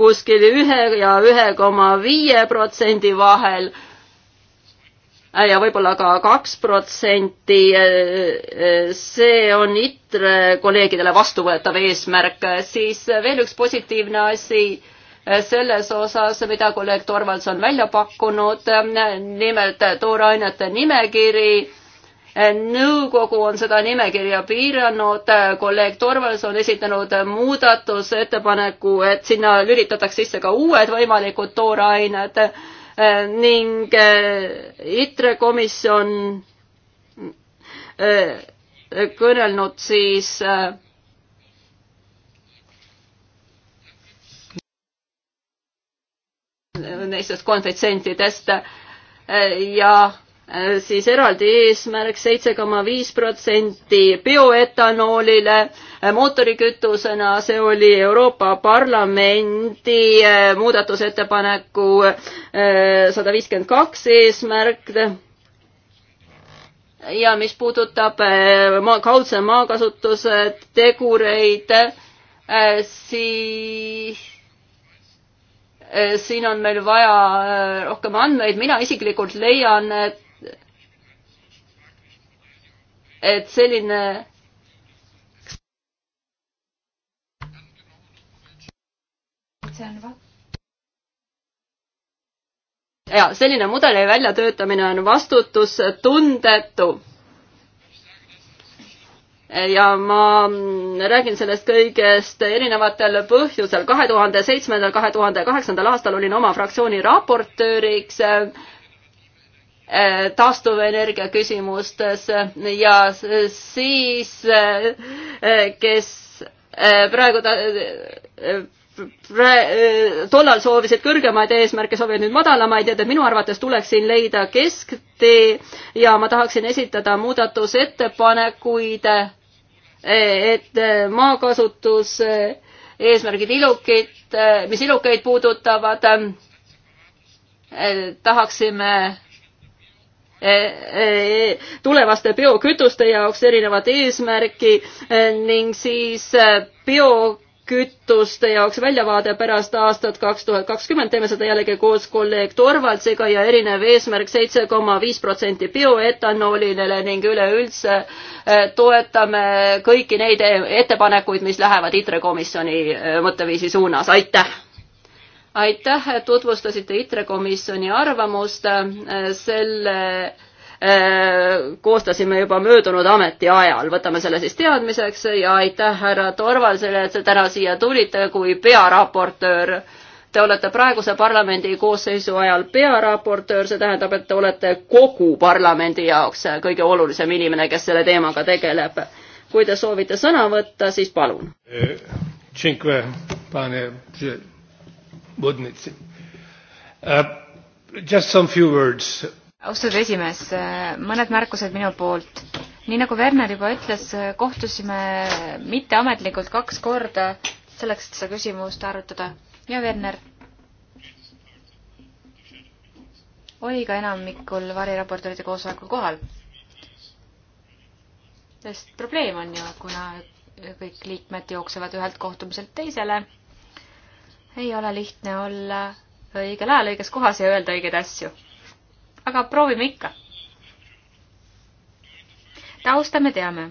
kuskil ühe ja ühe koma viie protsendi vahel ja võib-olla ka kaks protsenti. see on ITRE kolleegidele vastuvõetav eesmärk, siis veel üks positiivne asi selles osas, mida kolleeg Torvalds on välja pakkunud, nimelt toorainete nimekiri. nõukogu on seda nimekirja piiranud, kolleeg Torvalds on esitanud muudatusettepaneku, et sinna lülitatakse sisse ka uued võimalikud toorained ning eh, ITRE komisjon eh, kõnelnud siis äh, neistest konfitsentidest ja e, siis eraldi eesmärk seitse koma viis protsenti bioetanoolile e, mootorikütusena, see oli Euroopa Parlamendi e, muudatusettepaneku sada viiskümmend kaks eesmärk. ja mis puudutab maa, kaudse maakasutuse tegureid, siis Eh, siin on meil vaja eh, rohkem andmeid, mina isiklikult leian, et et selline see on va-. ja selline mudeli väljatöötamine on vastutustundetu ja ma räägin sellest kõigest erinevatel põhjusel. kahe tuhande seitsmendal, kahe tuhande kaheksandal aastal olin oma fraktsiooni raportööriks eh, taastuvenergia küsimustes ja siis, eh, kes eh, praegu ta, Äh, tollal soovisid kõrgemaid eesmärke, soovivad nüüd madalamaid, et minu arvates tuleks siin leida kesktee ja ma tahaksin esitada muudatusettepanekuid, äh, et äh, maakasutus eesmärgid ilukit, mis ilukeid puudutavad, tahaksime tulevaste biokütuste jaoks erinevat eesmärki ning siis bio kütuste jaoks väljavaade pärast aastat kaks tuhat kakskümmend, teeme seda jällegi koos kolleeg Torvaltsiga ja erinev eesmärk seitse koma viis protsenti bioetanoolile ning üleüldse eh, toetame kõiki neid eh, ettepanekuid, mis lähevad ITRE komisjoni eh, mõtteviisi suunas, aitäh! aitäh, et tutvustasite ITRE komisjoni arvamust selle Äh, koostasime juba möödunud ametiajal, võtame selle siis teadmiseks ja aitäh härra Torvalsele, et te täna siia tulite kui pearaportöör. Te olete praeguse parlamendi koosseisu ajal pearaportöör, see tähendab, et te olete kogu parlamendi jaoks kõige olulisem inimene, kes selle teemaga tegeleb. kui te soovite sõna võtta, siis palun. Uh, just some few words austatud esimees, mõned märkused minu poolt. nii nagu Werner juba ütles, kohtusime mitteametlikult kaks korda selleks, et seda küsimust arutada. ja Werner? oli ka enamikul variraportorite koosolekul kohal. sest probleem on ju, kuna kõik liikmed jooksevad ühelt kohtumiselt teisele, ei ole lihtne olla õigel ajal õiges kohas ja öelda õigeid asju aga proovime ikka. tausta me teame.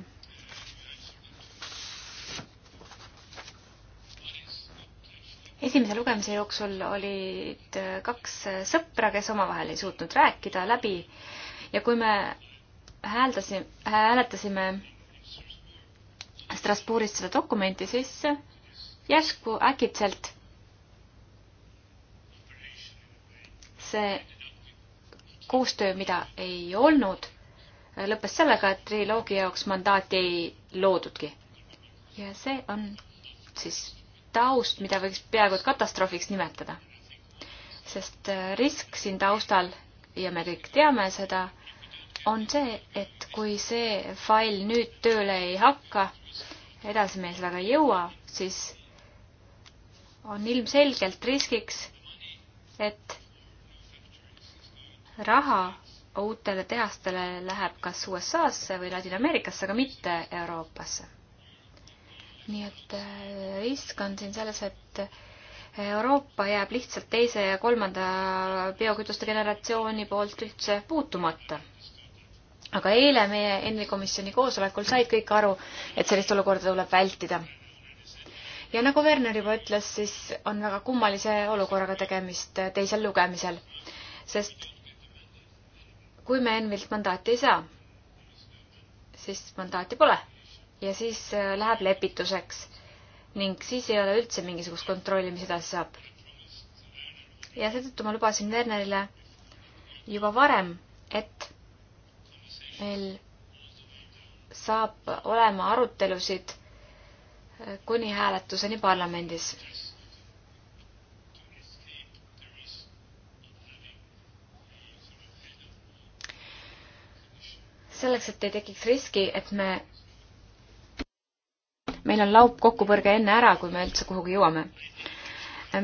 esimese lugemise jooksul olid kaks sõpra, kes omavahel ei suutnud rääkida läbi ja kui me hääldasime, hääletasime Strasbourgist seda dokumenti, siis järsku äkitselt see koostöö, mida ei olnud, lõppes sellega, et triloogi jaoks mandaati ei loodudki. ja see on siis taust, mida võiks peaaegu et katastroofiks nimetada. sest äh, risk siin taustal ja me kõik teame seda, on see, et kui see fail nüüd tööle ei hakka, edasi me sellega ei jõua, siis on ilmselgelt riskiks, et raha uutele tehastele läheb kas USA-sse või Ladina-Ameerikasse, aga mitte Euroopasse. nii et äh, risk on siin selles, et äh, Euroopa jääb lihtsalt teise ja kolmanda biokütuste generatsiooni poolt üldse puutumata. aga eile meie ENVI komisjoni koosolekul said kõik aru, et sellist olukorda tuleb vältida ja nagu Werner juba ütles, siis on väga kummalise olukorraga tegemist teisel lugemisel, sest kui me ENVilt mandaati ei saa, siis mandaati pole ja siis äh, läheb lepituseks ning siis ei ole üldse mingisugust kontrolli, mis edasi saab. ja seetõttu ma lubasin Wernerile juba varem, et meil saab olema arutelusid äh, kuni hääletuseni parlamendis selleks, et ei tekiks riski, et me, meil on laup kokkupõrge enne ära, kui me üldse kuhugi jõuame.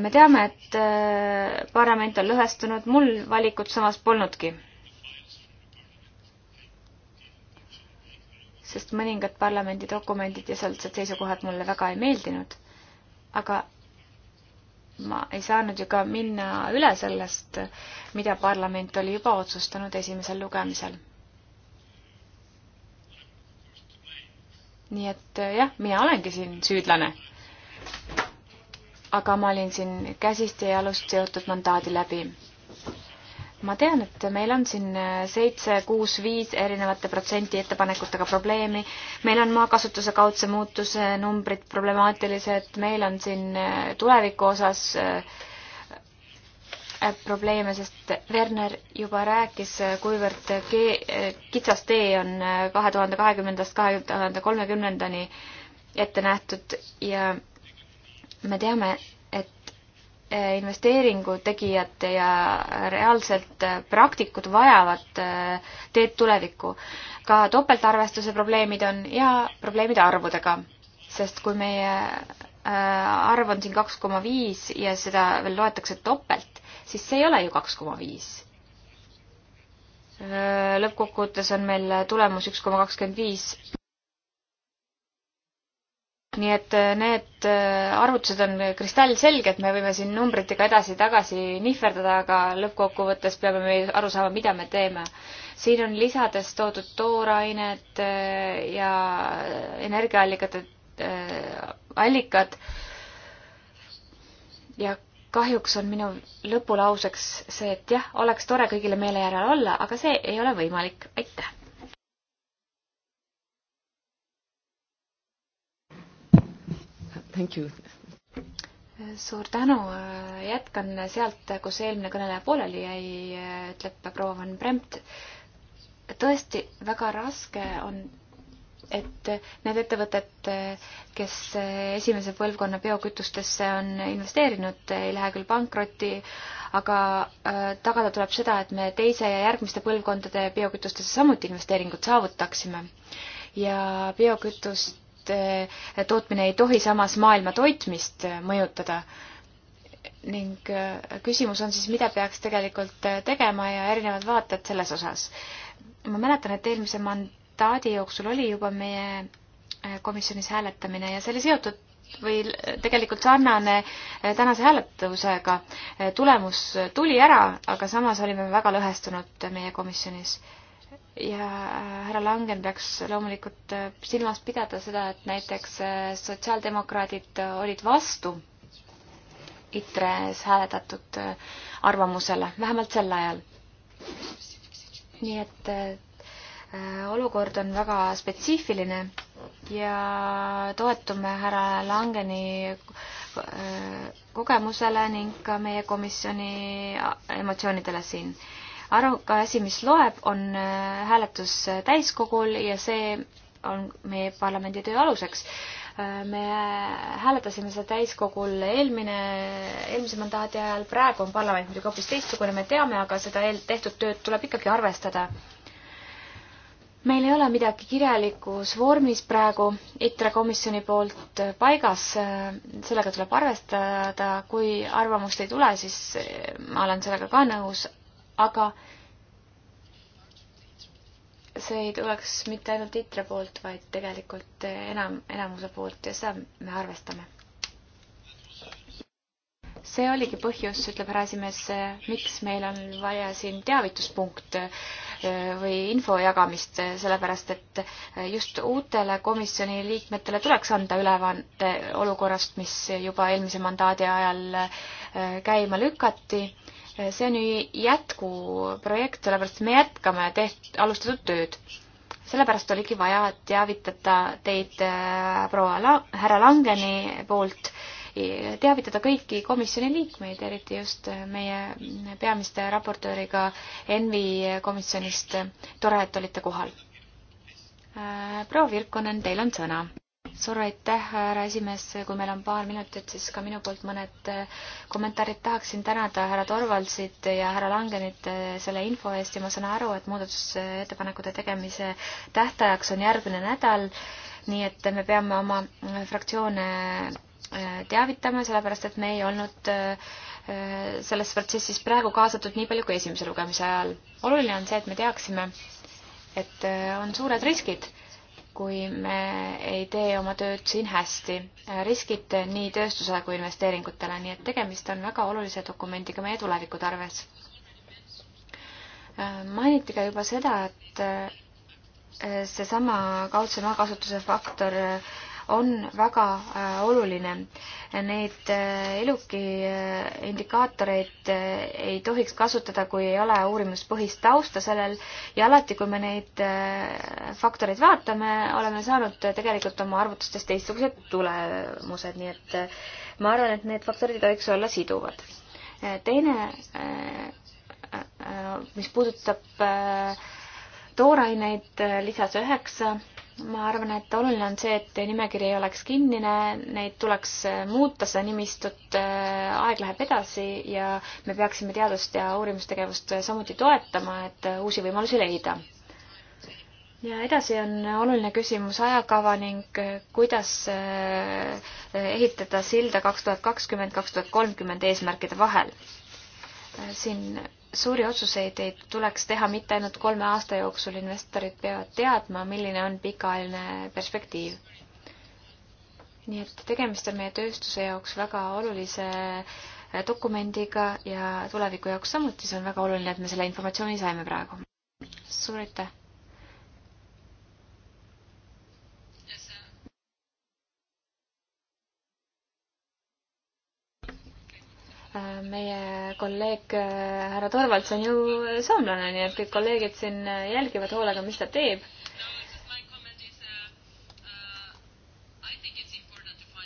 me teame, et äh, parlament on lõhestunud, mul valikut samas polnudki. sest mõningad parlamendi dokumendid ja sealsed seisukohad mulle väga ei meeldinud. aga ma ei saanud ju ka minna üle sellest, mida parlament oli juba otsustanud esimesel lugemisel nii et äh, jah, mina olengi siin süüdlane. aga ma olin siin käsist ja jalust seotud mandaadi läbi. ma tean, et meil on siin äh, seitse, kuus, viis erinevate protsenti ettepanekutega probleemi, meil on maakasutuse kaudse muutuse numbrid problemaatilised, meil on siin äh, tuleviku osas äh, probleeme, sest Werner juba rääkis, kuivõrd kitsas tee on kahe tuhande kahekümnendast kahe tuhande kolmekümnendani ette nähtud ja me teame, et eh, investeeringu tegijad ja reaalselt praktikud vajavad eh, teed tulevikku. ka topeltarvestuse probleemid on ja probleemid arvudega, sest kui meie eh, arv on siin kaks koma viis ja seda veel loetakse topelt, siis see ei ole ju kaks koma viis. Äh, lõppkokkuvõttes on meil tulemus üks koma kakskümmend viis nii et äh, need äh, arvutused on kristallselged, me võime siin numbritega edasi-tagasi nihverdada, aga lõppkokkuvõttes peame me aru saama, mida me teeme. siin on lisades toodud toorained ja energiaallikate allikad ja kahjuks on minu lõpulauseks see, et jah, oleks tore kõigile meele järel olla, aga see ei ole võimalik. aitäh! Thank you. suur tänu, jätkan sealt, kus eelmine kõneleja pooleli jäi, ütleb proua Van Bremt. tõesti, väga raske on et need ettevõtted, kes esimese põlvkonna biokütustesse on investeerinud, ei lähe küll pankrotti, aga äh, tagada tuleb seda, et me teise ja järgmiste põlvkondade biokütustesse samuti investeeringud saavutaksime. ja biokütust tootmine ei tohi samas maailma toitmist mõjutada ning äh, küsimus on siis, mida peaks tegelikult äh, tegema ja erinevad vaated selles osas. ma mäletan, et eelmise mand-, mandaadi jooksul oli juba meie äh, komisjonis hääletamine ja see oli seotud või äh, tegelikult sarnane äh, tänase hääletusega. tulemus tuli ära, aga samas olime väga lõhestunud meie komisjonis. ja härra Langen peaks loomulikult silmas pidada seda, et näiteks sotsiaaldemokraadid olid vastu ITRE-s hääletatud arvamusele, vähemalt sel ajal. nii et Äh, olukord on väga spetsiifiline ja toetume härra Langeni äh, kogemusele ning ka meie komisjoni äh, emotsioonidele siin. arvuka asi, mis loeb, on hääletus täiskogul ja see on meie parlamendi töö aluseks. me hääletasime seda täiskogul eelmine, eelmise mandaadi ajal, praegu on parlament muidugi hoopis teistsugune, me teame, aga seda tehtud tööd tuleb ikkagi arvestada meil ei ole midagi kirjalikus vormis praegu ITRE komisjoni poolt paigas, sellega tuleb arvestada, kui arvamust ei tule, siis ma olen sellega ka nõus, aga see ei tuleks mitte ainult ITRE poolt, vaid tegelikult enam, enamuse poolt ja seda me arvestame. see oligi põhjus, ütleb härra esimees, miks meil on vaja siin teavituspunkt äh, või info jagamist, sellepärast et just uutele komisjoni liikmetele tuleks anda ülevaate olukorrast, mis juba eelmise mandaadi ajal äh, käima lükati. see on ju jätkuprojekt, sellepärast me jätkame teht-, alustatud tööd. sellepärast oligi vaja teavitada teid äh, proua la-, härra Langeni poolt äh, teavitada kõiki komisjoni liikmeid, eriti just meie peamiste raportööriga ENVI komisjonist. tore, et olite kohal. Äh, proua Virkonen, teil on sõna. suur aitäh, härra esimees, kui meil on paar minutit, siis ka minu poolt mõned äh, kommentaarid. tahaksin tänada härra Torvaldsit ja härra Langenit äh, selle info eest ja ma saan aru, et muudatusettepanekute tegemise tähtajaks on järgmine nädal, nii et me peame oma fraktsioone Äh, teavitame, sellepärast et me ei olnud äh, selles protsessis praegu kaasatud nii palju kui esimese lugemise ajal. oluline on see, et me teaksime, et äh, on suured riskid, kui me ei tee oma tööd siin hästi. riskid nii tööstusele kui investeeringutele, nii et tegemist on väga olulise dokumendiga meie tuleviku tarves. mainiti ka juba seda, et seesama kaudse maakasutuse faktor äh, on väga äh, oluline. Neid äh, eluki äh, indikaatoreid ei tohiks kasutada, kui ei ole uurimuspõhist tausta sellel ja alati, kui me neid faktoreid vaatame, oleme saanud tegelikult oma arvutustes teistsugused tulemused, nii et ma arvan, et need faktorid ei tohiks olla siduvad. teine, mis puudutab tooraineid lisas üheksa, ma arvan, et oluline on see, et nimekiri ei oleks kinnine, neid tuleks äh, muuta, seda nimistut, äh, aeg läheb edasi ja me peaksime teadust ja uurimustegevust äh, samuti toetama, et uusi võimalusi leida. ja edasi on oluline küsimus ajakava ning kuidas ehitada silda kaks tuhat kakskümmend, kaks tuhat kolmkümmend eesmärkide vahel. siin suuri otsuseid ei tuleks teha mitte ainult kolme aasta jooksul, investorid peavad teadma, milline on pikaajaline perspektiiv. nii et tegemist on meie tööstuse jaoks väga olulise eh, dokumendiga ja tuleviku jaoks samuti, see on väga oluline, et me selle informatsiooni saime praegu. suur aitäh! meie kolleeg äh, härra Torvalds on ju soomlane, nii et kõik kolleegid siin äh, jälgivad hoolega, mis ta teeb.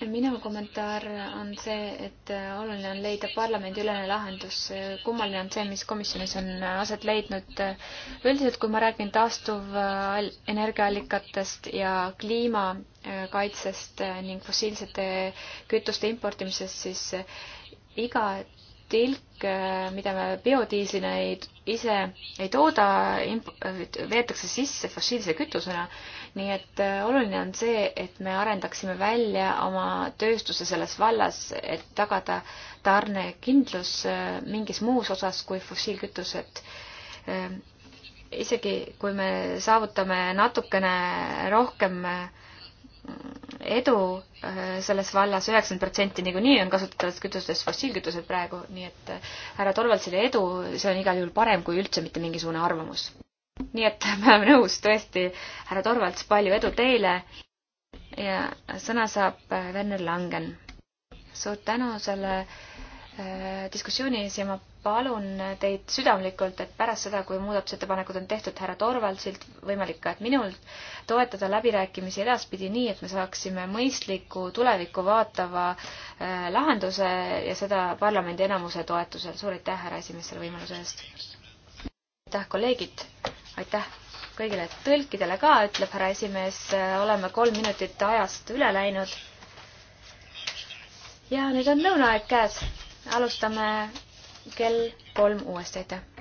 minu kommentaar on see, et äh, oluline on leida parlamendiülene lahendus. kummaline on see, mis komisjonis on aset leidnud. üldiselt, kui ma räägin taastuvenergiaallikatest ja kliimakaitsest ning fossiilsete kütuste importimisest, siis iga tilk, äh, mida me biodiislina ei, ise ei tooda, äh, veetakse sisse fossiilse kütusena. nii et äh, oluline on see, et me arendaksime välja oma tööstuse selles vallas, et tagada tarnekindlus mingis muus osas kui fossiilkütused. isegi kui me saavutame natukene rohkem edu äh, selles vallas, üheksakümmend protsenti niikuinii on kasutatavast kütusest fossiilkütused praegu, nii et äh, härra Torvaldsile edu, see on igal juhul parem kui üldse mitte mingisugune arvamus. nii et *laughs* me oleme nõus, tõesti, härra Torvalds, palju edu teile ja sõna saab äh, Werner Langen. suur tänu selle äh, Äh, diskussiooni ees ja ma palun teid südamlikult, et pärast seda, kui muudatusettepanekud on tehtud härra Torvaldsilt, võimalik ka, et minult, toetada läbirääkimisi edaspidi nii, et me saaksime mõistliku tulevikku vaatava äh, lahenduse ja seda parlamendi enamuse toetusel. suur aitäh, härra esimees, selle võimaluse eest! aitäh, kolleegid! aitäh kõigile tõlkidele ka, ütleb härra esimees, oleme kolm minutit ajast üle läinud. ja nüüd on lõunaaeg käes alustame kell kolm uuesti, aitäh!